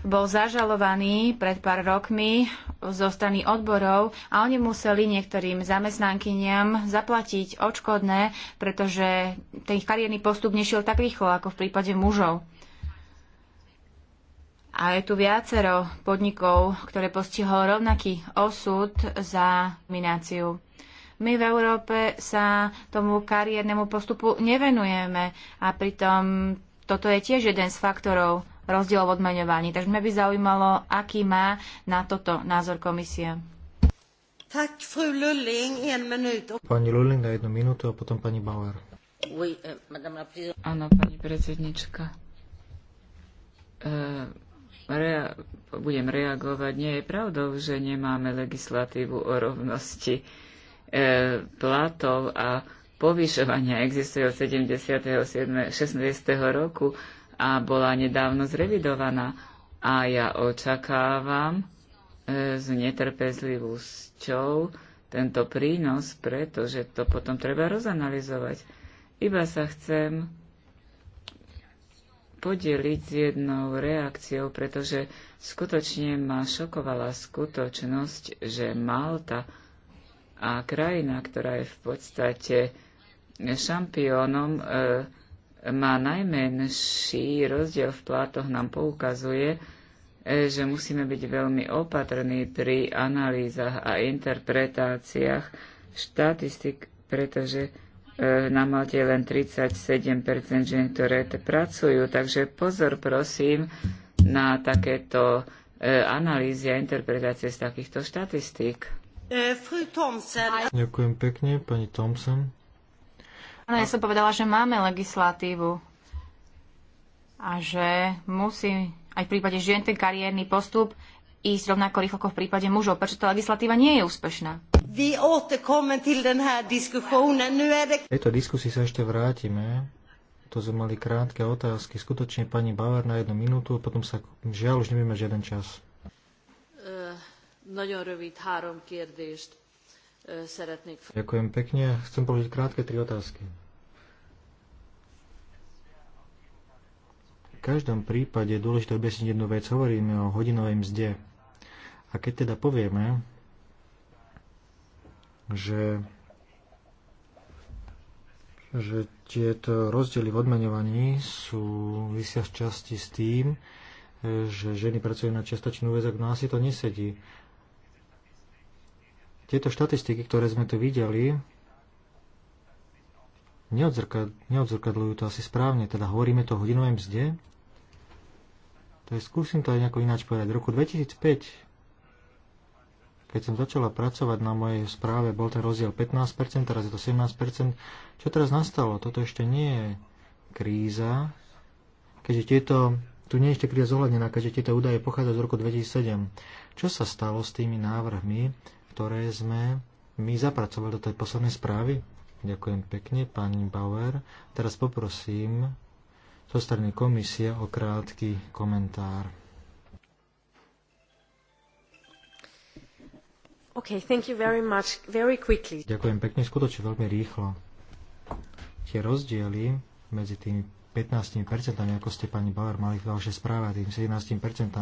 bol zažalovaný pred pár rokmi zo strany odborov a oni museli niektorým zamestnankyniam zaplatiť odškodné, pretože ten ich kariérny postup nešiel tak rýchlo ako v prípade mužov. A je tu viacero podnikov, ktoré postihol rovnaký osud za mináciu. My v Európe sa tomu kariérnemu postupu nevenujeme a pritom toto je tiež jeden z faktorov rozdiel v odmaňovaní. Takže mňa by zaujímalo, aký má na toto názor komisia. Tak, fru Lulling, Pani Lulling na jednu minútu a potom pani Bauer. Oui, eh, madame Áno, pani predsednička. Ehm, rea- budem reagovať. Nie je pravdou, že nemáme legislatívu o rovnosti E, platov a povyšovania existuje od 77. 16. roku a bola nedávno zrevidovaná. A ja očakávam e, s netrpezlivosťou tento prínos, pretože to potom treba rozanalizovať. Iba sa chcem podeliť s jednou reakciou, pretože skutočne ma šokovala skutočnosť, že Malta a krajina, ktorá je v podstate šampiónom, e, má najmenší rozdiel v plátoch, nám poukazuje, e, že musíme byť veľmi opatrní pri analýzach a interpretáciách štatistik, pretože e, na Malte je len 37% žien, ktoré pracujú. Takže pozor prosím na takéto e, analýzy a interpretácie z takýchto štatistík. Ďakujem pekne, pani Thompson. Áno, ja som povedala, že máme legislatívu a že musí aj v prípade žien ten kariérny postup ísť rovnako rýchlo ako v prípade mužov. pretože tá legislatíva nie je úspešná? V tejto diskusii sa ešte vrátime. To sme mali krátke otázky. Skutočne pani Bauer na jednu minútu, potom sa žiaľ už nevieme žiaden čas. Nagyon rövid három kérdést szeretnék. Ďakujem pekne. Chcem položiť krátke tri otázky. V každom prípade je dôležité objasniť jednu vec. Hovoríme o hodinovej mzde. A keď teda povieme, že, že tieto rozdiely v odmenovaní sú vysia z časti s tým, e, že ženy pracujú na čiastočný úvezok, no asi to nesedí. Tieto štatistiky, ktoré sme tu videli, neodzrkadľujú to asi správne, teda hovoríme to o hodinovej mzde. je skúsim to aj nejako ináč povedať. V roku 2005, keď som začala pracovať na mojej správe, bol ten rozdiel 15%, teraz je to 17%. Čo teraz nastalo? Toto ešte nie je kríza, keďže tieto tu nie je ešte kríza zohľadnená, keďže tieto údaje pochádzajú z roku 2007. Čo sa stalo s tými návrhmi, ktoré sme my zapracovali do tej poslednej správy. Ďakujem pekne, pani Bauer. Teraz poprosím zo strany komisie o krátky komentár. Okay, thank you very much. Very quickly. Ďakujem pekne, skutočne veľmi rýchlo. Tie rozdiely medzi tými 15%, ako ste pani Bauer mali v vašej správe, a tými 17%,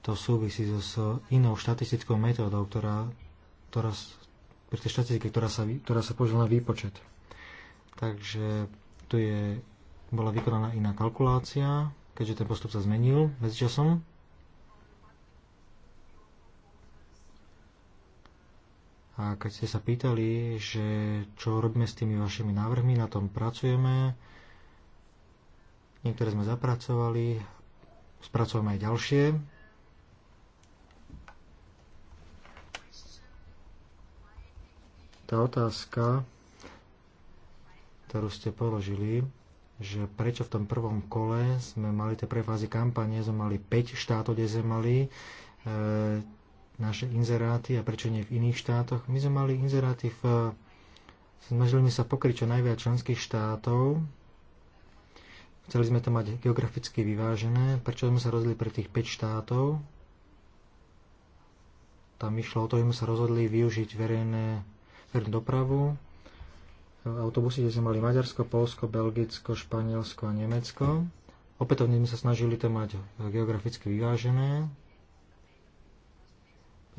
to súvisí so, inou štatistickou metódou, ktorá, ktorá pri tej štatistike, ktorá sa, ktorá sa používa na výpočet. Takže tu je, bola vykonaná iná kalkulácia, keďže ten postup sa zmenil medzičasom. A keď ste sa pýtali, že čo robíme s tými vašimi návrhmi, na tom pracujeme. Niektoré sme zapracovali, spracujeme aj ďalšie. Tá otázka, ktorú ste položili, že prečo v tom prvom kole sme mali tie prefázy kampanie, sme mali 5 štátov, kde sme mali e, naše inzeráty a prečo nie v iných štátoch. My sme mali inzeráty v... Snažili sme sa pokryť čo najviac členských štátov. Chceli sme to mať geograficky vyvážené. Prečo sme sa rozhodli pre tých 5 štátov? Tam išlo o to, že sme sa rozhodli využiť verejné vernú dopravu. Autobusy, kde sme mali Maďarsko, Polsko, Belgicko, Španielsko a Nemecko. Opätovne sme sa snažili to mať geograficky vyvážené.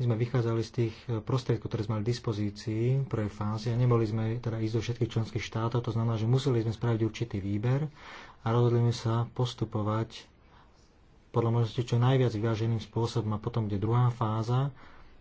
My sme vychádzali z tých prostriedkov, ktoré sme mali v dispozícii v prvej fáze a neboli sme teda ísť do všetkých členských štátov, to znamená, že museli sme spraviť určitý výber a rozhodli sme sa postupovať podľa možnosti čo najviac vyváženým spôsobom a potom bude druhá fáza,